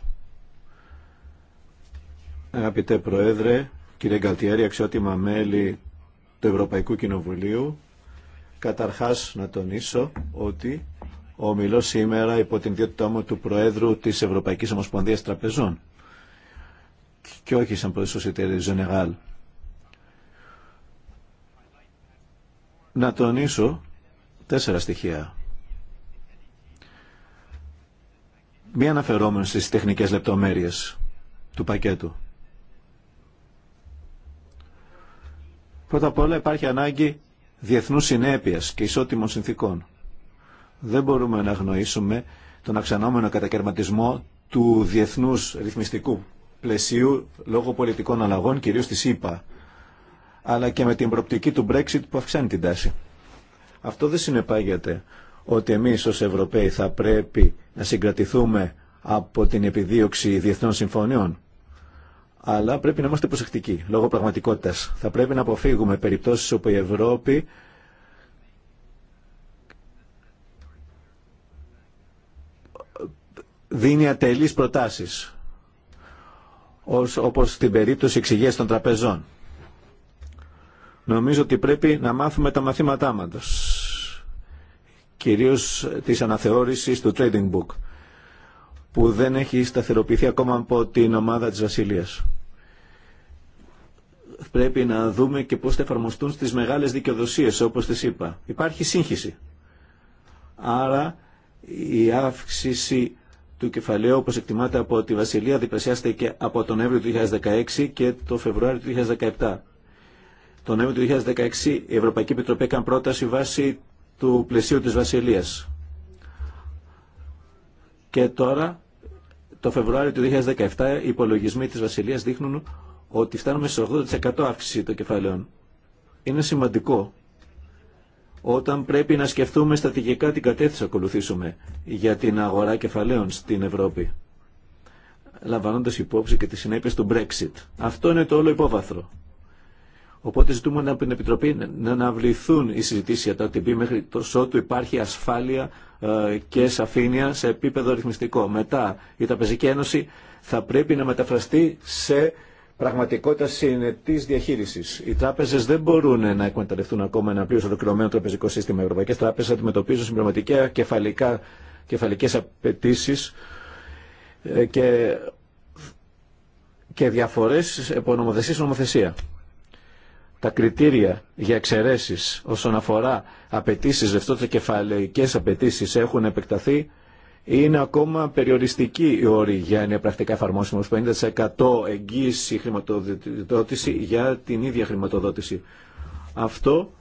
Αγαπητέ Προέδρε, κύριε Γκαλτιέρη, αξιότιμα μέλη του Ευρωπαϊκού Κοινοβουλίου, καταρχάς να τονίσω ότι ομιλώ σήμερα υπό την ιδιότητά μου του Προέδρου της Ευρωπαϊκής Ομοσπονδίας Τραπεζών και όχι σαν πρόεδρος της Ζενεγάλ. να τονίσω τέσσερα στοιχεία. Μη αναφερόμενο στις τεχνικές λεπτομέρειες του πακέτου. Πρώτα απ' όλα υπάρχει ανάγκη διεθνούς συνέπειας και ισότιμων συνθήκων. Δεν μπορούμε να αγνοήσουμε τον αξανόμενο κατακαιρματισμό του διεθνούς ρυθμιστικού πλαισίου λόγω πολιτικών αλλαγών, κυρίως της ΕΠΑ αλλά και με την προπτική του Brexit που αυξάνει την τάση. Αυτό δεν συνεπάγεται ότι εμείς ως Ευρωπαίοι θα πρέπει να συγκρατηθούμε από την επιδίωξη διεθνών συμφωνιών. Αλλά πρέπει να είμαστε προσεκτικοί λόγω πραγματικότητας. Θα πρέπει να αποφύγουμε περιπτώσεις όπου η Ευρώπη δίνει ατελείς προτάσεις, όπως στην περίπτωση εξηγίας των τραπεζών. Νομίζω ότι πρέπει να μάθουμε τα μαθήματά μας, κυρίως της αναθεώρησης του trading book, που δεν έχει σταθεροποιηθεί ακόμα από την ομάδα της Βασιλείας. Πρέπει να δούμε και πώς θα εφαρμοστούν στις μεγάλες δικαιοδοσίες, όπως τις είπα. Υπάρχει σύγχυση. Άρα η αύξηση του κεφαλαίου, όπως εκτιμάται από τη Βασιλεία, διπλασιάστηκε από τον Εύριο του 2016 και το Φεβρουάριο του 2017. Το Νοέμβριο του 2016 η Ευρωπαϊκή Επιτροπή έκανε πρόταση βάσει του πλαισίου της Βασιλείας. Και τώρα, το Φεβρουάριο του 2017, οι υπολογισμοί της Βασιλείας δείχνουν ότι φτάνουμε σε 80% αύξηση των κεφαλαίων. Είναι σημαντικό όταν πρέπει να σκεφτούμε στατηγικά την κατεύθυνση ακολουθήσουμε για την αγορά κεφαλαίων στην Ευρώπη λαμβάνοντας υπόψη και τις συνέπειες του Brexit. Αυτό είναι το όλο υπόβαθρο. Οπότε ζητούμε από την Επιτροπή να αναβληθούν οι συζητήσει για τα OTP μέχρι το ότου υπάρχει ασφάλεια ε, και σαφήνεια σε επίπεδο ρυθμιστικό. Μετά η Τραπεζική Ένωση θα πρέπει να μεταφραστεί σε πραγματικότητα συνετή διαχείριση. Οι τράπεζε δεν μπορούν να εκμεταλλευτούν ακόμα ένα πλήρω ολοκληρωμένο τραπεζικό σύστημα. Οι ευρωπαϊκέ τράπεζε αντιμετωπίζουν συμπληρωματικά κεφαλικέ απαιτήσει ε, και, και διαφορέ από νομοθεσία τα κριτήρια για εξαιρέσει όσον αφορά απαιτήσει, ρευστότητα κεφαλαϊκέ απαιτήσει έχουν επεκταθεί. Είναι ακόμα περιοριστική η όρη για είναι πρακτικά εφαρμόσιμο. 50% εγγύηση χρηματοδότηση για την ίδια χρηματοδότηση. Αυτό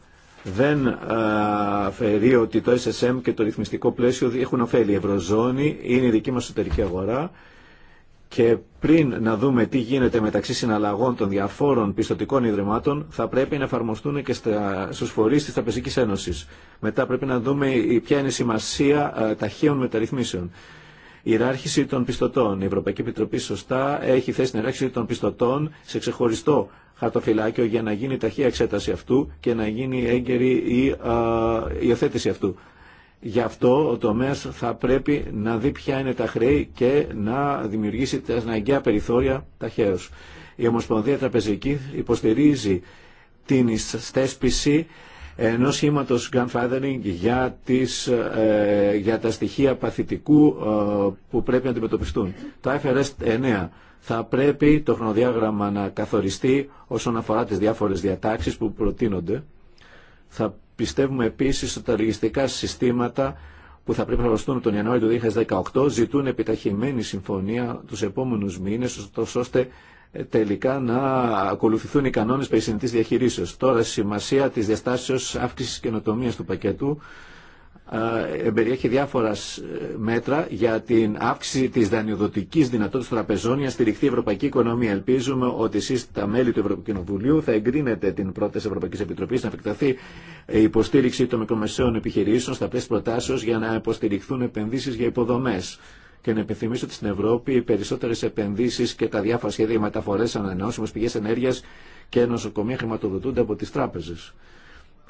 δεν αφαιρεί ότι το SSM και το ρυθμιστικό πλαίσιο έχουν ωφέλη. Η Ευρωζώνη είναι η δική μα εσωτερική αγορά και πριν να δούμε τι γίνεται μεταξύ συναλλαγών των διαφόρων πιστοτικών ιδρυμάτων, θα πρέπει να εφαρμοστούν και στου φορεί τη Τραπεζική Ένωση. Μετά πρέπει να δούμε ποια είναι η σημασία ε, ταχύων μεταρρυθμίσεων. Η ιεράρχηση των πιστωτών. Η Ευρωπαϊκή Επιτροπή σωστά έχει θέσει την ιεράρχηση των πιστωτών σε ξεχωριστό χαρτοφυλάκιο για να γίνει ταχεία εξέταση αυτού και να γίνει έγκαιρη η ε, υιοθέτηση αυτού. Γι' αυτό ο τομέα θα πρέπει να δει ποια είναι τα χρέη και να δημιουργήσει τα αναγκαία περιθώρια ταχαίω. Η Ομοσπονδία Τραπεζική υποστηρίζει την στέσπιση ενό σχήματο grandfathering για, ε, για τα στοιχεία παθητικού ε, που πρέπει να αντιμετωπιστούν. Το IFRS 9 θα πρέπει το χρονοδιάγραμμα να καθοριστεί όσον αφορά τις διάφορες διατάξεις που προτείνονται θα πιστεύουμε επίσης ότι τα λογιστικά συστήματα που θα πρέπει να προσθούν τον Ιανουάριο του 2018 ζητούν επιταχυμένη συμφωνία του επόμενου μήνε, ώστε ε, τελικά να ακολουθηθούν οι κανόνε περί συνετής Τώρα σημασία της διαστάσεως αύξηση καινοτομία του πακέτου εμπεριέχει διάφορα ε, μέτρα για την αύξηση τη δανειοδοτική δυνατότητα των τραπεζών για να στηριχθεί ευρωπαϊκή οικονομία. Ελπίζουμε ότι εσεί τα μέλη του Ευρωπαϊκού Κοινοβουλίου θα εγκρίνετε την πρόταση Ευρωπαϊκή Επιτροπή να επεκταθεί η υποστήριξη των μικρομεσαίων επιχειρήσεων στα πλαίσια προτάσεω για να υποστηριχθούν επενδύσει για υποδομέ και να επιθυμίσω ότι στην Ευρώπη οι περισσότερε επενδύσει και τα διάφορα σχέδια μεταφορέ, ανανεώσιμε πηγέ ενέργεια και νοσοκομεία χρηματοδοτούνται από τι τράπεζε.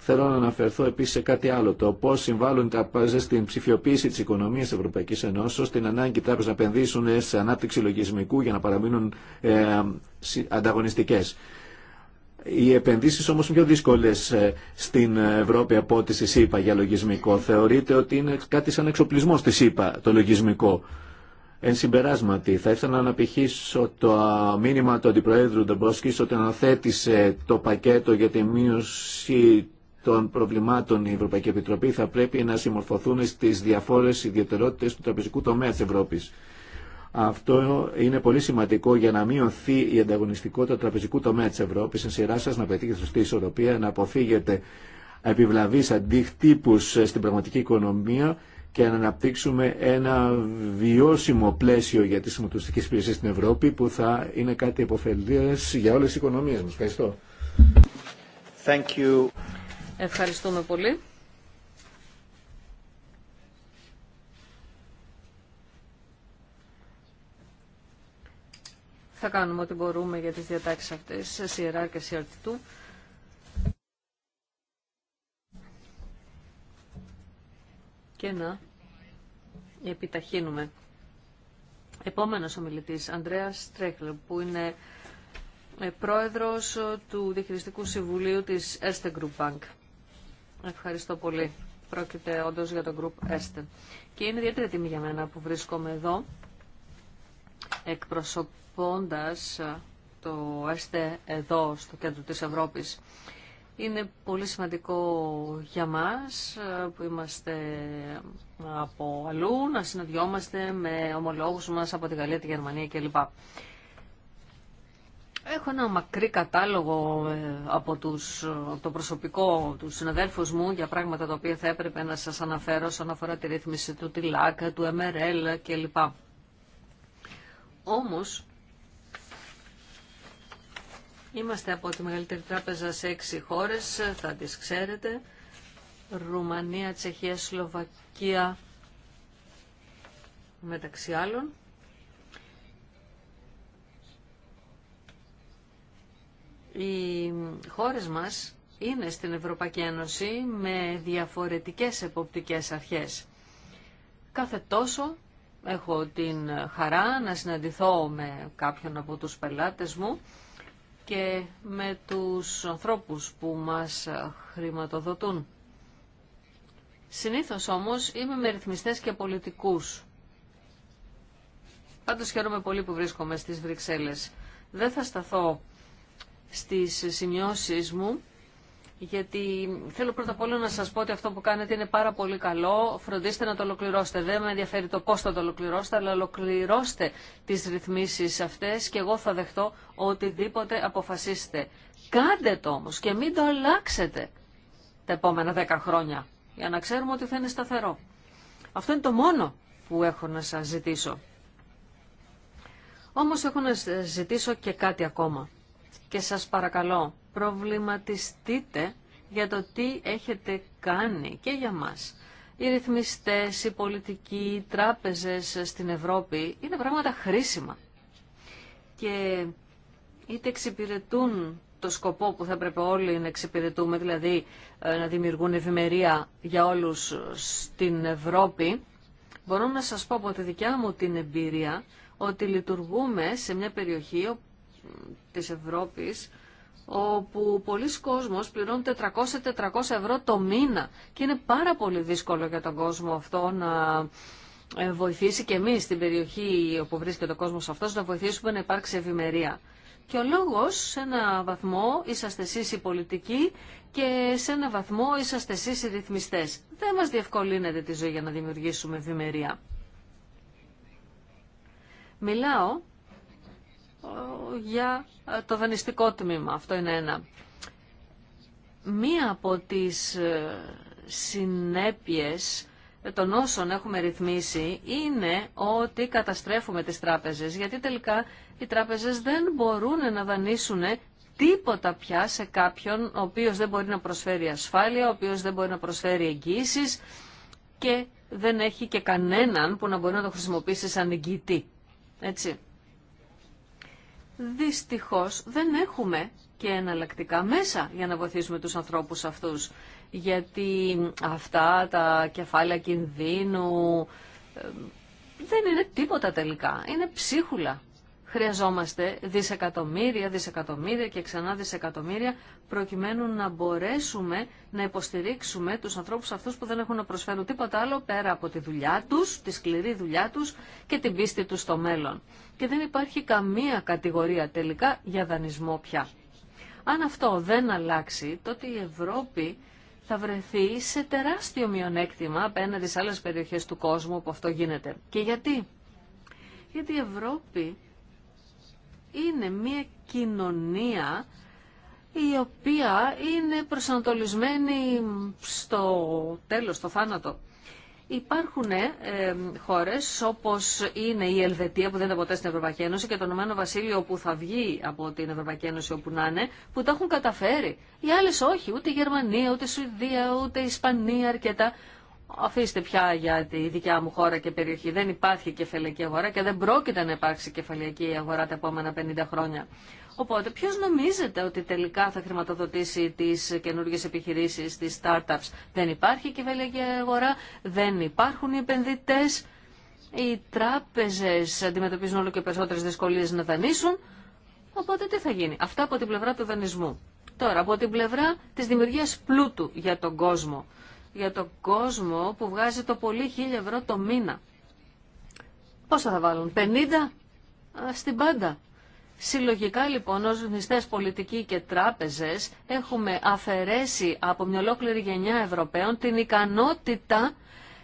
Θέλω να αναφερθώ επίση σε κάτι άλλο. Το πώ συμβάλλουν οι τραπέζε στην ψηφιοποίηση τη οικονομία τη Ευρωπαϊκή στην την ανάγκη οι να επενδύσουν σε ανάπτυξη λογισμικού για να παραμείνουν ε, ανταγωνιστικέ. Οι επενδύσει όμω είναι πιο δύσκολε ε, στην Ευρώπη από ό,τι στη ΣΥΠΑ για λογισμικό. Θεωρείται ότι είναι κάτι σαν εξοπλισμό στη ΣΥΠΑ το λογισμικό. Εν συμπεράσματι, θα ήθελα να αναπηχήσω το μήνυμα του Αντιπροέδρου Ντεμπόσκη ότι αναθέτησε το πακέτο για τη μείωση των προβλημάτων η Ευρωπαϊκή Επιτροπή θα πρέπει να συμμορφωθούν στι διαφόρες ιδιαιτερότητε του τραπεζικού τομέα της Ευρώπης. Αυτό είναι πολύ σημαντικό για να μειωθεί η ανταγωνιστικότητα του τραπεζικού τομέα της Ευρώπης, εν σειρά σα, να πετύχετε σωστή ισορροπία, να αποφύγετε επιβλαβείς αντίχτύπου στην πραγματική οικονομία και να αναπτύξουμε ένα βιώσιμο πλαίσιο για τις συμμετοχικές υπηρεσίες στην Ευρώπη που θα είναι κάτι επωφελίας για όλες τις οικονομίες μα. Ευχαριστώ. Thank you. Ευχαριστούμε πολύ. Θα κάνουμε ό,τι μπορούμε για τις διατάξεις αυτές, σειρά και αρτιτού Και να επιταχύνουμε. Επόμενος ομιλητής, Ανδρέας Τρέχλερ, που είναι ε, πρόεδρος του Διαχειριστικού Συμβουλίου της Erste Group Bank. Ευχαριστώ πολύ. Πρόκειται όντω για το Group Este. Και είναι ιδιαίτερη τιμή για μένα που βρίσκομαι εδώ, εκπροσωπώντας το Este εδώ, στο κέντρο της Ευρώπης. Είναι πολύ σημαντικό για μας που είμαστε από αλλού, να συναντιόμαστε με ομολόγους μας από τη Γαλλία, τη Γερμανία κλπ. Έχω ένα μακρύ κατάλογο ε, από, τους, το προσωπικό του συναδέλφου μου για πράγματα τα οποία θα έπρεπε να σας αναφέρω όσον αφορά τη ρύθμιση του ΤΙΛΑΚ, του MRL κλπ. Όμως, είμαστε από τη μεγαλύτερη τράπεζα σε έξι χώρες, θα τις ξέρετε. Ρουμανία, Τσεχία, Σλοβακία, μεταξύ άλλων. Οι χώρες μας είναι στην Ευρωπαϊκή Ένωση με διαφορετικές εποπτικές αρχές. Κάθε τόσο έχω την χαρά να συναντηθώ με κάποιον από τους πελάτες μου και με τους ανθρώπους που μας χρηματοδοτούν. Συνήθως όμως είμαι με ρυθμιστές και πολιτικούς. Πάντως χαίρομαι πολύ που βρίσκομαι στις Βρυξέλλες. Δεν θα σταθώ στις σημειώσεις μου γιατί θέλω πρώτα απ' όλα να σας πω ότι αυτό που κάνετε είναι πάρα πολύ καλό. Φροντίστε να το ολοκληρώσετε. Δεν με ενδιαφέρει το πώς θα το ολοκληρώσετε, αλλά ολοκληρώστε τις ρυθμίσεις αυτές και εγώ θα δεχτώ οτιδήποτε αποφασίσετε. Κάντε το όμως και μην το αλλάξετε τα επόμενα δέκα χρόνια, για να ξέρουμε ότι θα είναι σταθερό. Αυτό είναι το μόνο που έχω να σας ζητήσω. Όμως έχω να σας ζητήσω και κάτι ακόμα. Και σας παρακαλώ, προβληματιστείτε για το τι έχετε κάνει και για μας. Οι ρυθμιστές, οι πολιτικοί, οι τράπεζες στην Ευρώπη είναι πράγματα χρήσιμα. Και είτε εξυπηρετούν το σκοπό που θα έπρεπε όλοι να εξυπηρετούμε, δηλαδή ε, να δημιουργούν ευημερία για όλους στην Ευρώπη, μπορώ να σας πω από τη δικιά μου την εμπειρία ότι λειτουργούμε σε μια περιοχή της Ευρώπης όπου πολλοί κόσμος πληρώνουν 400-400 ευρώ το μήνα και είναι πάρα πολύ δύσκολο για τον κόσμο αυτό να ε, βοηθήσει και εμείς στην περιοχή όπου βρίσκεται ο κόσμος αυτός να βοηθήσουμε να υπάρξει ευημερία. Και ο λόγος σε ένα βαθμό είσαστε εσείς οι πολιτικοί και σε ένα βαθμό είσαστε εσείς οι ρυθμιστές. Δεν μας διευκολύνεται τη ζωή για να δημιουργήσουμε ευημερία. Μιλάω για ε, το δανειστικό τμήμα. Αυτό είναι ένα. Μία από τις ε, συνέπειες ε, των όσων έχουμε ρυθμίσει είναι ότι καταστρέφουμε τις τράπεζες, γιατί τελικά οι τράπεζες δεν μπορούν να δανείσουν τίποτα πια σε κάποιον ο οποίος δεν μπορεί να προσφέρει ασφάλεια, ο οποίος δεν μπορεί να προσφέρει εγγύησεις και δεν έχει και κανέναν που να μπορεί να το χρησιμοποιήσει σαν εγγυητή. Έτσι δυστυχώς δεν έχουμε και εναλλακτικά μέσα για να βοηθήσουμε τους ανθρώπους αυτούς. Γιατί αυτά τα κεφάλαια κινδύνου δεν είναι τίποτα τελικά. Είναι ψίχουλα. Χρειαζόμαστε δισεκατομμύρια, δισεκατομμύρια και ξανά δισεκατομμύρια προκειμένου να μπορέσουμε να υποστηρίξουμε τους ανθρώπους αυτούς που δεν έχουν να προσφέρουν τίποτα άλλο πέρα από τη δουλειά τους, τη σκληρή δουλειά τους και την πίστη τους στο μέλλον και δεν υπάρχει καμία κατηγορία τελικά για δανεισμό πια. Αν αυτό δεν αλλάξει, τότε η Ευρώπη θα βρεθεί σε τεράστιο μειονέκτημα απέναντι σε άλλες περιοχές του κόσμου που αυτό γίνεται. Και γιατί? Γιατί η Ευρώπη είναι μια κοινωνία η οποία είναι προσανατολισμένη στο τέλος, στο θάνατο. Υπάρχουν ε, χώρες όπως είναι η Ελβετία που δεν είναι ποτέ στην Ευρωπαϊκή Ένωση και το Ηνωμένο Βασίλειο που θα βγει από την Ευρωπαϊκή Ένωση όπου να είναι, που τα έχουν καταφέρει. Οι άλλε όχι, ούτε η Γερμανία, ούτε η Σουηδία, ούτε η Ισπανία αρκετά. Αφήστε πια για τη δικιά μου χώρα και περιοχή. Δεν υπάρχει κεφαλαϊκή αγορά και δεν πρόκειται να υπάρξει κεφαλαϊκή αγορά τα επόμενα 50 χρόνια. Οπότε ποιο νομίζετε ότι τελικά θα χρηματοδοτήσει τι καινούργιε επιχειρήσει τις startups. Δεν υπάρχει κυβερνητική αγορά, δεν υπάρχουν οι επενδυτές. Οι τράπεζε αντιμετωπίζουν όλο και περισσότερε δυσκολίε να δανείσουν. Οπότε τι θα γίνει. Αυτά από την πλευρά του δανεισμού. Τώρα, από την πλευρά τη δημιουργία πλούτου για τον κόσμο. Για τον κόσμο που βγάζει το πολύ χίλια ευρώ το μήνα. Πόσα θα βάλουν, 50 στην πάντα. Συλλογικά λοιπόν ως ρυθμιστές πολιτικοί και τράπεζες έχουμε αφαιρέσει από μια ολόκληρη γενιά Ευρωπαίων την ικανότητα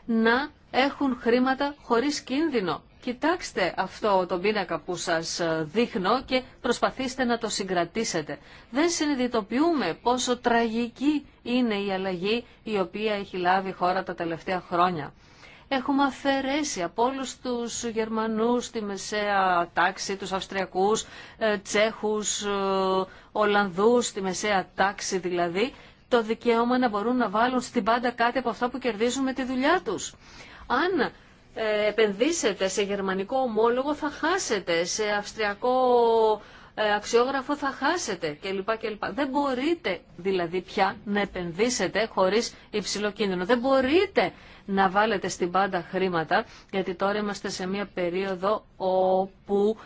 να έχουν χρήματα χωρίς κίνδυνο. Κοιτάξτε αυτό το πίνακα που σας ε, δείχνω και προσπαθήστε να το συγκρατήσετε. Δεν συνειδητοποιούμε πόσο τραγική είναι η αλλαγή η οποία έχει λάβει η χώρα τα τελευταία χρόνια. Έχουμε αφαιρέσει από όλους τους Γερμανούς, τη μεσαία τάξη, τους Αυστριακούς, ε, Τσέχους, ε, Ολλανδούς, τη μεσαία τάξη δηλαδή, το δικαίωμα να μπορούν να βάλουν στην πάντα κάτι από αυτά που κερδίζουν με τη δουλειά τους. Αν ε, επενδύσετε σε γερμανικό ομόλογο θα χάσετε, σε αυστριακό ε, αξιόγραφο θα χάσετε κλπ. κλπ. Δεν μπορείτε δηλαδή πια να επενδύσετε χωρίς υψηλό κίνδυνο. Δεν μπορείτε να βάλετε στην πάντα χρήματα γιατί τώρα είμαστε σε μια περίοδο όπου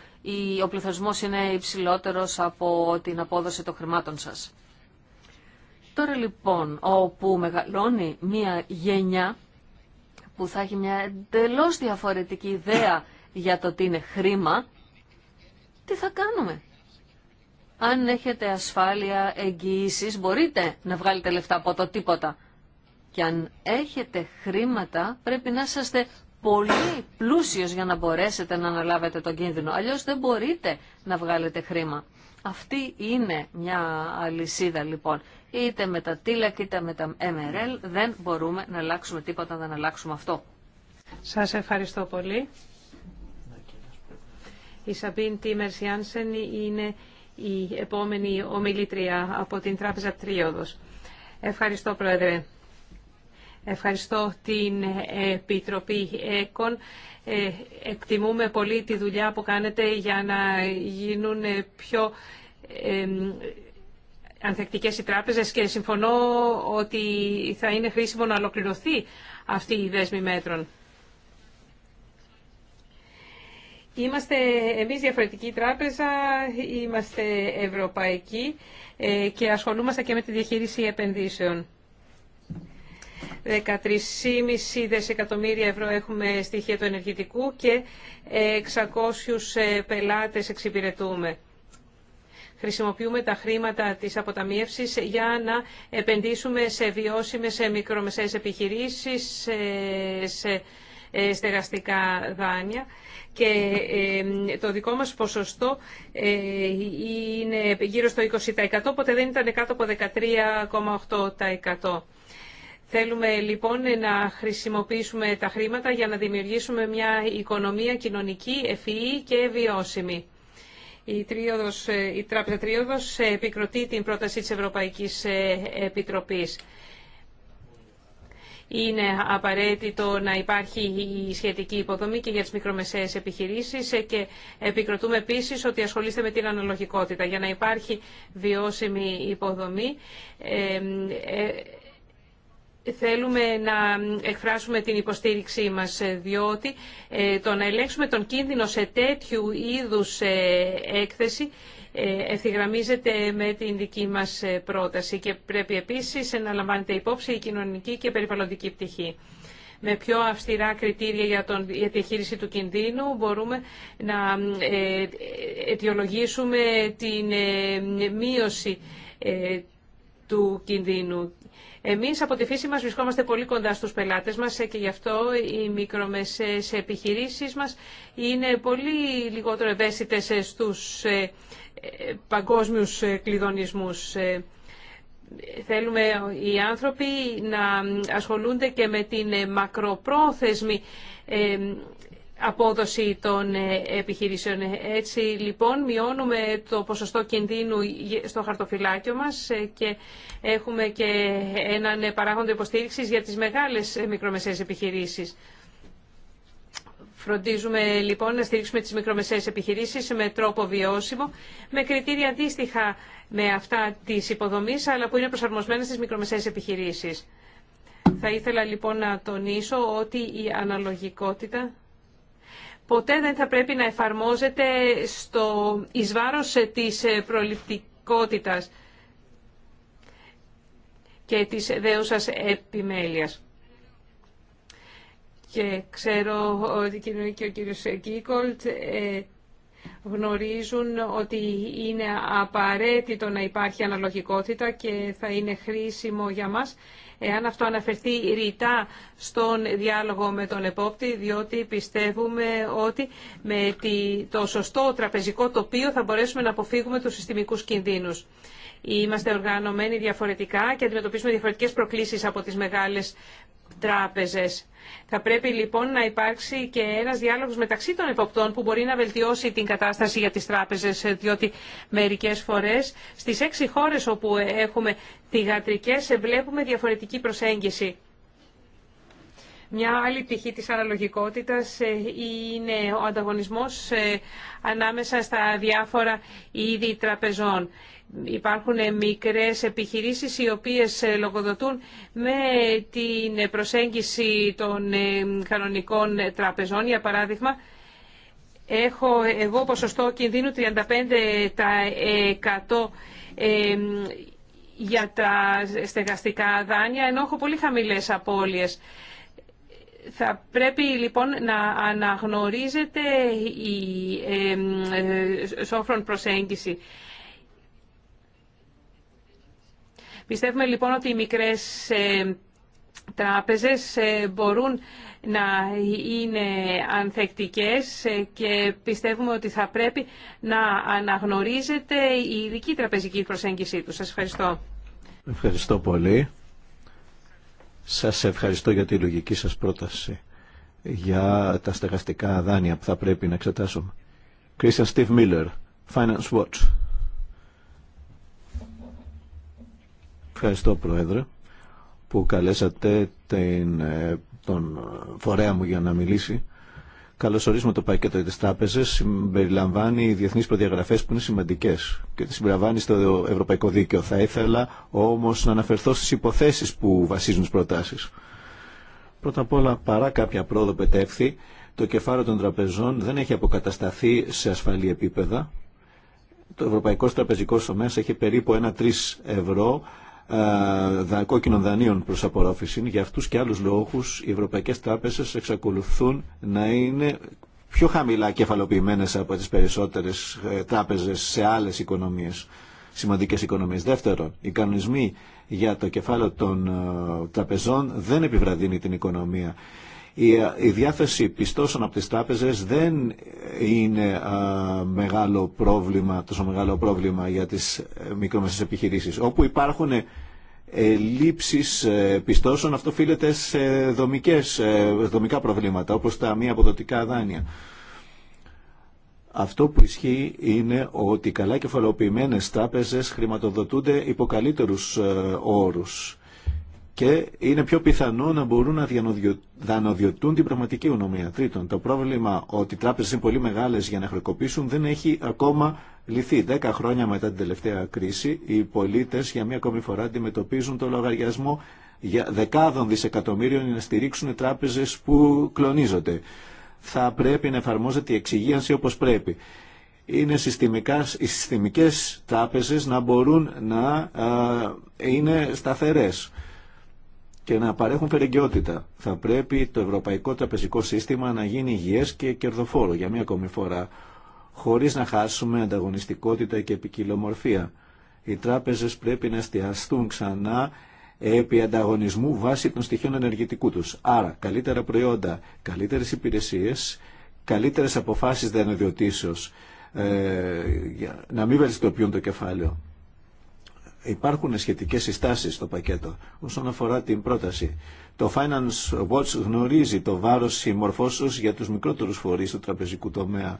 ο πληθωρισμός είναι υψηλότερος από την απόδοση των χρημάτων σας. Τώρα λοιπόν, όπου μεγαλώνει μια γενιά που θα έχει μια εντελώς διαφορετική ιδέα για το τι είναι χρήμα, τι θα κάνουμε αν έχετε ασφάλεια, εγγυήσεις, μπορείτε να βγάλετε λεφτά από το τίποτα. Και αν έχετε χρήματα, πρέπει να είσαστε πολύ πλούσιος για να μπορέσετε να αναλάβετε τον κίνδυνο. Αλλιώς δεν μπορείτε να βγάλετε χρήμα. Αυτή είναι μια αλυσίδα λοιπόν. Είτε με τα TILAC e είτε με τα MRL δεν μπορούμε να αλλάξουμε τίποτα, δεν αλλάξουμε αυτό. Σας ευχαριστώ πολύ. Η είναι η επόμενη ομιλήτρια από την Τράπεζα Τρίοδος. Ευχαριστώ, Πρόεδρε. Ευχαριστώ την Επιτροπή ΕΚΟΝ. Ε, εκτιμούμε πολύ τη δουλειά που κάνετε για να γίνουν πιο ανθεκτικές οι τράπεζες και συμφωνώ ότι θα είναι χρήσιμο να ολοκληρωθεί αυτή η δέσμη μέτρων. Είμαστε εμείς διαφορετική τράπεζα, είμαστε ευρωπαϊκοί ε, και ασχολούμαστε και με τη διαχείριση επενδύσεων. 13,5 δισεκατομμύρια ευρώ έχουμε στοιχεία του ενεργητικού και 600 ε, πελάτες εξυπηρετούμε. Χρησιμοποιούμε τα χρήματα της αποταμίευσης για να επενδύσουμε σε βιώσιμες σε μικρομεσαίες επιχειρήσεις, σε ε, στεγαστικά δάνεια και ε, το δικό μας ποσοστό ε, είναι γύρω στο 20%, οπότε δεν ήταν κάτω από 13,8%. Θέλουμε λοιπόν να χρησιμοποιήσουμε τα χρήματα για να δημιουργήσουμε μια οικονομία κοινωνική, ευφυή και βιώσιμη. Η, τρίοδος, η Τράπεζα Τρίοδος επικροτεί την πρόταση της Ευρωπαϊκής Επιτροπής. Είναι απαραίτητο να υπάρχει η σχετική υποδομή και για τις μικρομεσαίες επιχειρήσεις και επικροτούμε επίσης ότι ασχολείστε με την αναλογικότητα. Για να υπάρχει βιώσιμη υποδομή ε, ε, θέλουμε να εκφράσουμε την υποστήριξή μας ε, διότι το να ελέγξουμε τον κίνδυνο σε τέτοιου είδους έκθεση ε, ευθυγραμμίζεται με την δική μας ε, πρόταση και πρέπει επίσης να λαμβάνεται υπόψη η κοινωνική και περιβαλλοντική πτυχή. Με πιο αυστηρά κριτήρια για, τη του κινδύνου μπορούμε να ε, αιτιολογήσουμε την μείωση του κινδύνου. Εμείς από τη φύση μας βρισκόμαστε πολύ κοντά στους πελάτες μας και γι' αυτό οι μικρομεσαίες επιχειρήσεις μας είναι πολύ λιγότερο ευαίσθητες στους παγκόσμιους ε, κλειδονισμούς. Ε, θέλουμε οι άνθρωποι να ασχολούνται και με την ε, μακροπρόθεσμη απόδοση των επιχειρήσεων. Έτσι λοιπόν μειώνουμε το ποσοστό κινδύνου στο χαρτοφυλάκιο μας και έχουμε και έναν παράγοντα υποστήριξης για τις μεγάλες μικρομεσαίες επιχειρήσεις. Φροντίζουμε λοιπόν να στηρίξουμε τις μικρομεσαίες επιχειρήσεις με τρόπο βιώσιμο, με κριτήρια αντίστοιχα με αυτά της υποδομής, αλλά που είναι προσαρμοσμένα στις μικρομεσαίες επιχειρήσεις. Θα ήθελα λοιπόν να τονίσω ότι η αναλογικότητα ποτέ δεν θα πρέπει να εφαρμόζεται στο εισβάρος της προληπτικότητας και της δέουσας επιμέλειας και ξέρω ότι και ο κύριος Γκίκολτ ε, γνωρίζουν ότι είναι απαραίτητο να υπάρχει αναλογικότητα και θα είναι χρήσιμο για μας εάν αυτό αναφερθεί ρητά στον διάλογο με τον επόπτη, διότι πιστεύουμε ότι με το σωστό τραπεζικό τοπίο θα μπορέσουμε να αποφύγουμε τους συστημικούς κινδύνους. Είμαστε οργανωμένοι διαφορετικά και αντιμετωπίζουμε διαφορετικές προκλήσεις από τις μεγάλες τράπεζες. Θα πρέπει λοιπόν να υπάρξει και ένας διάλογος μεταξύ των εποπτών που μπορεί να βελτιώσει την κατάσταση για τις τράπεζες, διότι μερικές φορές στις έξι χώρες όπου έχουμε τηγατρικές βλέπουμε διαφορετική προσέγγιση. Μια άλλη πτυχή της αναλογικότητας ε, είναι ο ανταγωνισμός ε, ανάμεσα στα διάφορα είδη τραπεζών υπάρχουν μικρές επιχειρήσεις οι οποίες ε, λογοδοτούν με την προσέγγιση των ε, κανονικών τραπεζών. Για παράδειγμα, έχω εγώ ποσοστό κινδύνου 35% ε, για τα στεγαστικά δάνεια, ενώ έχω πολύ χαμηλές απώλειες. Θα πρέπει λοιπόν να αναγνωρίζεται η σόφρον προσέγγιση. Πιστεύουμε λοιπόν ότι οι μικρές ε, τράπεζες ε, μπορούν να είναι ανθεκτικές ε, και πιστεύουμε ότι θα πρέπει να αναγνωρίζεται η ειδική τραπεζική προσέγγιση τους. Σας ευχαριστώ. Ευχαριστώ πολύ. Σας ευχαριστώ για τη λογική σας πρόταση για τα στεγαστικά δάνεια που θα πρέπει να εξετάσουμε. Κρίσια Στίβ Μίλλερ, Finance Watch. Ευχαριστώ Πρόεδρε που καλέσατε την, ε, τον φορέα μου για να μιλήσει. ορίζουμε το πακέτο της τράπεζας, συμπεριλαμβάνει διεθνείς προδιαγραφές που είναι σημαντικές και τις συμπεριλαμβάνει στο Ευρωπαϊκό Δίκαιο. Θα ήθελα όμως να αναφερθώ στις υποθέσεις που βασίζουν τις προτάσεις. Πρώτα απ' όλα, παρά κάποια πρόοδο πετεύθη, το κεφάλαιο των τραπεζών δεν έχει αποκατασταθεί σε ασφαλή επίπεδα. Το Ευρωπαϊκό Τραπεζικό Σωμές έχει περίπου 1-3 ευρώ ε, κόκκινων δανείων προς απορρόφηση. Για αυτού και άλλους λόγους οι ευρωπαϊκές Τράπεζε εξακολουθούν να είναι πιο χαμηλά κεφαλοποιημένε από τις περισσότερες ε, τράπεζε σε άλλες οικονομίες, σημαντικέ οικονομίες. Δεύτερον, οι κανονισμοί για το κεφάλαιο των ε, τραπεζών δεν επιβραδύνει την οικονομία η, η διάθεση πιστώσεων από τις τράπεζες δεν είναι μεγάλο πρόβλημα, τόσο μεγάλο πρόβλημα για τις ε, μικρομεσαίες επιχειρήσεις. Όπου υπάρχουν λήψεις ε, πιστώσεων αυτό σε δομικές, ε, δομικά προβλήματα όπως τα μη αποδοτικά δάνεια. Αυτό που ισχύει είναι ότι καλά κεφαλοποιημένες τράπεζες χρηματοδοτούνται υπό καλύτερους όρους και είναι πιο πιθανό να μπορούν να δανοδιωτούν την πραγματική ονομία. Τρίτον, το πρόβλημα ότι οι τράπεζε είναι πολύ μεγάλε για να χρεοκοπήσουν δεν έχει ακόμα λυθεί. Δέκα χρόνια μετά την τελευταία κρίση, οι πολίτε για μία ακόμη φορά αντιμετωπίζουν το λογαριασμό για δεκάδων δισεκατομμύριων για να στηρίξουν τράπεζε που κλονίζονται. Θα πρέπει να εφαρμόζεται η εξυγίανση όπω πρέπει. Είναι οι συστημικέ τράπεζε να μπορούν να είναι σταθερέ και να παρέχουν φερεγκαιότητα. Θα πρέπει το ευρωπαϊκό τραπεζικό σύστημα να γίνει υγιές και κερδοφόρο για μία ακόμη φορά, χωρίς να χάσουμε ανταγωνιστικότητα και επικοινομορφία. Οι τράπεζες πρέπει να εστιαστούν ξανά επί ανταγωνισμού βάσει των στοιχείων ενεργητικού τους. Άρα, καλύτερα προϊόντα, καλύτερες υπηρεσίες, καλύτερες αποφάσεις δεν ε, να μην βελτιστοποιούν το κεφάλαιο. Υπάρχουν σχετικές συστάσεις στο πακέτο όσον αφορά την πρόταση. Το Finance Watch γνωρίζει το βάρος συμμορφώσεως για τους μικρότερους φορείς του τραπεζικού τομέα.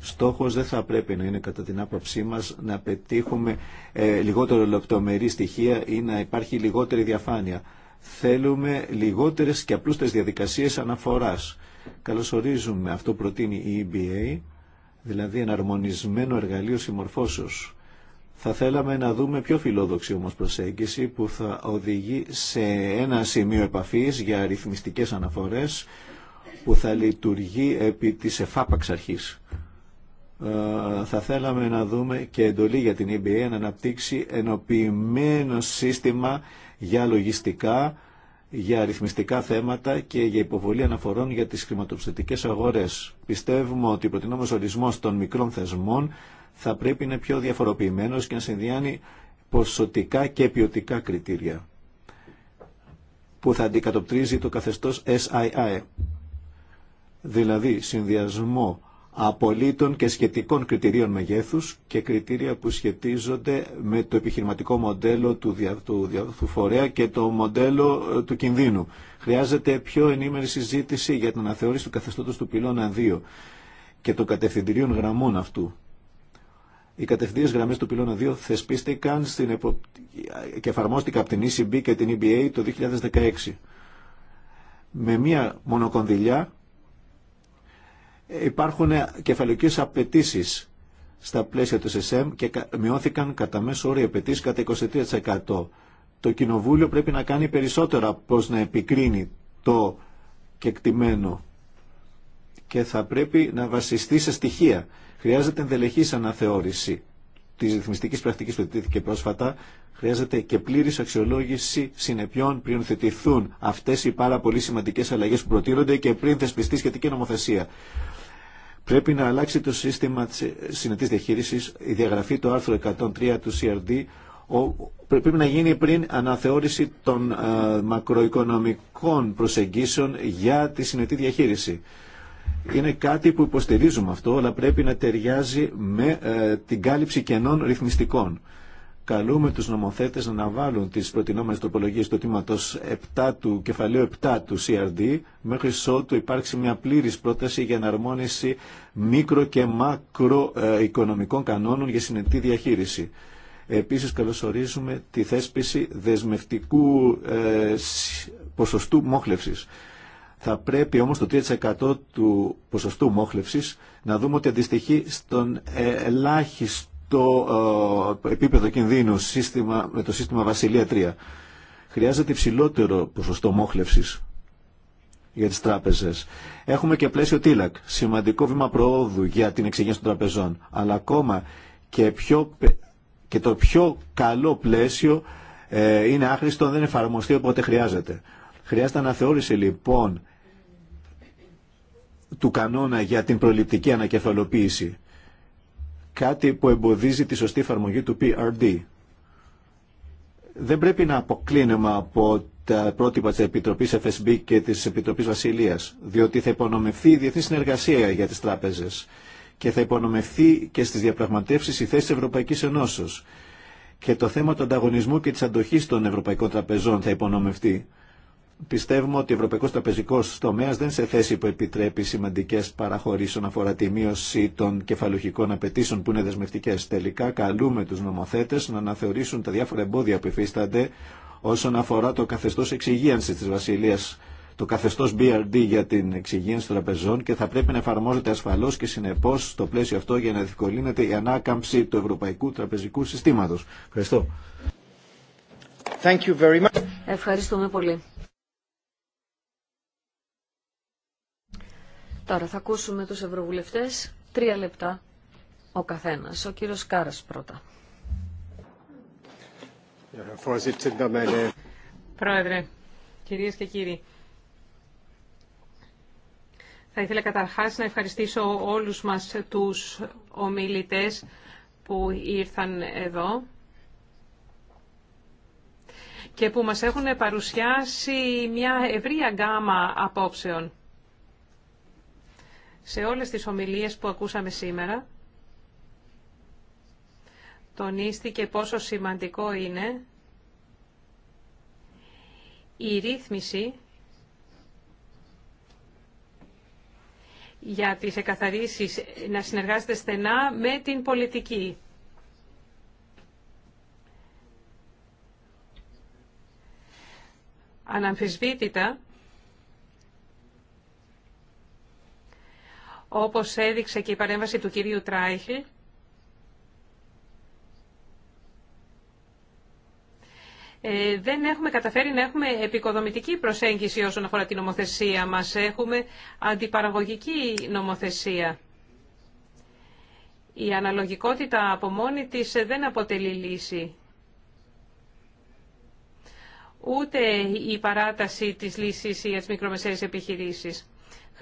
Στόχος δεν θα πρέπει να είναι κατά την άποψή μας να πετύχουμε ε, λιγότερο λεπτομερή στοιχεία ή να υπάρχει λιγότερη διαφάνεια. Θέλουμε λιγότερες και απλούστες διαδικασίες αναφοράς. Καλωσορίζουμε αυτό προτείνει η EBA, δηλαδή αρμονισμένο εργαλείο συμμορφώσεως θα θέλαμε να δούμε πιο φιλόδοξη όμως προσέγγιση που θα οδηγεί σε ένα σημείο επαφής για αριθμιστικές αναφορές που θα λειτουργεί επί της εφάπαξ αρχής. Ε, θα θέλαμε να δούμε και εντολή για την EBA να αναπτύξει ενοποιημένο σύστημα για λογιστικά, για αριθμιστικά θέματα και για υποβολή αναφορών για τις χρηματοπιστωτικές αγορές. Πιστεύουμε ότι ο προτινόμενος ορισμός των μικρών θεσμών θα πρέπει να είναι πιο διαφοροποιημένος και να συνδυάνει ποσοτικά και ποιοτικά κριτήρια που θα αντικατοπτρίζει το καθεστώς SII, δηλαδή συνδυασμό απολύτων και σχετικών κριτηρίων μεγέθους και κριτήρια που σχετίζονται με το επιχειρηματικό μοντέλο του, του, του φορέα και το μοντέλο ε, του κινδύνου. Χρειάζεται πιο ενήμερη συζήτηση για την αναθεώρηση του καθεστώτος του πυλώνα 2 και των κατευθυντηρίων γραμμών αυτού. Οι κατευθείαν γραμμέ του πυλώνα 2 θεσπίστηκαν στην επο... και εφαρμόστηκαν από την ECB και την EBA το 2016. Με μία μονοκονδυλιά ε, υπάρχουν κεφαλικέ απαιτήσει στα πλαίσια του SSM και μειώθηκαν κατά μέσο όρο οι απαιτήσει κατά 23%. Το Κοινοβούλιο πρέπει να κάνει περισσότερα πώς να επικρίνει το κεκτημένο και θα πρέπει να βασιστεί σε στοιχεία Χρειάζεται ενδελεχής αναθεώρηση τη ρυθμιστική πρακτική που τήθηκε πρόσφατα. Χρειάζεται και πλήρη αξιολόγηση συνεπιών πριν θετηθούν αυτέ οι πάρα πολύ σημαντικέ αλλαγέ που προτείνονται και πριν θεσπιστεί σχετική νομοθεσία. Πρέπει να αλλάξει το σύστημα συνετή διαχείριση, η διαγραφή του άρθρου 103 του CRD, πρέπει να γίνει πριν αναθεώρηση των ε, μακροοικονομικών προσεγγίσεων για τη συνετή διαχείριση. Είναι κάτι που υποστηρίζουμε αυτό, αλλά πρέπει να ταιριάζει με ε, την κάλυψη κενών ρυθμιστικών. Καλούμε τους νομοθέτες να αναβάλουν τις προτινόμενες τροπολογίες του τμήματος 7 του κεφαλαίου 7 του CRD μέχρι ότου υπάρξει μια πλήρης πρόταση για εναρμόνιση μικρο- και μακροοικονομικών κανόνων για συνετή διαχείριση. Επίσης καλωσορίζουμε τη θέσπιση δεσμευτικού ε, ποσοστού μόχλευσης θα πρέπει όμως το 3% του ποσοστού μόχλευσης να δούμε ότι αντιστοιχεί στον ε, ελάχιστο ε, επίπεδο κινδύνου σύστημα, με το σύστημα Βασιλεία 3. Χρειάζεται υψηλότερο ποσοστό μόχλευσης για τις τράπεζες. Έχουμε και πλαίσιο TILAC, σημαντικό βήμα προόδου για την εξηγένση των τραπεζών, αλλά ακόμα και, πιο, και το πιο καλό πλαίσιο ε, είναι άχρηστο, δεν εφαρμοστεί όποτε χρειάζεται. Χρειάζεται αναθεώρηση λοιπόν του κανόνα για την προληπτική ανακεφαλοποίηση. Κάτι που εμποδίζει τη σωστή εφαρμογή του PRD. Δεν πρέπει να αποκλίνουμε από τα πρότυπα της Επιτροπής FSB και της Επιτροπής Βασιλείας, διότι θα υπονομευθεί η διεθνή συνεργασία για τις τράπεζες και θα υπονομευθεί και στις διαπραγματεύσεις η θέση της Ευρωπαϊκής Ενώσεως. Και το θέμα του ανταγωνισμού και της αντοχής των Ευρωπαϊκών Τραπεζών θα υπονομευτεί πιστεύουμε ότι ο Ευρωπαϊκό Τραπεζικό Τομέα δεν σε θέση που επιτρέπει σημαντικέ παραχωρήσει όσον αφορά τη μείωση των κεφαλουχικών απαιτήσεων που είναι δεσμευτικέ. Τελικά, καλούμε του νομοθέτε να αναθεωρήσουν τα διάφορα εμπόδια που υφίστανται όσον αφορά το καθεστώ εξυγίανση τη Βασιλεία, το καθεστώ BRD για την εξυγίανση των τραπεζών και θα πρέπει να εφαρμόζεται ασφαλώ και συνεπώ στο πλαίσιο αυτό για να διευκολύνεται η ανάκαμψη του ευρωπαϊκού τραπεζικού συστήματο. Ευχαριστώ. Thank you very much. Ευχαριστούμε πολύ. Τώρα θα ακούσουμε τους ευρωβουλευτές. Τρία λεπτά ο καθένας. Ο κύριος Κάρας πρώτα. Πρόεδρε, κυρίες και κύριοι, θα ήθελα καταρχάς να ευχαριστήσω όλους μας τους ομιλητές που ήρθαν εδώ και που μας έχουν παρουσιάσει μια ευρία γκάμα απόψεων. Σε όλες τις ομιλίες που ακούσαμε σήμερα, τονίστηκε πόσο σημαντικό είναι η ρύθμιση για τις εκαθαρίσεις να συνεργάζεται στενά με την πολιτική. Αναμφισβήτητα, όπως έδειξε και η παρέμβαση του κυρίου Τράιχλ, Ε, δεν έχουμε καταφέρει να έχουμε επικοδομητική προσέγγιση όσον αφορά την νομοθεσία μας. Έχουμε αντιπαραγωγική νομοθεσία. Η αναλογικότητα από μόνη της δεν αποτελεί λύση. Ούτε η παράταση της λύσης για τις μικρομεσαίες επιχειρήσεις.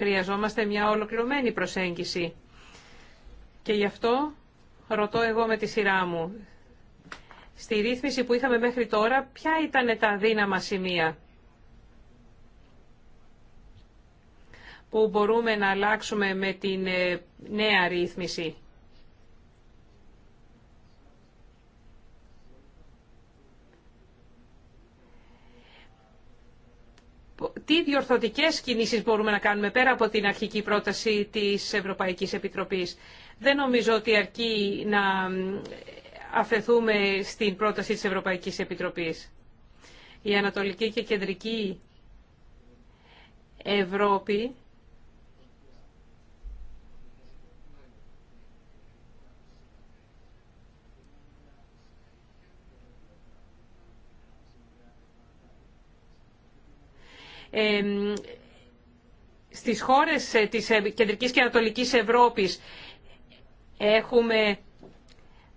Χρειαζόμαστε μια ολοκληρωμένη προσέγγιση. Και γι' αυτό ρωτώ εγώ με τη σειρά μου. Στη ρύθμιση που είχαμε μέχρι τώρα, ποια ήταν τα δύναμα σημεία που μπορούμε να αλλάξουμε με την ε, νέα ρύθμιση. τι διορθωτικές κινήσεις μπορούμε να κάνουμε πέρα από την αρχική πρόταση της Ευρωπαϊκής Επιτροπής. Δεν νομίζω ότι αρκεί να αφαιθούμε στην πρόταση της Ευρωπαϊκής Επιτροπής. Η Ανατολική και Κεντρική Ευρώπη στις χώρες ε, της ε, Κεντρικής και Ανατολικής Ευρώπης έχουμε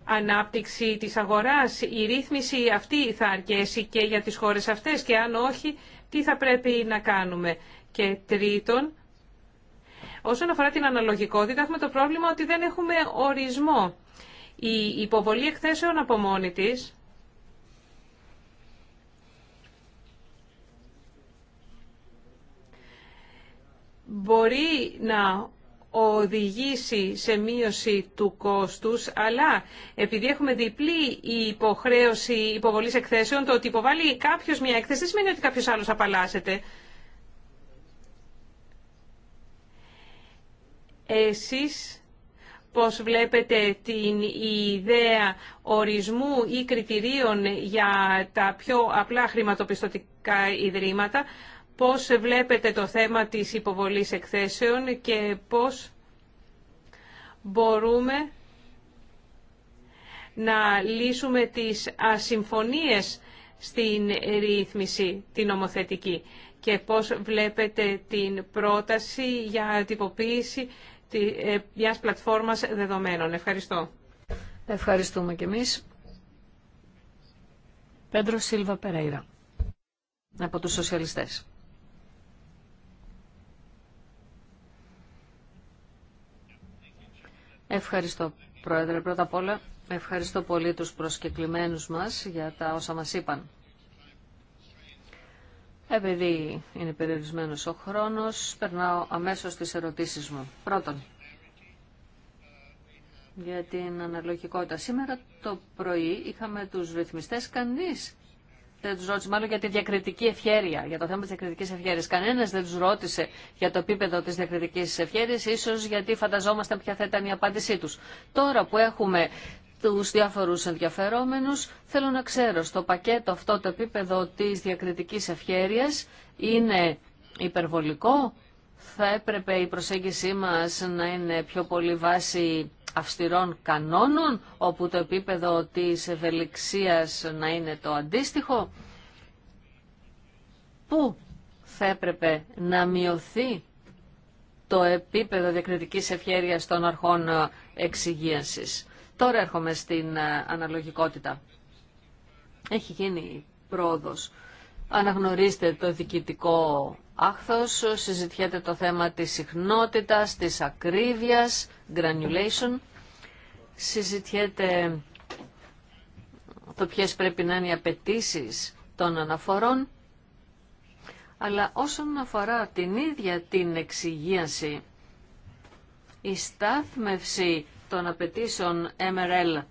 ανάπτυξη της αγοράς. Η ρύθμιση αυτή θα αρκέσει και για τις χώρες αυτές και αν όχι, τι θα πρέπει να κάνουμε. Και τρίτον, όσον αφορά την αναλογικότητα, έχουμε το πρόβλημα ότι δεν έχουμε ορισμό. Η υποβολή εκθέσεων από μόνη της μπορεί να οδηγήσει σε μείωση του κόστους, αλλά επειδή έχουμε διπλή υποχρέωση υποβολής εκθέσεων, το ότι υποβάλλει κάποιος μια έκθεση δεν σημαίνει ότι κάποιος άλλος απαλλάσσεται. Εσείς πώς βλέπετε την ιδέα ορισμού ή κριτηρίων για τα πιο απλά χρηματοπιστωτικά ιδρύματα, πώς βλέπετε το θέμα της υποβολής εκθέσεων και πώς μπορούμε να λύσουμε τις ασυμφωνίες στην ρύθμιση την νομοθετική και πώς βλέπετε την πρόταση για τυποποίηση ε, μιας πλατφόρμας δεδομένων. Ευχαριστώ. Ευχαριστούμε και εμείς. Πέντρο Σίλβα Περέιρα από τους Σοσιαλιστές. Ευχαριστώ, Πρόεδρε. Πρώτα απ' όλα, ευχαριστώ πολύ τους προσκεκλημένους μας για τα όσα μας είπαν. Επειδή είναι περιορισμένος ο χρόνος, περνάω αμέσως στις ερωτήσεις μου. Πρώτον, για την αναλογικότητα. Σήμερα το πρωί είχαμε τους ρυθμιστές. Κανείς δεν του ρώτησε μάλλον για τη διακριτική ευχέρεια, για το θέμα τη διακριτική ευχέρεια. Κανένα δεν του ρώτησε για το επίπεδο τη διακριτική ευχέρεια, ίσω γιατί φανταζόμασταν ποια θα ήταν η απάντησή του. Τώρα που έχουμε του διάφορου ενδιαφερόμενου, θέλω να ξέρω στο πακέτο αυτό το επίπεδο τη διακριτική ευχέρεια είναι υπερβολικό. Θα έπρεπε η προσέγγιση μας να είναι πιο πολύ βάση αυστηρών κανόνων, όπου το επίπεδο της ευελιξίας να είναι το αντίστοιχο. Πού θα έπρεπε να μειωθεί το επίπεδο διακριτικής ευχέρειας των αρχών ε, εξυγίανσης. Τώρα έρχομαι στην ε, αναλογικότητα. Έχει γίνει πρόοδος. Αναγνωρίστε το διοικητικό άχθος, συζητιέται το θέμα της συχνότητας, της ακρίβειας, granulation, συζητιέται το ποιες πρέπει να είναι οι απαιτήσει των αναφορών, αλλά όσον αφορά την ίδια την εξυγίαση, η στάθμευση των απαιτήσεων MRL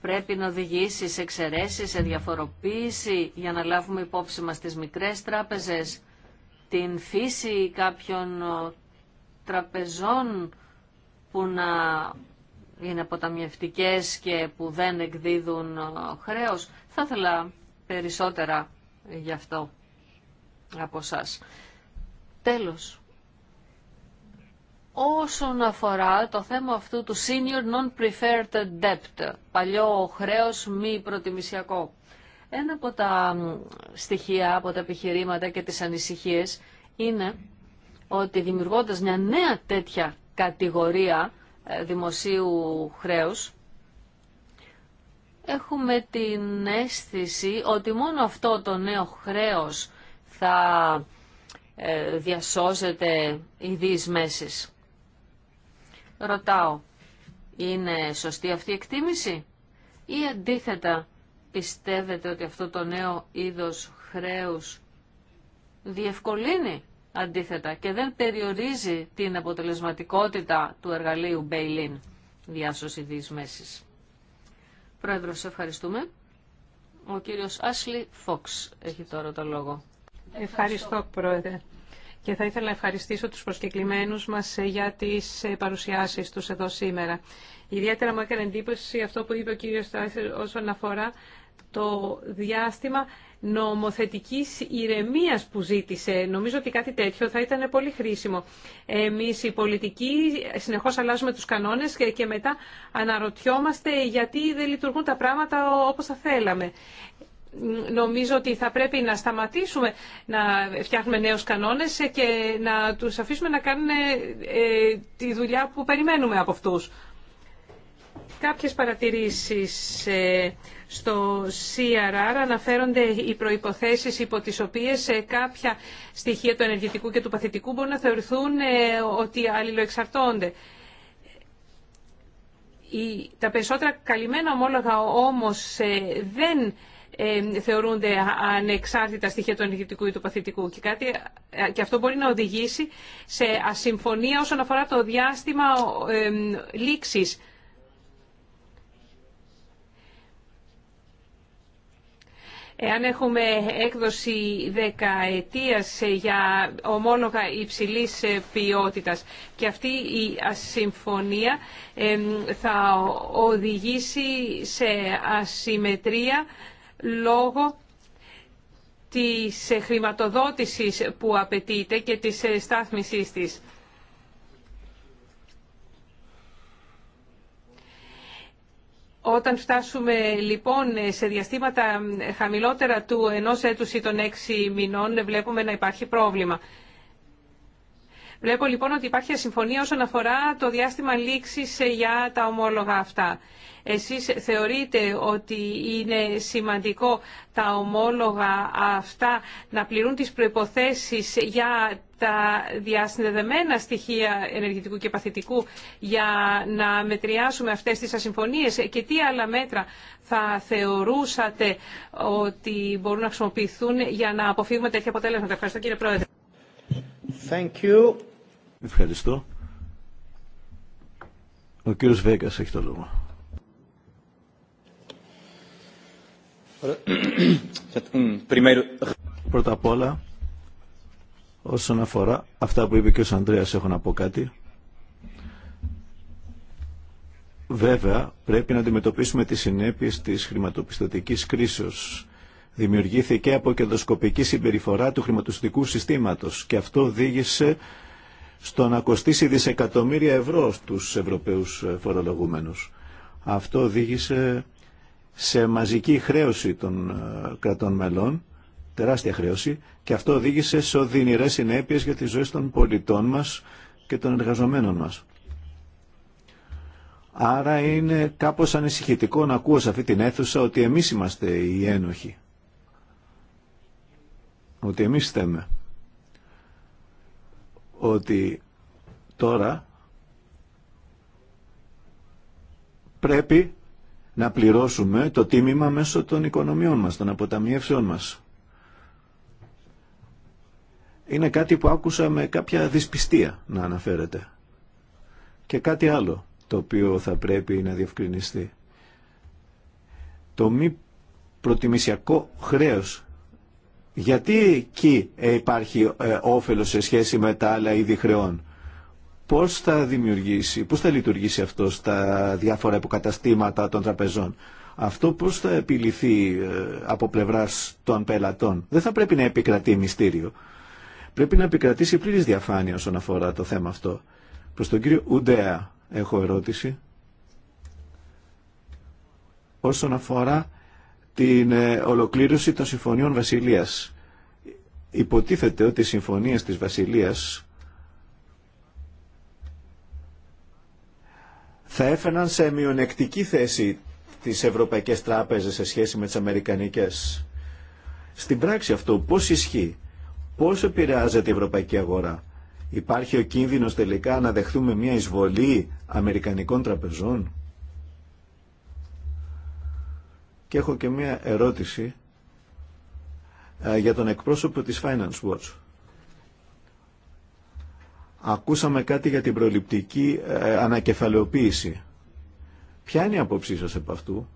πρέπει να οδηγήσει σε εξαιρέσεις, σε διαφοροποίηση για να λάβουμε υπόψη μας τις μικρές τράπεζες την φύση κάποιων ε, τραπεζών που να είναι αποταμιευτικές και που δεν εκδίδουν ε, χρέος. Θα ήθελα περισσότερα γι' αυτό από σας. Τέλος, όσον αφορά το θέμα αυτού του senior non-preferred debt, παλιό χρέος μη προτιμησιακό. Ένα από τα στοιχεία, από τα επιχειρήματα και τις ανησυχίες είναι ότι δημιουργώντας μια νέα τέτοια κατηγορία ε, δημοσίου χρέους, έχουμε την αίσθηση ότι μόνο αυτό το νέο χρέος θα ε, διασώζεται οι μέσες. Ρωτάω, είναι σωστή αυτή η εκτίμηση ή αντίθετα Πιστεύετε ότι αυτό το νέο είδος χρέους διευκολύνει αντίθετα και δεν περιορίζει την αποτελεσματικότητα του εργαλειου Μπέιλιν διάσωση της μέσης. Πρόεδρος, ευχαριστούμε. Ο κύριος Άσλι Φόξ έχει τώρα το λόγο. Ευχαριστώ, Πρόεδρε. Και θα ήθελα να ευχαριστήσω τους προσκεκλημένους μας ε, για τις ε, παρουσιάσεις τους εδώ σήμερα. Ιδιαίτερα μου έκανε εντύπωση αυτό που είπε ο κύριος Στάσερ όσον αφορά το διάστημα νομοθετικής ηρεμίας που ζήτησε. Νομίζω ότι κάτι τέτοιο θα ήταν πολύ χρήσιμο. Εμείς οι πολιτικοί συνεχώς αλλάζουμε τους κανόνες και μετά αναρωτιόμαστε γιατί δεν λειτουργούν τα πράγματα όπως θα θέλαμε. Νομίζω ότι θα πρέπει να σταματήσουμε να φτιάχνουμε νέους κανόνες και να τους αφήσουμε να κάνουν ε, ε, τη δουλειά που περιμένουμε από αυτούς. Κάποιες παρατηρήσεις ε, στο CRR αναφέρονται οι προϋποθέσεις υπό τις οποίες ε, κάποια στοιχεία του ενεργητικού και του παθητικού μπορούν να θεωρηθούν ε, ότι αλληλοεξαρτώνται. Τα περισσότερα καλυμμένα ομόλογα όμως ε, δεν θεωρούνται ανεξάρτητα στοιχεία του ενεργητικού ή του παθητικού και, κάτι, και αυτό μπορεί να οδηγήσει σε ασυμφωνία όσον αφορά το διάστημα λήξης Εάν έχουμε έκδοση δεκαετίας για ομόλογα υψηλής ποιότητας και αυτή η ασυμφωνία θα οδηγήσει σε ασυμμετρία λόγω της χρηματοδότησης που απαιτείται και της στάθμισής της. Όταν φτάσουμε λοιπόν σε διαστήματα χαμηλότερα του ενός έτους ή των έξι μηνών βλέπουμε να υπάρχει πρόβλημα. Βλέπω λοιπόν ότι υπάρχει ασυμφωνία όσον αφορά το διάστημα λήξη ε, για τα ομόλογα αυτά. Εσείς θεωρείτε ότι είναι σημαντικό τα ομόλογα αυτά να πληρούν τις προϋποθέσεις για τα διασυνδεδεμένα στοιχεία ενεργητικού και παθητικού για να μετριάσουμε αυτές τις ασυμφωνίες και τι άλλα μέτρα θα θεωρούσατε ότι μπορούν να χρησιμοποιηθούν για να αποφύγουμε τέτοια αποτέλεσματα. Ευχαριστώ κύριε Πρόεδρε. Ευχαριστώ. Ο κύριος Βέγκας έχει το λόγο. Πρώτα απ' όλα, όσον αφορά αυτά που είπε και ο Ανδρέας, έχω να πω κάτι. Βέβαια, πρέπει να αντιμετωπίσουμε τις συνέπειες της χρηματοπιστωτικής κρίσεως Δημιουργήθηκε από κερδοσκοπική συμπεριφορά του χρηματοστικού συστήματος και αυτό οδήγησε στο να κοστίσει δισεκατομμύρια ευρώ στους Ευρωπαίους φορολογούμενους. Αυτό οδήγησε σε μαζική χρέωση των ε, κρατών μελών, τεράστια χρέωση, και αυτό οδήγησε σε οδυνηρές συνέπειες για τη ζωή των πολιτών μας και των εργαζομένων μας. Άρα είναι κάπως ανησυχητικό να ακούω σε αυτή την αίθουσα ότι εμείς είμαστε οι ένοχοι ότι εμείς θέμε ότι τώρα πρέπει να πληρώσουμε το τίμημα μέσω των οικονομιών μας, των αποταμιεύσεων μας. Είναι κάτι που άκουσα με κάποια δυσπιστία να αναφέρεται. Και κάτι άλλο το οποίο θα πρέπει να διευκρινιστεί. Το μη προτιμησιακό χρέος γιατί εκεί ε, υπάρχει ε, όφελος σε σχέση με τα άλλα είδη χρεών. Πώς θα δημιουργήσει, πώς θα λειτουργήσει αυτό στα διάφορα υποκαταστήματα των τραπεζών. Αυτό πώς θα επιληθεί ε, από πλευράς των πελατών. Δεν θα πρέπει να επικρατεί μυστήριο. Πρέπει να επικρατήσει πλήρης διαφάνεια όσον αφορά το θέμα αυτό. Προς τον κύριο Ουντέα έχω ερώτηση. Όσον αφορά την ε, ολοκλήρωση των συμφωνιών Βασιλείας. Υποτίθεται ότι οι συμφωνίες της Βασιλείας θα έφεραν σε μειονεκτική θέση τις ευρωπαϊκές τράπεζες σε σχέση με τις αμερικανικές. Στην πράξη αυτό πώς ισχύει, πώς επηρεάζεται η ευρωπαϊκή αγορά. Υπάρχει ο κίνδυνος τελικά να δεχθούμε μια εισβολή αμερικανικών τραπεζών. Και έχω και μία ερώτηση ε, για τον εκπρόσωπο της Finance Watch. Ακούσαμε κάτι για την προληπτική ε, ανακεφαλαιοποίηση. Ποια είναι η άποψή σας επ' αυτού.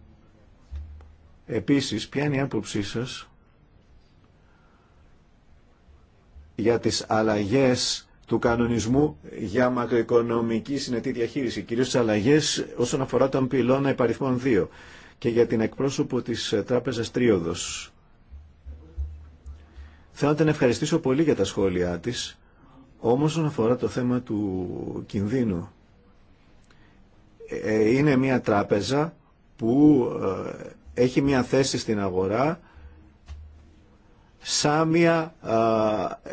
Επίσης, ποια είναι η άποψή σας για τις αλλαγές του κανονισμού για μακροοικονομική συνετή διαχείριση, κυρίως τις αλλαγές όσον αφορά τον πυλώνα υπαριθμών 2 και για την εκπρόσωπο της ε, Τράπεζας Τρίοδος. Θέλω να την ευχαριστήσω πολύ για τα σχόλιά της, όμως όσον αφορά το θέμα του κινδύνου. Ε, ε, είναι μια τράπεζα που έχει μια θέση στην αγορά Σάμια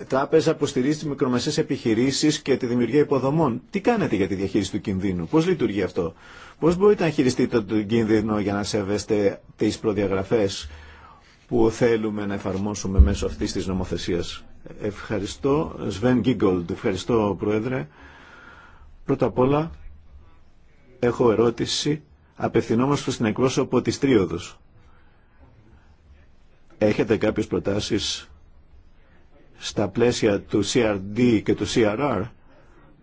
τράπεζα που στηρίζει τι μικρομεσαίες επιχειρήσεις και τη δημιουργία υποδομών. Τι κάνετε για τη διαχείριση του κινδύνου, πώς λειτουργεί αυτό, πώς μπορείτε να χειριστείτε τον κίνδυνο για να σέβεστε τις προδιαγραφές που θέλουμε να εφαρμόσουμε μέσω αυτής της νομοθεσίας. Ευχαριστώ, Σβέν Γκίγκολντ, ευχαριστώ Πρόεδρε. Πρώτα απ' όλα έχω ερώτηση απευθυνόμαστε στην εκπρόσωπο της Τρίοδος Έχετε κάποιες προτάσεις στα πλαίσια του CRD και του CRR.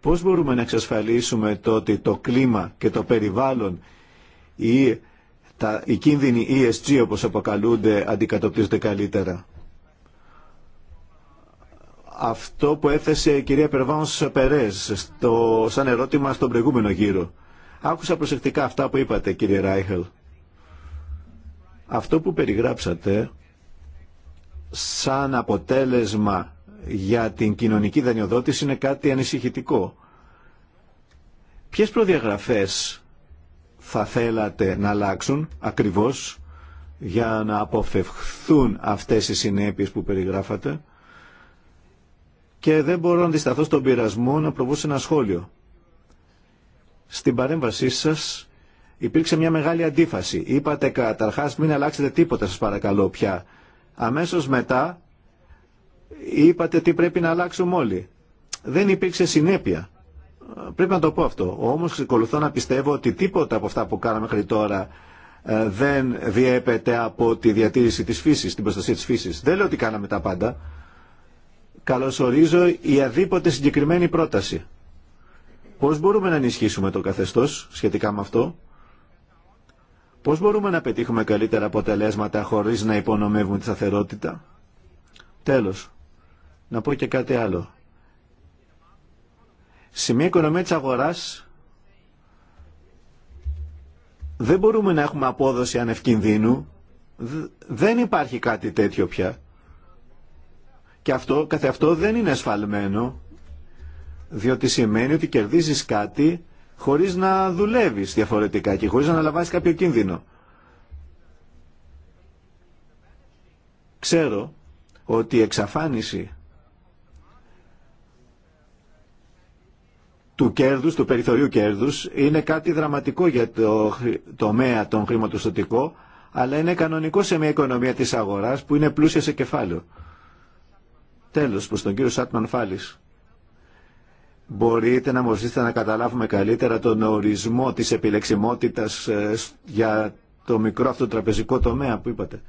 Πώς μπορούμε να εξασφαλίσουμε το ότι το κλίμα και το περιβάλλον ή τα, οι κίνδυνοι ESG όπως αποκαλούνται αντικατοπτρίζονται καλύτερα. Αυτό που έθεσε η κυρία Περβάνς Περές στο, σαν ερώτημα στον προηγούμενο γύρο. Άκουσα προσεκτικά αυτά που είπατε κύριε Ράιχελ. Αυτό που περιγράψατε σαν αποτέλεσμα για την κοινωνική δανειοδότηση είναι κάτι ανησυχητικό. Ποιες προδιαγραφές θα θέλατε να αλλάξουν ακριβώς για να αποφευχθούν αυτές οι συνέπειες που περιγράφατε και δεν μπορώ να αντισταθώ στον πειρασμό να προβούσε ένα σχόλιο. Στην παρέμβασή σας υπήρξε μια μεγάλη αντίφαση. Είπατε καταρχάς μην αλλάξετε τίποτα σας παρακαλώ πια αμέσως μετά είπατε τι πρέπει να αλλάξουμε όλοι. Δεν υπήρξε συνέπεια. Πρέπει να το πω αυτό. Όμως ξεκολουθώ να πιστεύω ότι τίποτα από αυτά που κάναμε μέχρι τώρα ε, δεν διέπεται από τη διατήρηση της φύσης, την προστασία της φύσης. Δεν λέω ότι κάναμε τα πάντα. Καλωσορίζω η αδίποτε συγκεκριμένη πρόταση. Πώς μπορούμε να ενισχύσουμε το καθεστώς σχετικά με αυτό. Πώς μπορούμε να πετύχουμε καλύτερα αποτελέσματα χωρίς να υπονομεύουμε τη σταθερότητα. Τέλος, να πω και κάτι άλλο. Σε μια οικονομία της αγοράς δεν μπορούμε να έχουμε απόδοση ανευκινδύνου. Δεν υπάρχει κάτι τέτοιο πια. Και αυτό καθε αυτό δεν είναι ασφαλμένο, διότι σημαίνει ότι κερδίζεις κάτι χωρίς να δουλεύεις διαφορετικά και χωρίς να αναλαμβάνεις κάποιο κίνδυνο. Ξέρω ότι η εξαφάνιση του κέρδους, του περιθωρίου κέρδους, είναι κάτι δραματικό για το τομέα τον χρηματοστοτικών, αλλά είναι κανονικό σε μια οικονομία της αγοράς που είναι πλούσια σε κεφάλαιο. Τέλος, προς τον κύριο Σάτμαν Φάλης. Μπορείτε να μας να καταλάβουμε καλύτερα τον ορισμό της επιλεξιμότητας ε, για το μικρό αυτό τραπεζικό τομέα που είπατε.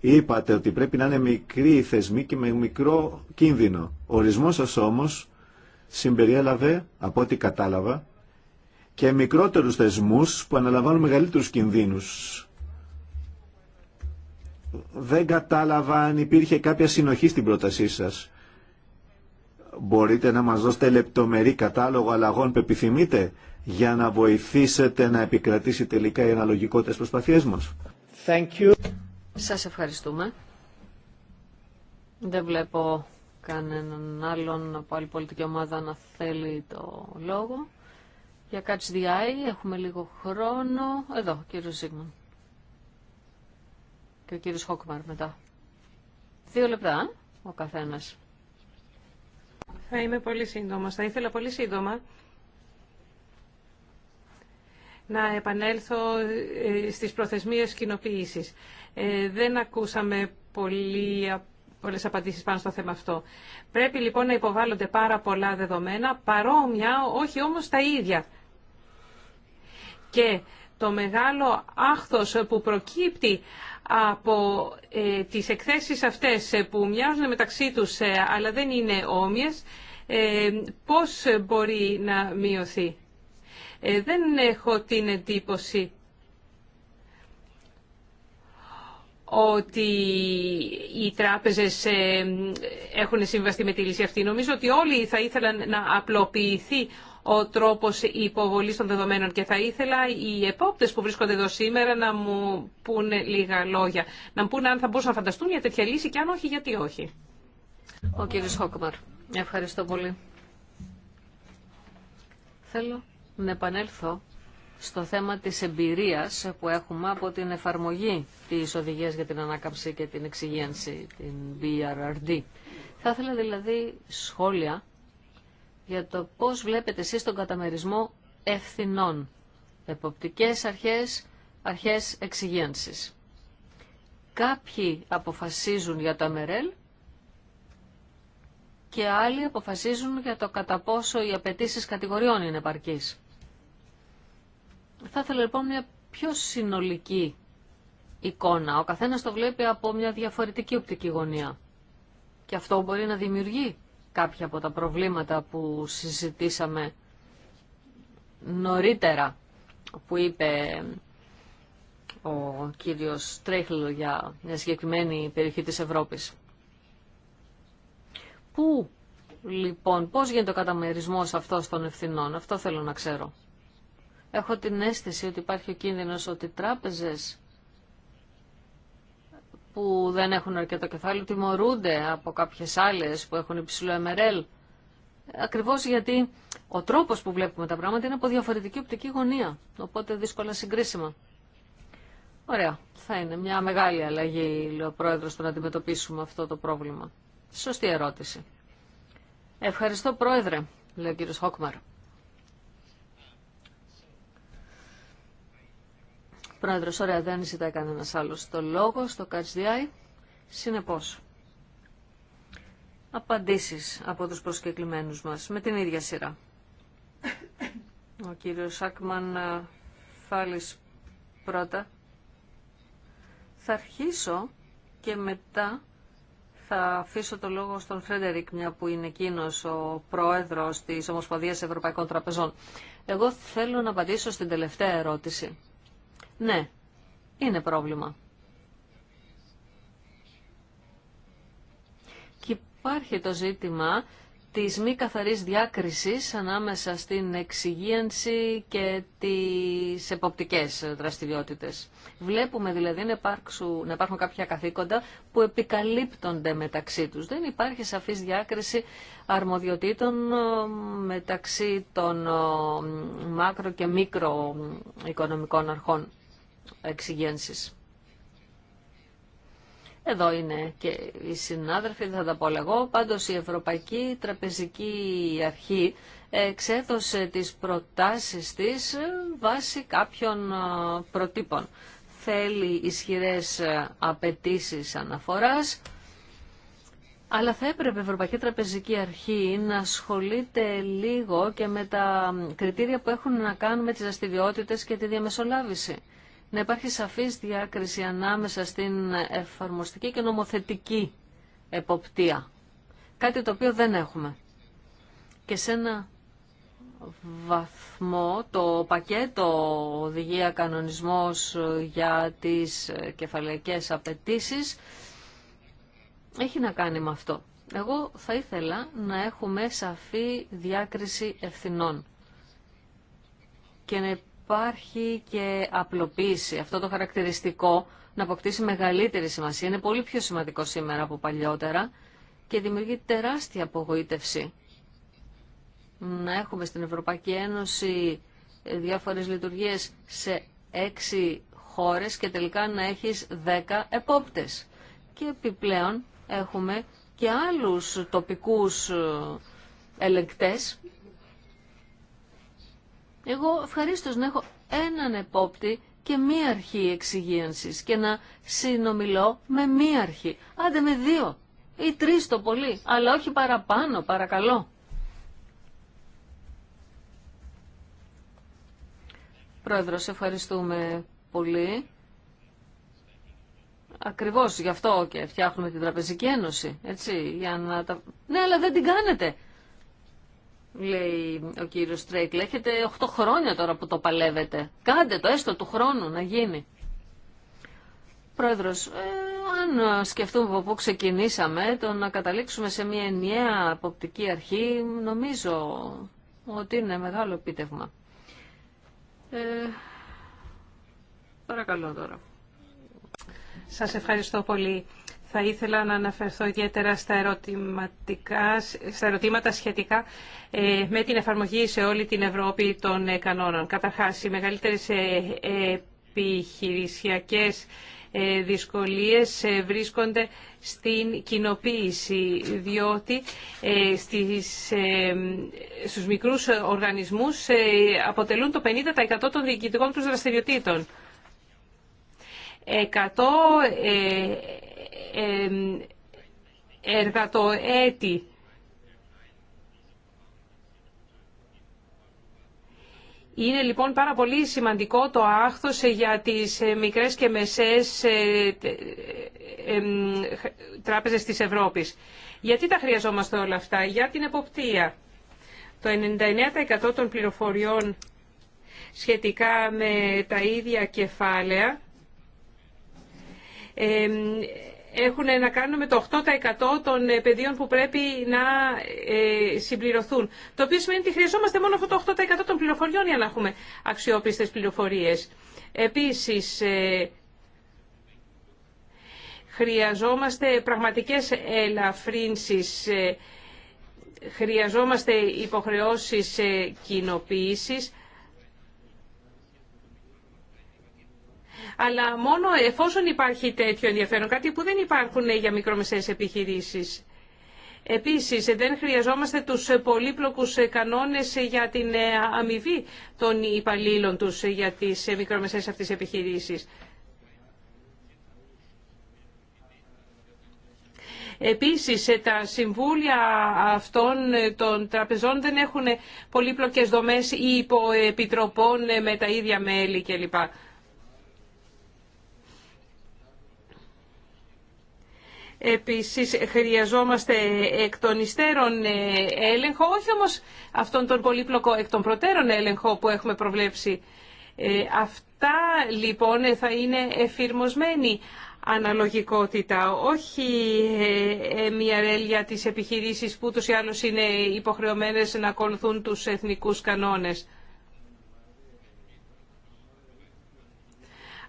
Είπατε ότι πρέπει να είναι μικροί θεσμοί και με μικρό κίνδυνο. Ο ορισμός σας όμως συμπεριέλαβε, από ό,τι κατάλαβα, και μικρότερους θεσμούς που αναλαμβάνουν μεγαλύτερους κινδύνους. Δεν κατάλαβα αν υπήρχε κάποια συνοχή στην πρότασή σας. Μπορείτε να μας δώσετε λεπτομερή κατάλογο αλλαγών που επιθυμείτε για να βοηθήσετε να επικρατήσει τελικά η αναλογικότητα στις προσπαθίες μας. Thank Σας ευχαριστούμε. Δεν βλέπω κανέναν άλλον από άλλη πολιτική ομάδα να θέλει το λόγο. Για κάτι the έχουμε λίγο χρόνο. Εδώ, κύριο Σίγμαν. Και ο κύριος Χόκμαρ μετά. Δύο λεπτά, ο καθένας. Θα είμαι πολύ σύντομα. Θα ήθελα πολύ σύντομα να επανέλθω ε, στις προθεσμίες κοινοποίησης. Ε, δεν ακούσαμε πολύ, πολλές απαντήσεις πάνω στο θέμα αυτό. Πρέπει λοιπόν να υποβάλλονται πάρα πολλά δεδομένα, παρόμοια, όχι όμως τα ίδια. Και το μεγάλο άχθος που προκύπτει από ε, τις εκθέσεις αυτές ε, που μοιάζουν μεταξύ τους ε, αλλά δεν είναι όμοιες, πώς μπορεί να μειωθεί. Δεν έχω την εντύπωση ότι οι τράπεζες έχουν συμβαστεί με τη λύση αυτή. Νομίζω ότι όλοι θα ήθελαν να απλοποιηθεί ο τρόπο υποβολή των δεδομένων και θα ήθελα οι επόπτε που βρίσκονται εδώ σήμερα να μου πούνε λίγα λόγια. Να μου πούνε αν θα μπορούσαν να φανταστούν για τέτοια λύση και αν όχι γιατί όχι. Ο κύριος Χόκμαρ, ευχαριστώ πολύ. Θέλω να επανέλθω στο θέμα της εμπειρίας που έχουμε από την εφαρμογή της Οδηγίας για την Ανάκαμψη και την Εξυγένση, την BRRD. Θα ήθελα δηλαδή σχόλια για το πώς βλέπετε εσείς τον καταμερισμό ευθυνών. Εποπτικές αρχές, αρχές εξυγένσης. Κάποιοι αποφασίζουν για το ΑΜΕΡΕΛ και άλλοι αποφασίζουν για το κατά πόσο οι απαιτήσει κατηγοριών είναι επαρκείς. Θα ήθελα λοιπόν μια πιο συνολική εικόνα. Ο καθένας το βλέπει από μια διαφορετική οπτική γωνία. Και αυτό μπορεί να δημιουργεί κάποια από τα προβλήματα που συζητήσαμε νωρίτερα που είπε ο κύριος Τρέχλ για μια συγκεκριμένη περιοχή της Ευρώπης. Πού λοιπόν, πώς γίνεται ο καταμερισμός αυτός των ευθυνών, αυτό θέλω να ξέρω. Έχω την αίσθηση ότι υπάρχει ο κίνδυνος ότι τράπεζες που δεν έχουν αρκετό κεφάλαιο τιμωρούνται από κάποιες άλλες που έχουν υψηλό MRL. Ακριβώς γιατί ο τρόπος που βλέπουμε τα πράγματα είναι από διαφορετική οπτική γωνία, οπότε δύσκολα συγκρίσιμα. Ωραία. Θα είναι μια μεγάλη αλλαγή, λέει ο Πρόεδρος, το να αντιμετωπίσουμε αυτό το πρόβλημα. Σωστή ερώτηση. Ευχαριστώ, Πρόεδρε, λέει ο κύριος Χόκμαρ. Πρόεδρο, ωραία, δεν ζητάει κανένα άλλο το λόγο, στο ΚΑΤΣΔΙ. Συνεπώ. απαντήσεις από τους προσκεκλημένου μας, με την ίδια σειρά. Ο κύριος Σάκμαν ε, Φάλης πρώτα. Θα αρχίσω και μετά θα αφήσω το λόγο στον Φρέντερικ, μια που είναι εκείνο ο πρόεδρος της Ομοσπονδία Ευρωπαϊκών Τραπεζών. Εγώ θέλω να απαντήσω στην τελευταία ερώτηση ναι, είναι πρόβλημα. Και υπάρχει το ζήτημα της μη καθαρής διάκρισης ανάμεσα στην εξυγίανση και τις εποπτικές δραστηριότητες. Βλέπουμε δηλαδή να, να υπάρχουν κάποια καθήκοντα που επικαλύπτονται μεταξύ τους. Δεν υπάρχει σαφής διάκριση αρμοδιοτήτων ε, μεταξύ των ε, μακρο και ε, οικονομικών αρχών εξηγένσεις. Εδώ είναι και οι συνάδελφοι, δεν θα τα πω εγώ. Πάντως η Ευρωπαϊκή Τραπεζική Αρχή εξέδωσε τις προτάσεις της βάσει κάποιων προτύπων. Θέλει ισχυρές απαιτήσει αναφοράς, αλλά θα έπρεπε η Ευρωπαϊκή Τραπεζική Αρχή να ασχολείται λίγο και με τα κριτήρια που έχουν να κάνουν με τις δραστηριότητε και τη διαμεσολάβηση να υπάρχει σαφής διάκριση ανάμεσα στην εφαρμοστική και νομοθετική εποπτεία. Κάτι το οποίο δεν έχουμε. Και σε ένα βαθμό το πακέτο οδηγία κανονισμός για τις κεφαλαϊκές απαιτήσεις έχει να κάνει με αυτό. Εγώ θα ήθελα να έχουμε σαφή διάκριση ευθυνών και να υπάρχει και απλοποίηση. Αυτό το χαρακτηριστικό να αποκτήσει μεγαλύτερη σημασία. Είναι πολύ πιο σημαντικό σήμερα από παλιότερα και δημιουργεί τεράστια απογοήτευση. Να έχουμε στην Ευρωπαϊκή Ένωση διάφορες λειτουργίες σε έξι χώρες και τελικά να έχεις δέκα επόπτες. Και επιπλέον έχουμε και άλλους τοπικούς ε, ελεγκτές εγώ ευχαρίστω να έχω έναν επόπτη και μία αρχή εξυγίανση και να συνομιλώ με μία αρχή. Άντε με δύο ή τρει το πολύ, αλλά όχι παραπάνω, παρακαλώ. Πρόεδρο, ευχαριστούμε πολύ. Ακριβώς γι' αυτό και φτιάχνουμε την Τραπεζική Ένωση, έτσι, για να τα... Ναι, αλλά δεν την κάνετε λέει ο κύριος Στρέικλ. Έχετε 8 χρόνια τώρα που το παλεύετε. Κάντε το έστω του χρόνου να γίνει. Πρόεδρος, ε, αν σκεφτούμε από πού ξεκινήσαμε, το να καταλήξουμε σε μια ενιαία αποπτική αρχή, νομίζω ότι είναι μεγάλο επίτευγμα. Ε, παρακαλώ τώρα. Σας ευχαριστώ πολύ. Θα ήθελα να αναφερθώ ιδιαίτερα στα, ερωτηματικά, στα ερωτήματα σχετικά ε, με την εφαρμογή σε όλη την Ευρώπη των ε, κανόνων. Καταρχάς, οι μεγαλύτερες ε, επιχειρησιακές δυσκολίες βρίσκονται στην κοινοποίηση, διότι στις, στους μικρούς οργανισμούς αποτελούν το 50% των διοικητικών τους δραστηριοτήτων. 100 εργατοέτη. Είναι λοιπόν πάρα πολύ σημαντικό το άχθος για τις ε, μικρές και μεσές ε, τράπεζες της Ευρώπης. Γιατί τα χρειαζόμαστε όλα αυτά, για την εποπτεία. Το 99% των πληροφοριών σχετικά με τα ίδια κεφάλαια έχουν να κάνουν με το 8% των ε, πεδίων που πρέπει να ε, συμπληρωθούν. Το οποίο σημαίνει ότι χρειαζόμαστε μόνο αυτό το 8% των πληροφοριών για να έχουμε αξιόπιστες πληροφορίες. Επίσης, ε, χρειαζόμαστε πραγματικές ελαφρύνσεις, χρειαζόμαστε υποχρεώσεις κοινοποίησης, αλλά μόνο εφόσον υπάρχει τέτοιο ενδιαφέρον, κάτι που δεν υπάρχουν ε, για μικρομεσαίες επιχειρήσεις. Επίσης, δεν χρειαζόμαστε τους πολύπλοκους ε, κανόνες ε, για την αμοιβή των υπαλλήλων τους για τις μικρομεσαίες αυτές επιχειρήσεις. Επίσης, τα συμβούλια αυτών των τραπεζών δεν έχουν πολύπλοκες δομές ή υποεπιτροπών με τα ίδια μέλη κλπ. Επίσης χρειαζόμαστε εκ των υστέρων ε, έλεγχο, όχι όμως αυτόν τον πολύπλοκο εκ των προτέρων έλεγχο που έχουμε προβλέψει. Ε, αυτά λοιπόν θα είναι εφηρμοσμένη αναλογικότητα, όχι ε, μια ρέλια της επιχειρήσης που τους ή είναι υποχρεωμένες να ακολουθούν τους εθνικούς κανόνες.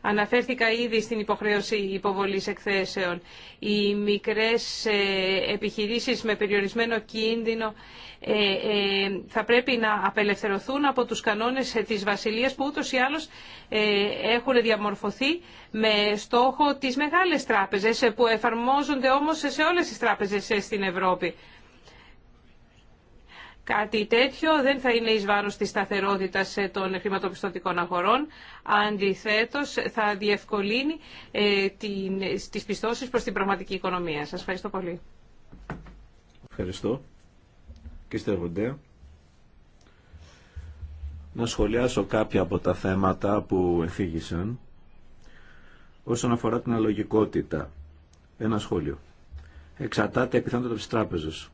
Αναφέρθηκα ήδη στην υποχρέωση υποβολής εκθέσεων. Οι μικρές ε, επιχειρήσεις με περιορισμένο κίνδυνο ε, ε, θα πρέπει να απελευθερωθούν από τους κανόνες της Βασιλείας που ούτως ή άλλως έχουν διαμορφωθεί με στόχο τις μεγάλες τράπεζες που εφαρμόζονται όμως σε όλες τις τράπεζες στην Ευρώπη. Κάτι τέτοιο δεν θα είναι εις βάρος της σταθερότητας ε, των χρηματοπιστωτικών αγορών. Αντιθέτως, θα διευκολύνει ε, τις πιστώσεις προς την πραγματική οικονομία. Σας ευχαριστώ πολύ. Ευχαριστώ. Κύριε Στερβοντέα. Να σχολιάσω κάποια από τα θέματα που εφήγησαν όσον αφορά την αλογικότητα. Ένα σχόλιο. Εξαρτάται πιθανότητα τις τράπεζες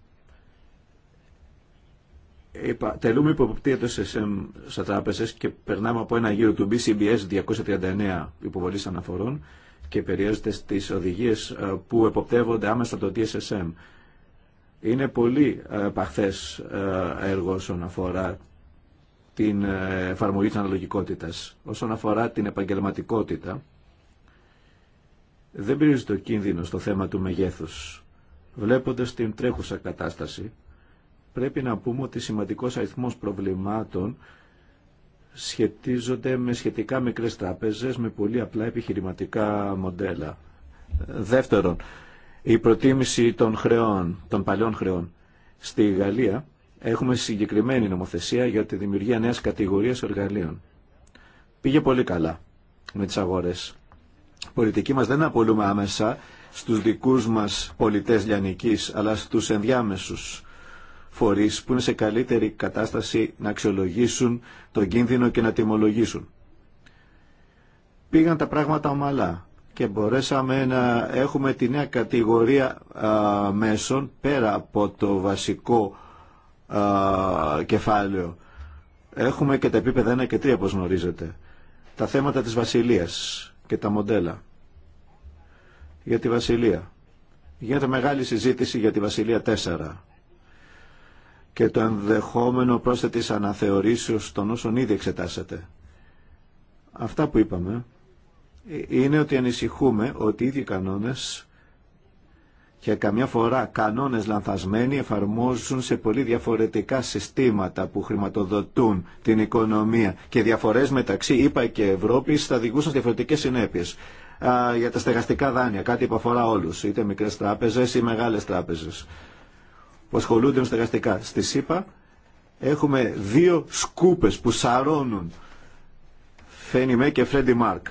τελούμε υποποπτία του SSM στα τράπεζε και περνάμε από ένα γύρο του BCBS 239 υποβολή αναφορών και περιέζεται στι οδηγίε ε, που εποπτεύονται άμεσα το TSSM. Είναι πολύ ε, παχθέ ε, έργο όσον αφορά την εφαρμογή τη αναλογικότητας. Όσον αφορά την επαγγελματικότητα, δεν περιορίζεται το κίνδυνο στο θέμα του μεγέθους. Βλέποντας την τρέχουσα κατάσταση, πρέπει να πούμε ότι σημαντικός αριθμός προβλημάτων σχετίζονται με σχετικά μικρές τράπεζες με πολύ απλά επιχειρηματικά μοντέλα. Δεύτερον, η προτίμηση των χρεών, των παλιών χρεών. Στη Γαλλία έχουμε συγκεκριμένη νομοθεσία για τη δημιουργία νέας κατηγορίας εργαλείων. Πήγε πολύ καλά με τις αγορές. πολιτική μας δεν απολούμε άμεσα στους δικούς μας πολιτές λιανικής, αλλά στους ενδιάμεσους φορείς που είναι σε καλύτερη κατάσταση να αξιολογήσουν τον κίνδυνο και να τιμολογήσουν. Πήγαν τα πράγματα ομαλά και μπορέσαμε να έχουμε τη νέα κατηγορία μέσων πέρα από το βασικό α, κεφάλαιο. Έχουμε και τα επίπεδα 1 και 3, όπως γνωρίζετε. Τα θέματα της βασιλείας και τα μοντέλα. Για τη βασιλεία. Γίνεται μεγάλη συζήτηση για τη βασιλεία 4 και το ενδεχόμενο πρόσθετης αναθεωρήσεως των όσων ήδη εξετάσατε. Αυτά που είπαμε είναι ότι ανησυχούμε ότι οι ίδιοι κανόνες και καμιά φορά κανόνες λανθασμένοι εφαρμόζουν σε πολύ διαφορετικά συστήματα που χρηματοδοτούν την οικονομία και διαφορές μεταξύ ΗΠΑ και Ευρώπης θα διηγούσαν διαφορετικέ διαφορετικές συνέπειες. για τα στεγαστικά δάνεια, κάτι που αφορά όλους, είτε μικρές τράπεζες ή μεγάλες τράπεζες που ασχολούνται με στεγαστικά. Στη ΣΥΠΑ έχουμε δύο σκούπες που σαρώνουν Φένι Μέι και Φρέντι Μάρκ.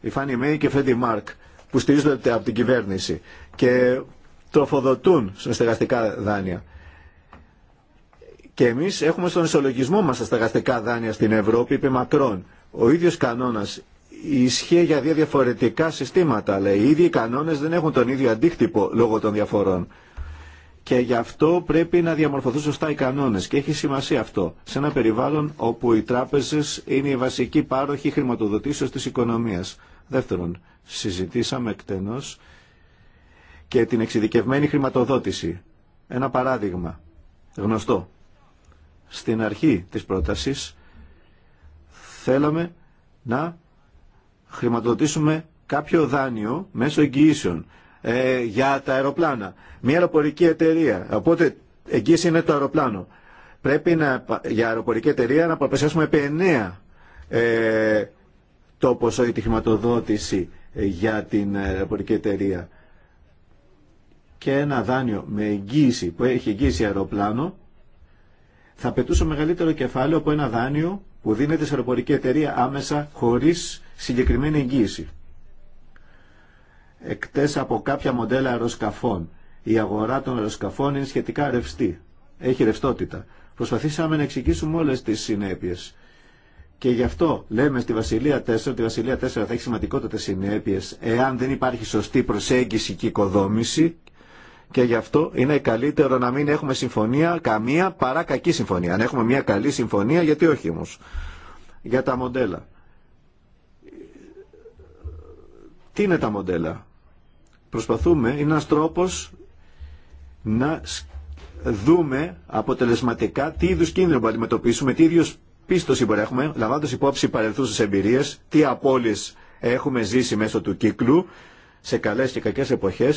Η Φάνι Μέι και Φρέντι Μάρκ που στηρίζονται από την κυβέρνηση και τροφοδοτούν στα στεγαστικά δάνεια. Και εμείς έχουμε στον ισολογισμό μας τα στεγαστικά δάνεια στην Ευρώπη είπε μακρόν. Ο ίδιος κανόνας ισχύει για δύο διαφορετικά συστήματα, αλλά οι ίδιοι κανόνες δεν έχουν τον ίδιο αντίκτυπο λόγω των διαφορών. Και γι' αυτό πρέπει να διαμορφωθούν σωστά οι κανόνες και έχει σημασία αυτό σε ένα περιβάλλον όπου οι τράπεζε είναι η βασική πάροχη χρηματοδοτήσεω της οικονομίας. Δεύτερον, συζητήσαμε εκτενώς και την εξειδικευμένη χρηματοδότηση. Ένα παράδειγμα γνωστό. Στην αρχή της πρόταση θέλαμε να χρηματοδοτήσουμε κάποιο δάνειο μέσω εγγυήσεων ε, για τα αεροπλάνα. Μια αεροπορική εταιρεία. Οπότε εγγύηση είναι το αεροπλάνο. Πρέπει να, για αεροπορική εταιρεία να παραπλησιάσουμε επί εννέα ε, το ποσό ή τη χρηματοδότηση ε, για την αεροπορική εταιρεία. Και ένα δάνειο με εγγύηση που έχει εγγύηση αεροπλάνο θα πετούσε μεγαλύτερο κεφάλαιο από ένα δάνειο που δίνεται σε αεροπορική εταιρεία άμεσα χωρίς συγκεκριμένη εγγύηση εκτές από κάποια μοντέλα αεροσκαφών. Η αγορά των αεροσκαφών είναι σχετικά ρευστή. Έχει ρευστότητα. Προσπαθήσαμε να εξηγήσουμε όλε τι συνέπειε. Και γι' αυτό λέμε στη Βασιλεία 4 ότι η Βασιλεία 4 θα έχει σημαντικότατε συνέπειε εάν δεν υπάρχει σωστή προσέγγιση και οικοδόμηση. Και γι' αυτό είναι καλύτερο να μην έχουμε συμφωνία καμία παρά κακή συμφωνία. Αν έχουμε μια καλή συμφωνία, γιατί όχι όμω. Για τα μοντέλα. Τι είναι τα μοντέλα προσπαθούμε, είναι ένας τρόπος να δούμε αποτελεσματικά τι είδου κίνδυνο μπορούμε να αντιμετωπίσουμε, τι ίδιο πίστοση μπορεί να έχουμε, λαμβάνοντα υπόψη παρελθούσε εμπειρίε, τι απώλειε έχουμε ζήσει μέσω του κύκλου σε καλέ και κακέ εποχέ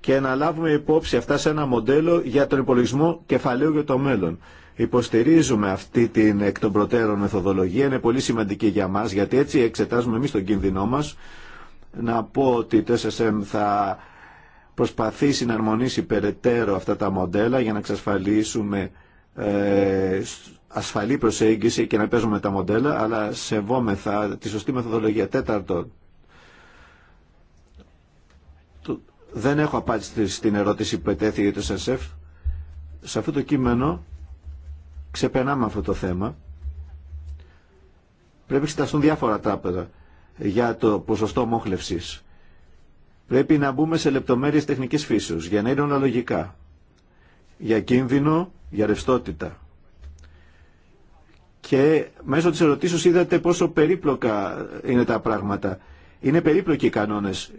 και να λάβουμε υπόψη αυτά σε ένα μοντέλο για τον υπολογισμό κεφαλαίου για το μέλλον. Υποστηρίζουμε αυτή την εκ των προτέρων μεθοδολογία, είναι πολύ σημαντική για μα γιατί έτσι εξετάζουμε εμεί τον κίνδυνό μα να πω ότι το SSM θα προσπαθήσει να αρμονίσει περαιτέρω αυτά τα μοντέλα για να εξασφαλίσουμε ε, ασφαλή προσέγγιση και να παίζουμε τα μοντέλα, αλλά σεβόμεθα τη σωστή μεθοδολογία. Τέταρτον, δεν έχω απάντηση στην ερώτηση που ετέθη για το SSF. Σε αυτό το κείμενο ξεπερνάμε αυτό το θέμα. Πρέπει να εξεταστούν διάφορα τράπεζα για το ποσοστό μόχλευσης. Πρέπει να μπούμε σε λεπτομέρειες τεχνικής φύσεως για να είναι λογικά. Για κίνδυνο, για ρευστότητα. Και μέσω της ερωτήσεως είδατε πόσο περίπλοκα είναι τα πράγματα. Είναι περίπλοκοι οι κανόνες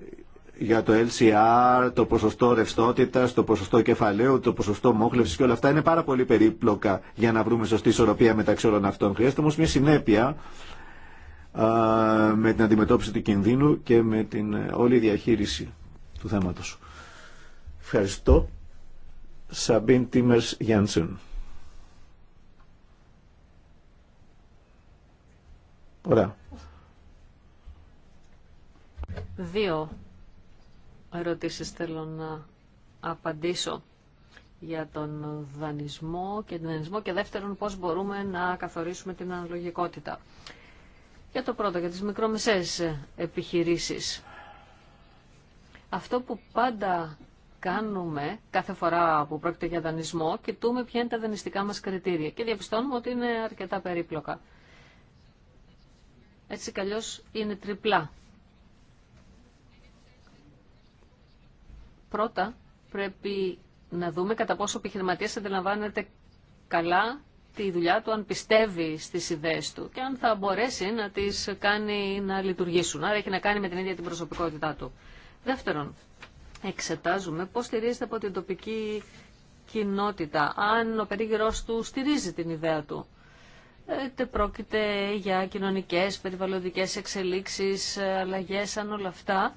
για το LCR, το ποσοστό ρευστότητα, το ποσοστό κεφαλαίου, το ποσοστό μόχλευση και όλα αυτά είναι πάρα πολύ περίπλοκα για να βρούμε σωστή ισορροπία μεταξύ όλων αυτών. Χρειάζεται όμω μια συνέπεια με την αντιμετώπιση του κινδύνου και με την ε, όλη διαχείριση του θέματος. Ευχαριστώ. Σαμπίν Τίμερς Γιάνσεν. Ωραία. Δύο ερωτήσεις θέλω να απαντήσω για τον δανεισμό και τον δανεισμό και δεύτερον πώς μπορούμε να καθορίσουμε την αναλογικότητα. Για το πρώτο, για τις μικρομεσαίες επιχειρήσεις. Αυτό που πάντα κάνουμε κάθε φορά που πρόκειται για δανεισμό, κοιτούμε ποια είναι τα δανειστικά μας κριτήρια και διαπιστώνουμε ότι είναι αρκετά περίπλοκα. Έτσι καλλιώς είναι τριπλά. Πρώτα πρέπει να δούμε κατά πόσο επιχειρηματία αντιλαμβάνεται καλά τη δουλειά του, αν πιστεύει στις ιδέες του και αν θα μπορέσει να τις κάνει να λειτουργήσουν. Άρα έχει να κάνει με την ίδια την προσωπικότητά του. Δεύτερον, εξετάζουμε πώς στηρίζεται από την τοπική κοινότητα, αν ο περίγυρός του στηρίζει την ιδέα του. Είτε πρόκειται για κοινωνικές, περιβαλλοντικές εξελίξεις, αλλαγές, αν όλα αυτά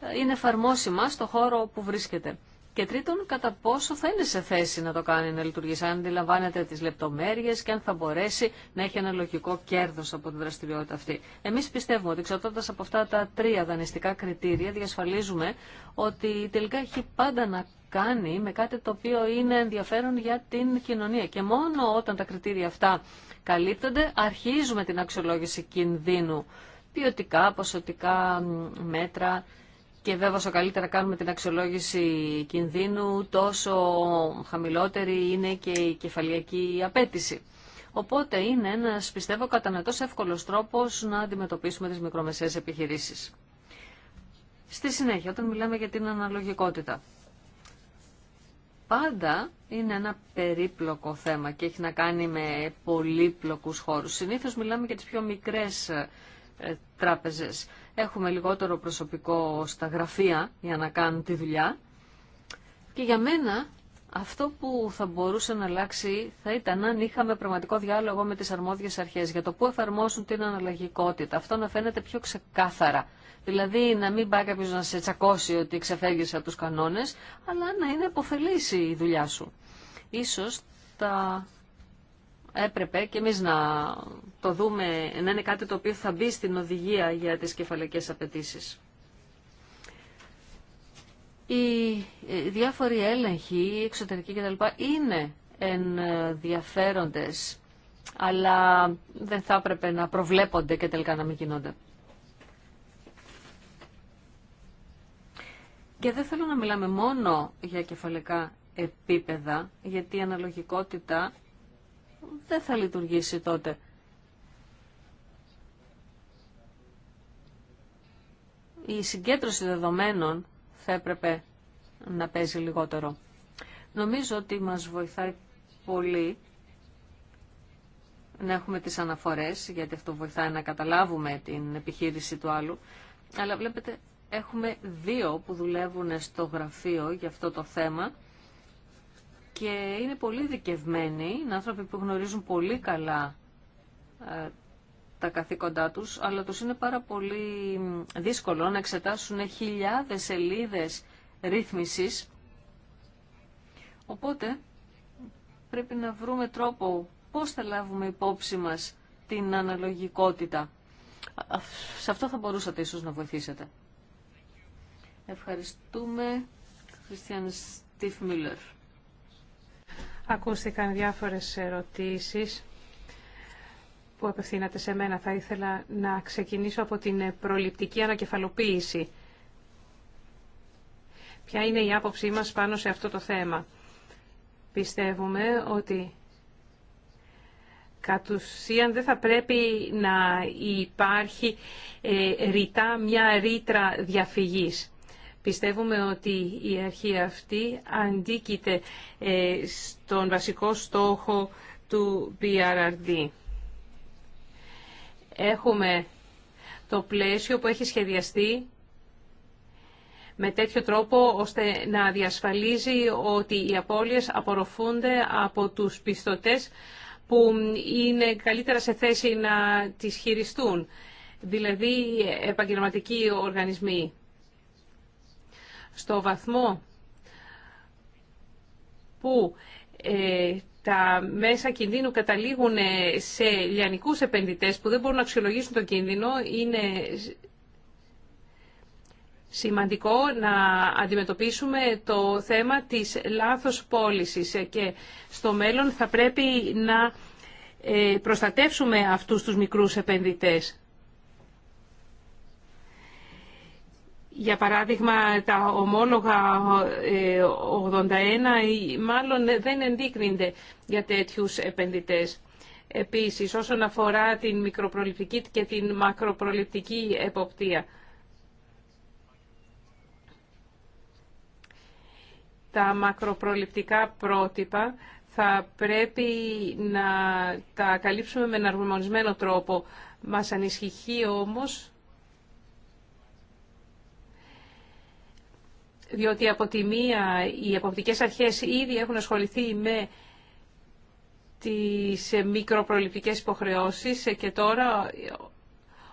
ε, είναι εφαρμόσιμα στο χώρο που βρίσκεται και τρίτον κατά πόσο θα είναι σε θέση να το κάνει να λειτουργήσει, αν αντιλαμβάνεται τι λεπτομέρειε και αν θα μπορέσει να έχει ένα λογικό κέρδο από τη δραστηριότητα αυτή. Εμεί πιστεύουμε ότι εξαρτώντα από αυτά τα τρία δανειστικά κριτήρια διασφαλίζουμε ότι τελικά έχει πάντα να κάνει με κάτι το οποίο είναι ενδιαφέρον για την κοινωνία. Και μόνο όταν τα κριτήρια αυτά καλύπτονται αρχίζουμε την αξιολόγηση κινδύνου ποιοτικά, ποσοτικά μέτρα και βέβαια όσο καλύτερα κάνουμε την αξιολόγηση κινδύνου, τόσο χαμηλότερη είναι και η κεφαλιακή απέτηση. Οπότε είναι ένας, πιστεύω, κατανατός εύκολος τρόπος να αντιμετωπίσουμε τις μικρομεσαίες επιχειρήσεις. Στη συνέχεια, όταν μιλάμε για την αναλογικότητα. Πάντα είναι ένα περίπλοκο θέμα και έχει να κάνει με πολύπλοκους χώρου. Συνήθως μιλάμε για τις πιο μικρές ε, τράπεζες έχουμε λιγότερο προσωπικό στα γραφεία για να κάνουν τη δουλειά. Και για μένα αυτό που θα μπορούσε να αλλάξει θα ήταν αν είχαμε πραγματικό διάλογο με τις αρμόδιες αρχές για το πού εφαρμόσουν την αναλλαγικότητα. Αυτό να φαίνεται πιο ξεκάθαρα. Δηλαδή να μην πάει κάποιο να σε τσακώσει ότι ξεφέγγισε από τους κανόνες, αλλά να είναι αποφελής η δουλειά σου. Ίσως τα έπρεπε και εμείς να το δούμε, να είναι κάτι το οποίο θα μπει στην οδηγία για τις κεφαλαϊκές απαιτήσει. Οι ε, διάφοροι έλεγχοι, εξωτερικοί κτλ. είναι ενδιαφέροντες, αλλά δεν θα έπρεπε να προβλέπονται και τελικά να μην γίνονται. Και δεν θέλω να μιλάμε μόνο για κεφαλικά επίπεδα, γιατί η αναλογικότητα δεν θα λειτουργήσει τότε. Η συγκέντρωση δεδομένων θα έπρεπε να παίζει λιγότερο. Νομίζω ότι μας βοηθάει πολύ να έχουμε τις αναφορές, γιατί αυτό βοηθάει να καταλάβουμε την επιχείρηση του άλλου. Αλλά βλέπετε, έχουμε δύο που δουλεύουν στο γραφείο για αυτό το θέμα και είναι πολύ δικευμένοι, είναι άνθρωποι που γνωρίζουν πολύ καλά ε, τα καθήκοντά τους, αλλά τους είναι πάρα πολύ δύσκολο να εξετάσουν χιλιάδες σελίδες ρύθμισης. Οπότε πρέπει να βρούμε τρόπο πώς θα λάβουμε υπόψη μας την αναλογικότητα. Σε αυτό θα μπορούσατε ίσως να βοηθήσετε. Ευχαριστούμε. Χριστιαν Στιφ Ακούστηκαν διάφορες ερωτήσεις που απευθύνατε σε μένα. Θα ήθελα να ξεκινήσω από την προληπτική ανακεφαλοποίηση. Ποια είναι η άποψή μας πάνω σε αυτό το θέμα. Πιστεύουμε ότι κατ' ουσίαν δεν θα πρέπει να υπάρχει ε, ρητά μια ρήτρα διαφυγής. Πιστεύουμε ότι η αρχή αυτή αντίκειται ε, στον βασικό στόχο του BRRD. Έχουμε το πλαίσιο που έχει σχεδιαστεί με τέτοιο τρόπο ώστε να διασφαλίζει ότι οι απώλειες απορροφούνται από τους πιστωτές που είναι καλύτερα σε θέση να τις χειριστούν, δηλαδή επαγγελματικοί οργανισμοί στο βαθμό που ε, τα μέσα κινδύνου καταλήγουν ε, σε λιανικούς επενδυτές που δεν μπορούν να αξιολογήσουν τον κίνδυνο, είναι σημαντικό να αντιμετωπίσουμε το θέμα της λάθος πώλησης και στο μέλλον θα πρέπει να ε, προστατεύσουμε αυτούς τους μικρούς επενδυτές. Για παράδειγμα, τα ομόλογα 81 ε, μάλλον δεν ενδείκνυνται για τέτοιους επενδυτές. Επίσης, όσον αφορά την μικροπροληπτική και την μακροπροληπτική εποπτεία, τα μακροπροληπτικά πρότυπα θα πρέπει να τα καλύψουμε με αρμονισμένο τρόπο. Μας ανησυχεί όμως διότι από τη μία οι εποπτικές αρχές ήδη έχουν ασχοληθεί με τις μικροπροληπτικές υποχρεώσεις και τώρα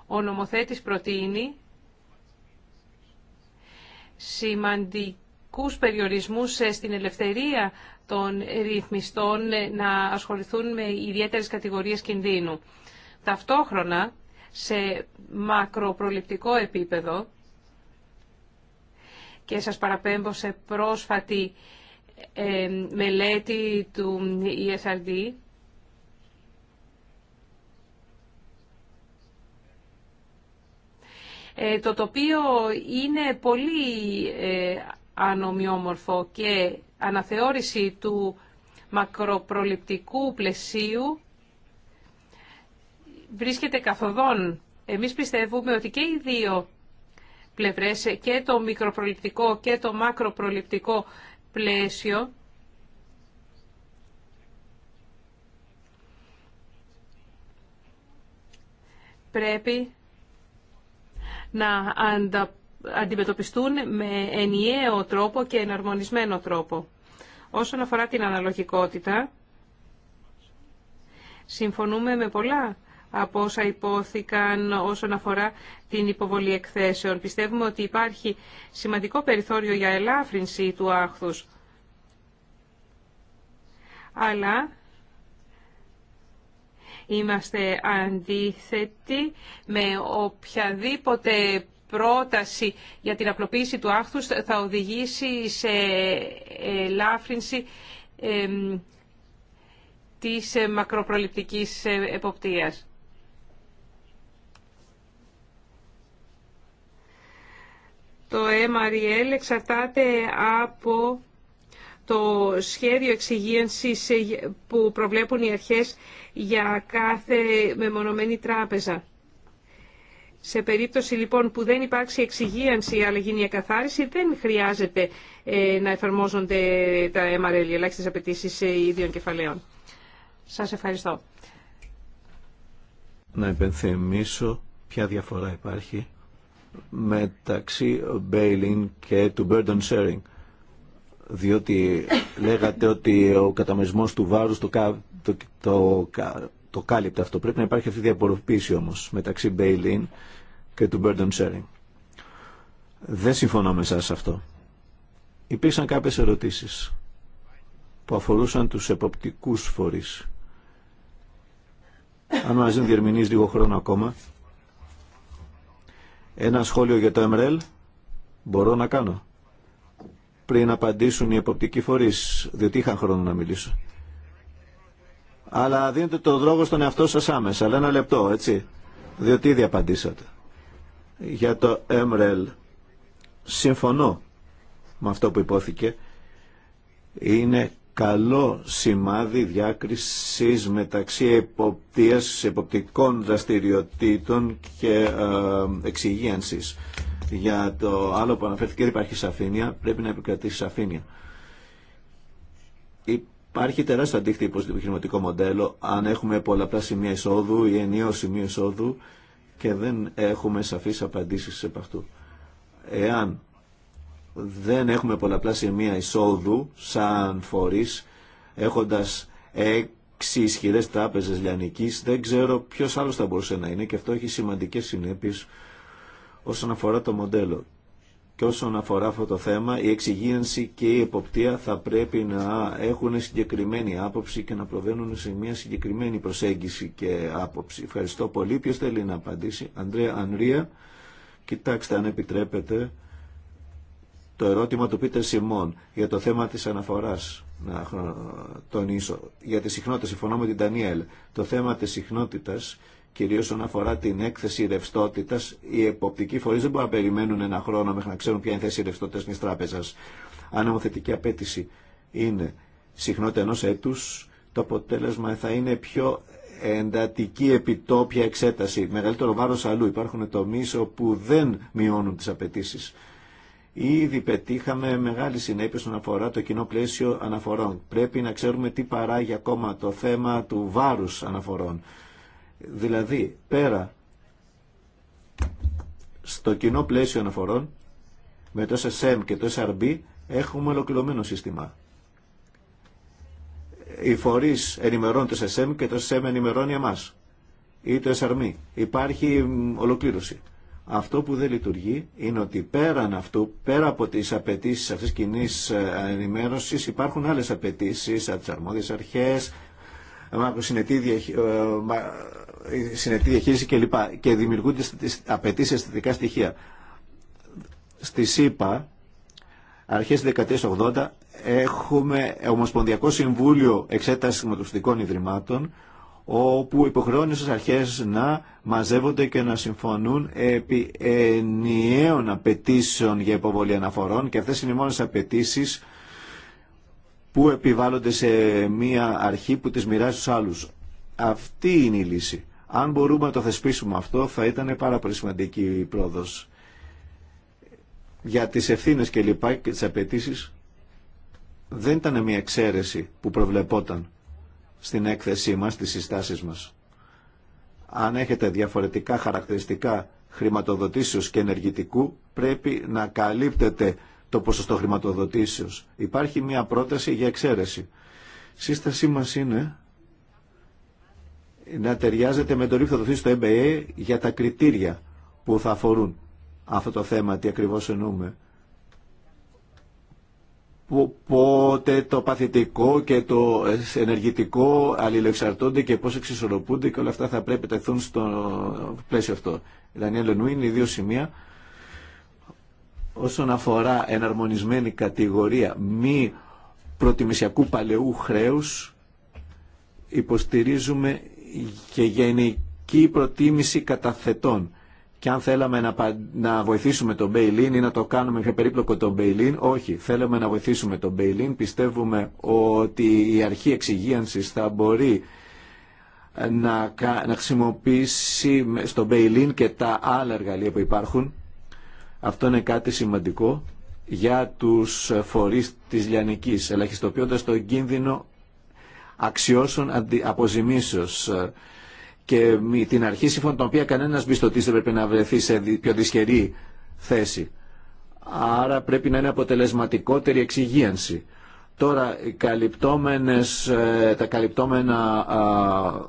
ο νομοθέτης προτείνει σημαντικούς περιορισμούς στην ελευθερία των ρυθμιστών να ασχοληθούν με ιδιαίτερες κατηγορίες κινδύνου. Ταυτόχρονα, σε μακροπροληπτικό επίπεδο, και σας παραπέμπω σε πρόσφατη ε, μελέτη του ESRD. Ε, το τοπίο είναι πολύ ε, ανομοιόμορφο και αναθεώρηση του μακροπροληπτικού πλαισίου βρίσκεται καθοδόν. Εμείς πιστεύουμε ότι και οι δύο πλευρές και το μικροπροληπτικό και το μακροπροληπτικό πλαίσιο πρέπει να αντιμετωπιστούν με ενιαίο τρόπο και εναρμονισμένο τρόπο. Όσον αφορά την αναλογικότητα, συμφωνούμε με πολλά από όσα υπόθηκαν όσον αφορά την υποβολή εκθέσεων. Πιστεύουμε ότι υπάρχει σημαντικό περιθώριο για ελάφρυνση του άχθους. Αλλά είμαστε αντίθετοι με οποιαδήποτε πρόταση για την απλοποίηση του άχθους θα οδηγήσει σε ελάφρυνση της μακροπροληπτικής εποπτείας. Το MRL e εξαρτάται από το σχέδιο εξυγίανσης που προβλέπουν οι αρχές για κάθε μεμονωμένη τράπεζα. Σε περίπτωση λοιπόν που δεν υπάρξει εξυγίανση αλλά γίνει η δεν χρειάζεται ε, να εφαρμόζονται τα MRL, e οι ελάχιστε απαιτήσει ε, ίδιων κεφαλαίων. Σα ευχαριστώ. Να υπενθυμίσω ποια διαφορά υπάρχει μεταξύ bail-in και του burden sharing διότι λέγατε ότι ο καταμεσμός του βάρους το, το, το, το κάλυπτε αυτό. Πρέπει να υπάρχει αυτή η διαποροποίηση όμως μεταξύ bail-in και του burden sharing. Δεν συμφωνώ με σας αυτό. Υπήρξαν κάποιες ερωτήσεις που αφορούσαν τους εποπτικούς φορείς. Αν μας δίνει διερμηνείς λίγο χρόνο ακόμα, ένα σχόλιο για το MRL μπορώ να κάνω πριν απαντήσουν οι εποπτικοί φορεί, διότι είχαν χρόνο να μιλήσω. Αλλά δίνετε το δρόμο στον εαυτό σα άμεσα, αλλά ένα λεπτό, έτσι, διότι ήδη απαντήσατε. Για το MREL, συμφωνώ με αυτό που υπόθηκε, είναι καλό σημάδι διάκρισης μεταξύ εποπτείας, εποπτικών δραστηριοτήτων και ε, εξυγίανσης. Για το άλλο που αναφέρθηκε δεν υπάρχει σαφήνεια, πρέπει να επικρατήσει σαφήνεια. Υπάρχει τεράστιο αντίκτυπο στο επιχειρηματικό μοντέλο αν έχουμε πολλαπλά σημεία εισόδου ή ενίο σημείο εισόδου και δεν έχουμε σαφείς απαντήσεις σε αυτού. Εάν δεν έχουμε πολλαπλά μια εισόδου σαν φορείς έχοντας έξι ισχυρέ τράπεζες λιανικής δεν ξέρω ποιος άλλος θα μπορούσε να είναι και αυτό έχει σημαντικές συνέπειες όσον αφορά το μοντέλο. Και όσον αφορά αυτό το θέμα, η εξυγίανση και η εποπτεία θα πρέπει να έχουν συγκεκριμένη άποψη και να προβαίνουν σε μια συγκεκριμένη προσέγγιση και άποψη. Ευχαριστώ πολύ. Ποιος θέλει να απαντήσει. Ανδρέα Ανρία, κοιτάξτε αν επιτρέπετε το ερώτημα του Πίτερ Σιμών για το θέμα της αναφοράς να τονίσω για τη συχνότητα, συμφωνώ με την Τανιέλ το θέμα της συχνότητας κυρίως όσον αφορά την έκθεση ρευστότητα, οι εποπτικοί φορείς δεν μπορούν να περιμένουν ένα χρόνο μέχρι να ξέρουν ποια είναι η θέση ρευστότητα της τράπεζας αν νομοθετική απέτηση είναι συχνότητα ενό έτους το αποτέλεσμα θα είναι πιο εντατική επιτόπια εξέταση μεγαλύτερο βάρος αλλού υπάρχουν τομείς όπου δεν μειώνουν τις απαιτήσει Ήδη πετύχαμε μεγάλη συνέπεια στον αφορά το κοινό πλαίσιο αναφορών. Πρέπει να ξέρουμε τι παράγει ακόμα το θέμα του βάρους αναφορών. Δηλαδή, πέρα στο κοινό πλαίσιο αναφορών, με το SSM και το SRB, έχουμε ολοκληρωμένο σύστημα. Οι φορεί ενημερώνουν το SSM και το SSM ενημερώνει εμά ή το SRM. Υπάρχει ολοκλήρωση. Αυτό που δεν λειτουργεί είναι ότι πέραν αυτού, πέρα από τις απαιτήσει αυτής κοινή ε, ενημέρωση, υπάρχουν άλλες απαιτήσει από τι αρμόδιες αρχές, ε, ε, συνετή, διαχείριση κλπ. Και δημιουργούνται απαιτήσει αισθητικά στοιχεία. Στη ΣΥΠΑ, αρχές δεκαετίας 80, έχουμε Ομοσπονδιακό Συμβούλιο Εξέταση Χρηματοπιστικών Ιδρυμάτων, όπου υποχρεώνει στις αρχές να μαζεύονται και να συμφωνούν επί ενιαίων απαιτήσεων για υποβολή αναφορών και αυτές είναι οι μόνες απαιτήσει που επιβάλλονται σε μία αρχή που τις μοιράζει στους άλλους. Αυτή είναι η λύση. Αν μπορούμε να το θεσπίσουμε αυτό θα ήταν πάρα πολύ σημαντική η πρόοδος. Για τις ευθύνε και λοιπά και τις απαιτήσει δεν ήταν μια εξαίρεση που προβλεπόταν στην έκθεσή μας, στις συστάσεις μας. Αν έχετε διαφορετικά χαρακτηριστικά χρηματοδοτήσεως και ενεργητικού, πρέπει να καλύπτετε το ποσοστό χρηματοδοτήσεως. Υπάρχει μια πρόταση για εξαίρεση. Σύστασή μας είναι να ταιριάζεται με το ρήφθο δοθεί στο MBA για τα κριτήρια που θα αφορούν αυτό το θέμα, τι ακριβώς εννοούμε πότε το παθητικό και το ενεργητικό αλληλεξαρτώνται και πώς εξισορροπούνται και όλα αυτά θα πρέπει να τεθούν στο πλαίσιο αυτό. Δανία Νου είναι οι δύο σημεία όσον αφορά εναρμονισμένη κατηγορία μη προτιμησιακού παλαιού χρέους υποστηρίζουμε και γενική προτίμηση καταθετών και αν θέλαμε να, να βοηθήσουμε τον Μπέιλιν ή να το κάνουμε πιο περίπλοκο τον Μπέιλιν, όχι, θέλουμε να βοηθήσουμε τον Μπέιλιν. Πιστεύουμε ότι η αρχή εξυγίανσης θα μπορεί ε, να, να χρησιμοποιήσει στον Μπέιλιν και τα άλλα εργαλεία που υπάρχουν. Αυτό είναι κάτι σημαντικό για τους φορείς της λιανικής, ελαχιστοποιώντας τον κίνδυνο αξιώσεων αποζημίσεως και την αρχή σύμφωνα την οποία κανένας μισθωτής δεν πρέπει να βρεθεί σε πιο δυσχερή θέση. Άρα πρέπει να είναι αποτελεσματικότερη εξυγίανση. Τώρα, ε, τα καλυπτόμενα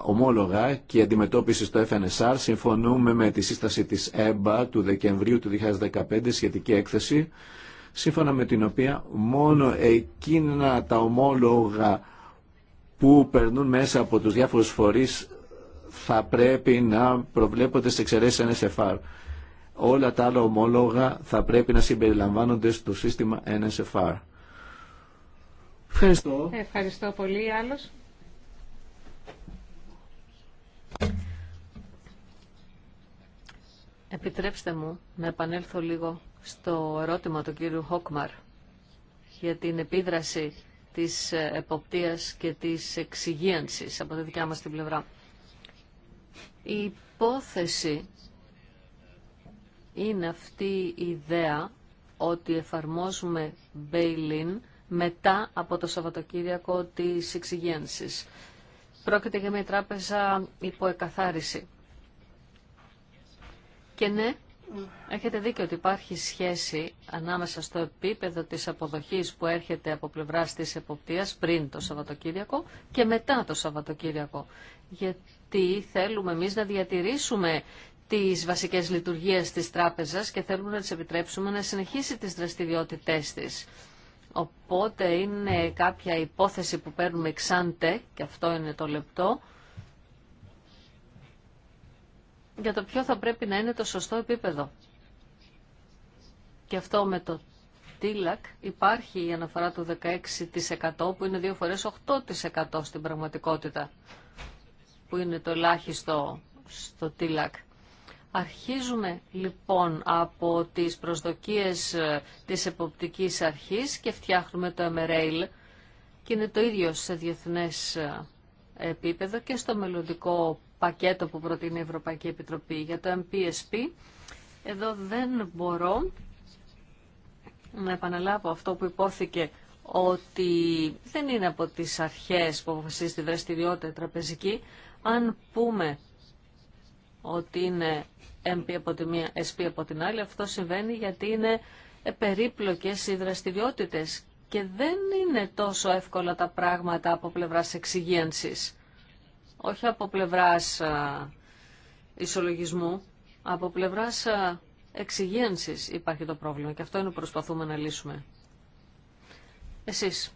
ομόλογα και αντιμετώπιση στο FNSR συμφωνούμε με τη σύσταση της ΕΜΠΑ του Δεκεμβρίου του 2015 σχετική έκθεση σύμφωνα με την οποία μόνο εκείνα τα ομόλογα που περνούν μέσα από τους διάφορους φορείς θα πρέπει να προβλέπονται σε εξαιρέσεις NSFR. Όλα τα άλλα ομόλογα θα πρέπει να συμπεριλαμβάνονται στο σύστημα NSFR. Ευχαριστώ. Ευχαριστώ πολύ. Άλλος. Επιτρέψτε μου να επανέλθω λίγο στο ερώτημα του κύριου Χόκμαρ για την επίδραση της εποπτείας και της εξυγίανσης από τη δικιά μας την πλευρά. Η υπόθεση είναι αυτή η ιδέα ότι εφαρμόζουμε μετά από το Σαββατοκύριακο της εξυγένσης. Πρόκειται για μια τράπεζα υποεκαθάριση. Και ναι, έχετε δίκιο ότι υπάρχει σχέση ανάμεσα στο επίπεδο της αποδοχής που έρχεται από πλευράς της εποπτείας πριν το Σαββατοκύριακο και μετά το Σαββατοκύριακο. Γιατί τι θέλουμε εμείς να διατηρήσουμε τις βασικές λειτουργίες της τράπεζας και θέλουμε να της επιτρέψουμε να συνεχίσει τις δραστηριότητές της. Οπότε είναι κάποια υπόθεση που παίρνουμε εξάντε, και αυτό είναι το λεπτό, για το ποιο θα πρέπει να είναι το σωστό επίπεδο. Και αυτό με το TILAC υπάρχει η αναφορά του 16% που είναι δύο φορές 8% στην πραγματικότητα που είναι το ελάχιστο στο ΤΙΛΑΚ. Αρχίζουμε λοιπόν από τις προσδοκίες ε, της εποπτικής αρχής και φτιάχνουμε το MRAIL και είναι το ίδιο σε διεθνές ε, επίπεδο και στο μελλοντικό πακέτο που προτείνει η Ευρωπαϊκή Επιτροπή για το MPSP. Εδώ δεν μπορώ να επαναλάβω αυτό που υπόθηκε ότι δεν είναι από τις αρχές που αποφασίζει τη δραστηριότητα τραπεζική, αν πούμε ότι είναι MP από τη μία, SP από την άλλη, αυτό συμβαίνει γιατί είναι περίπλοκες οι δραστηριότητες και δεν είναι τόσο εύκολα τα πράγματα από πλευράς εξυγίανσης. Όχι από πλευράς ισολογισμού, από πλευράς εξυγίανσης υπάρχει το πρόβλημα και αυτό είναι που προσπαθούμε να λύσουμε. Εσείς.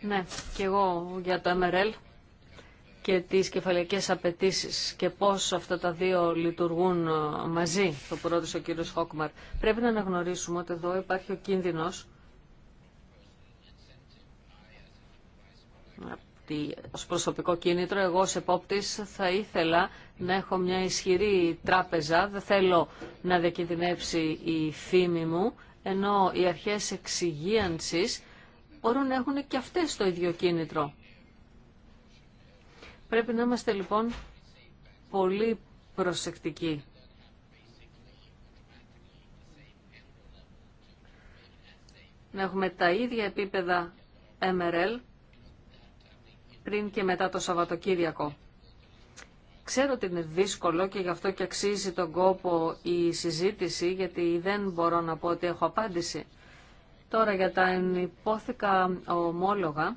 Ναι, και εγώ για το MRL και τις κεφαλαϊκές απαιτήσεις και πώς αυτά τα δύο λειτουργούν ε, μαζί, το πρώτο ο κύριος Χόκμαρ. Πρέπει να αναγνωρίσουμε ότι εδώ υπάρχει ο κίνδυνος ως προσωπικό κίνητρο, εγώ ως επόπτης θα ήθελα να έχω μια ισχυρή τράπεζα, δεν θέλω να διακινδυνεύσει η φήμη μου, ενώ οι αρχές εξυγίανσης μπορούν να έχουν και αυτές το ίδιο κίνητρο. Πρέπει να είμαστε λοιπόν πολύ προσεκτικοί. Να έχουμε τα ίδια επίπεδα MRL πριν και μετά το Σαββατοκύριακο. Ξέρω ότι είναι δύσκολο και γι' αυτό και αξίζει τον κόπο η συζήτηση, γιατί δεν μπορώ να πω ότι έχω απάντηση. Τώρα για τα ενυπόθηκα ομόλογα,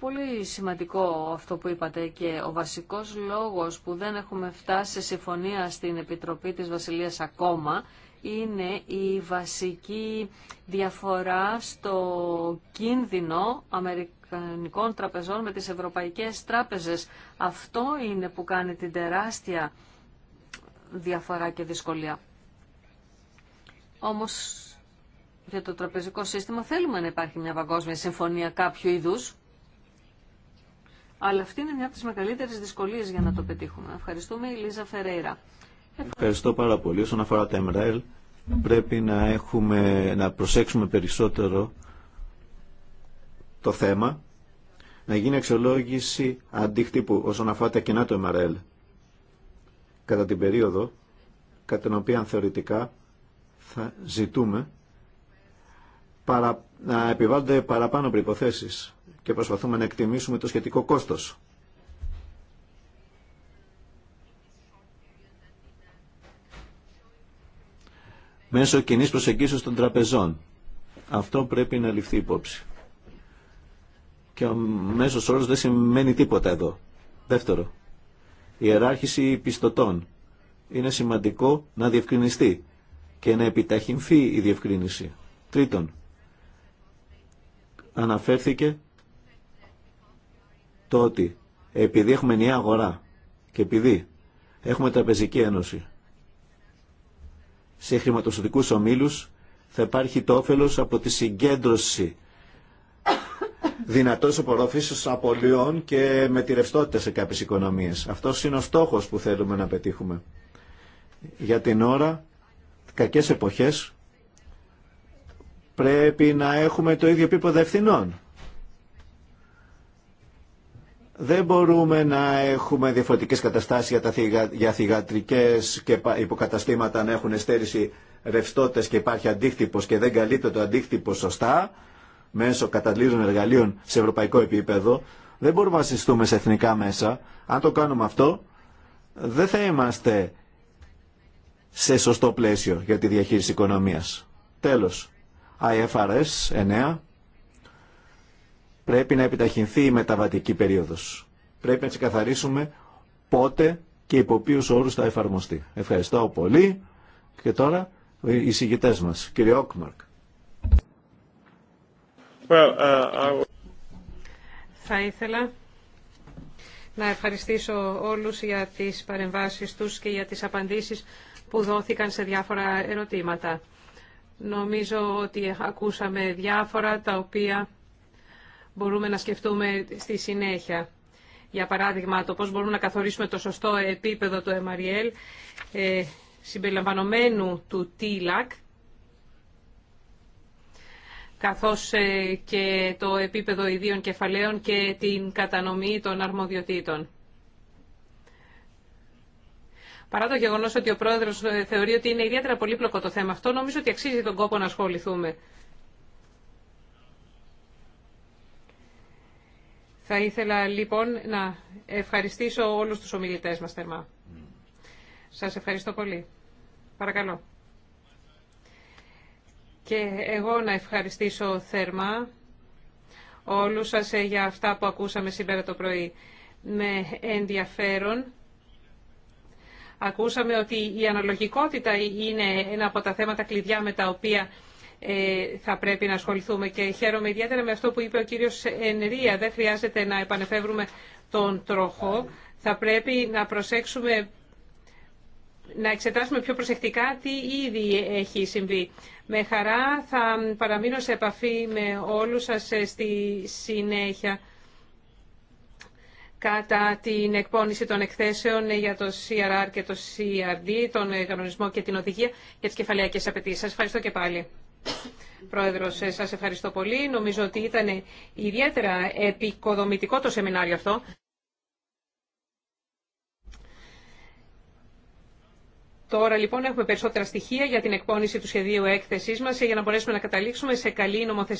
Πολύ σημαντικό αυτό που είπατε και ο βασικός λόγος που δεν έχουμε φτάσει σε συμφωνία στην Επιτροπή της Βασιλείας ακόμα είναι η βασική διαφορά στο κίνδυνο αμερικανικών τραπεζών με τις ευρωπαϊκές τράπεζες. Αυτό είναι που κάνει την τεράστια διαφορά και δυσκολία. Όμως για το τραπεζικό σύστημα θέλουμε να υπάρχει μια παγκόσμια συμφωνία κάποιου είδους αλλά αυτή είναι μια από τι μεγαλύτερε δυσκολίε για να το πετύχουμε. Ευχαριστούμε η Λίζα Φερέιρα. Ευχαριστώ πάρα πολύ. Όσον αφορά τα MRL, πρέπει να, έχουμε, να προσέξουμε περισσότερο το θέμα, να γίνει αξιολόγηση αντίκτυπου όσον αφορά τα κοινά του MRL κατά την περίοδο κατά την οποία θεωρητικά θα ζητούμε παρα, να επιβάλλονται παραπάνω προϋποθέσεις και προσπαθούμε να εκτιμήσουμε το σχετικό κόστος. Μέσω κοινή προσεγγίσεως των τραπεζών. Αυτό πρέπει να ληφθεί υπόψη. Και ο μέσος όρος δεν σημαίνει τίποτα εδώ. Δεύτερο, η ιεράρχηση πιστωτών. Είναι σημαντικό να διευκρινιστεί και να επιταχυνθεί η διευκρίνηση. Τρίτον, αναφέρθηκε το ότι επειδή έχουμε νέα αγορά και επειδή έχουμε τραπεζική ένωση σε χρηματοσωτικούς ομίλους θα υπάρχει το όφελος από τη συγκέντρωση δυνατός απορρόφησης απολειών και με τη ρευστότητα σε κάποιες οικονομίες. Αυτός είναι ο στόχος που θέλουμε να πετύχουμε. Για την ώρα, κακές εποχές, πρέπει να έχουμε το ίδιο επίπεδο ευθυνών δεν μπορούμε να έχουμε διαφορετικέ καταστάσεις για, τα και υποκαταστήματα να έχουν εστέρηση ρευστότητες και υπάρχει αντίκτυπος και δεν καλείται το αντίκτυπο σωστά μέσω καταλήλων εργαλείων σε ευρωπαϊκό επίπεδο. Δεν μπορούμε να συστούμε σε εθνικά μέσα. Αν το κάνουμε αυτό, δεν θα είμαστε σε σωστό πλαίσιο για τη διαχείριση οικονομίας. Τέλος, IFRS 9 πρέπει να επιταχυνθεί η μεταβατική περίοδος. Πρέπει να ξεκαθαρίσουμε πότε και υπό ποιους όρους θα εφαρμοστεί. Ευχαριστώ πολύ και τώρα οι συγγητές μας. Κύριε Όκμαρκ. Uh, θα ήθελα να ευχαριστήσω όλους για τις παρεμβάσεις τους και για τις απαντήσεις που δόθηκαν σε διάφορα ερωτήματα. Νομίζω ότι ακούσαμε διάφορα τα οποία μπορούμε να σκεφτούμε στη συνέχεια. Για παράδειγμα, το πώς μπορούμε να καθορίσουμε το σωστό επίπεδο του MRL ε, συμπεριλαμβανομένου του ΤΙΛΑΚ καθώς ε, και το επίπεδο ιδίων κεφαλαίων και την κατανομή των αρμοδιοτήτων. Παρά το γεγονός ότι ο πρόεδρος ε, θεωρεί ότι είναι ιδιαίτερα πολύπλοκο το θέμα αυτό, νομίζω ότι αξίζει τον κόπο να ασχοληθούμε. Θα ήθελα λοιπόν να ευχαριστήσω όλους τους ομιλητές μας θερμά. Σας ευχαριστώ πολύ. Παρακαλώ. Και εγώ να ευχαριστήσω θερμά όλους σας ε, για αυτά που ακούσαμε σήμερα το πρωί. Με ενδιαφέρον ακούσαμε ότι η αναλογικότητα είναι ένα από τα θέματα κλειδιά με τα οποία ε, θα πρέπει να ασχοληθούμε. Και χαίρομαι ιδιαίτερα με αυτό που είπε ο κύριος Ενρία. Δεν χρειάζεται να επανεφεύρουμε τον τροχό. Θα πρέπει να προσέξουμε να εξετάσουμε πιο προσεκτικά τι ήδη έχει συμβεί. Με χαρά θα παραμείνω σε επαφή με όλους σας ε, στη συνέχεια κατά την εκπόνηση των εκθέσεων ε, για το CRR και το CRD, τον κανονισμό και την οδηγία για τις κεφαλαιακές απαιτήσεις. Σας ευχαριστώ και πάλι. Πρόεδρος, ε, σας ευχαριστώ πολύ. Νομίζω ότι ήταν ιδιαίτερα επικοδομητικό το σεμινάριο αυτό. Τώρα λοιπόν έχουμε περισσότερα στοιχεία για την εκπόνηση του σχεδίου έκθεσής μας ε, για να μπορέσουμε να καταλήξουμε σε καλή νομοθεσία.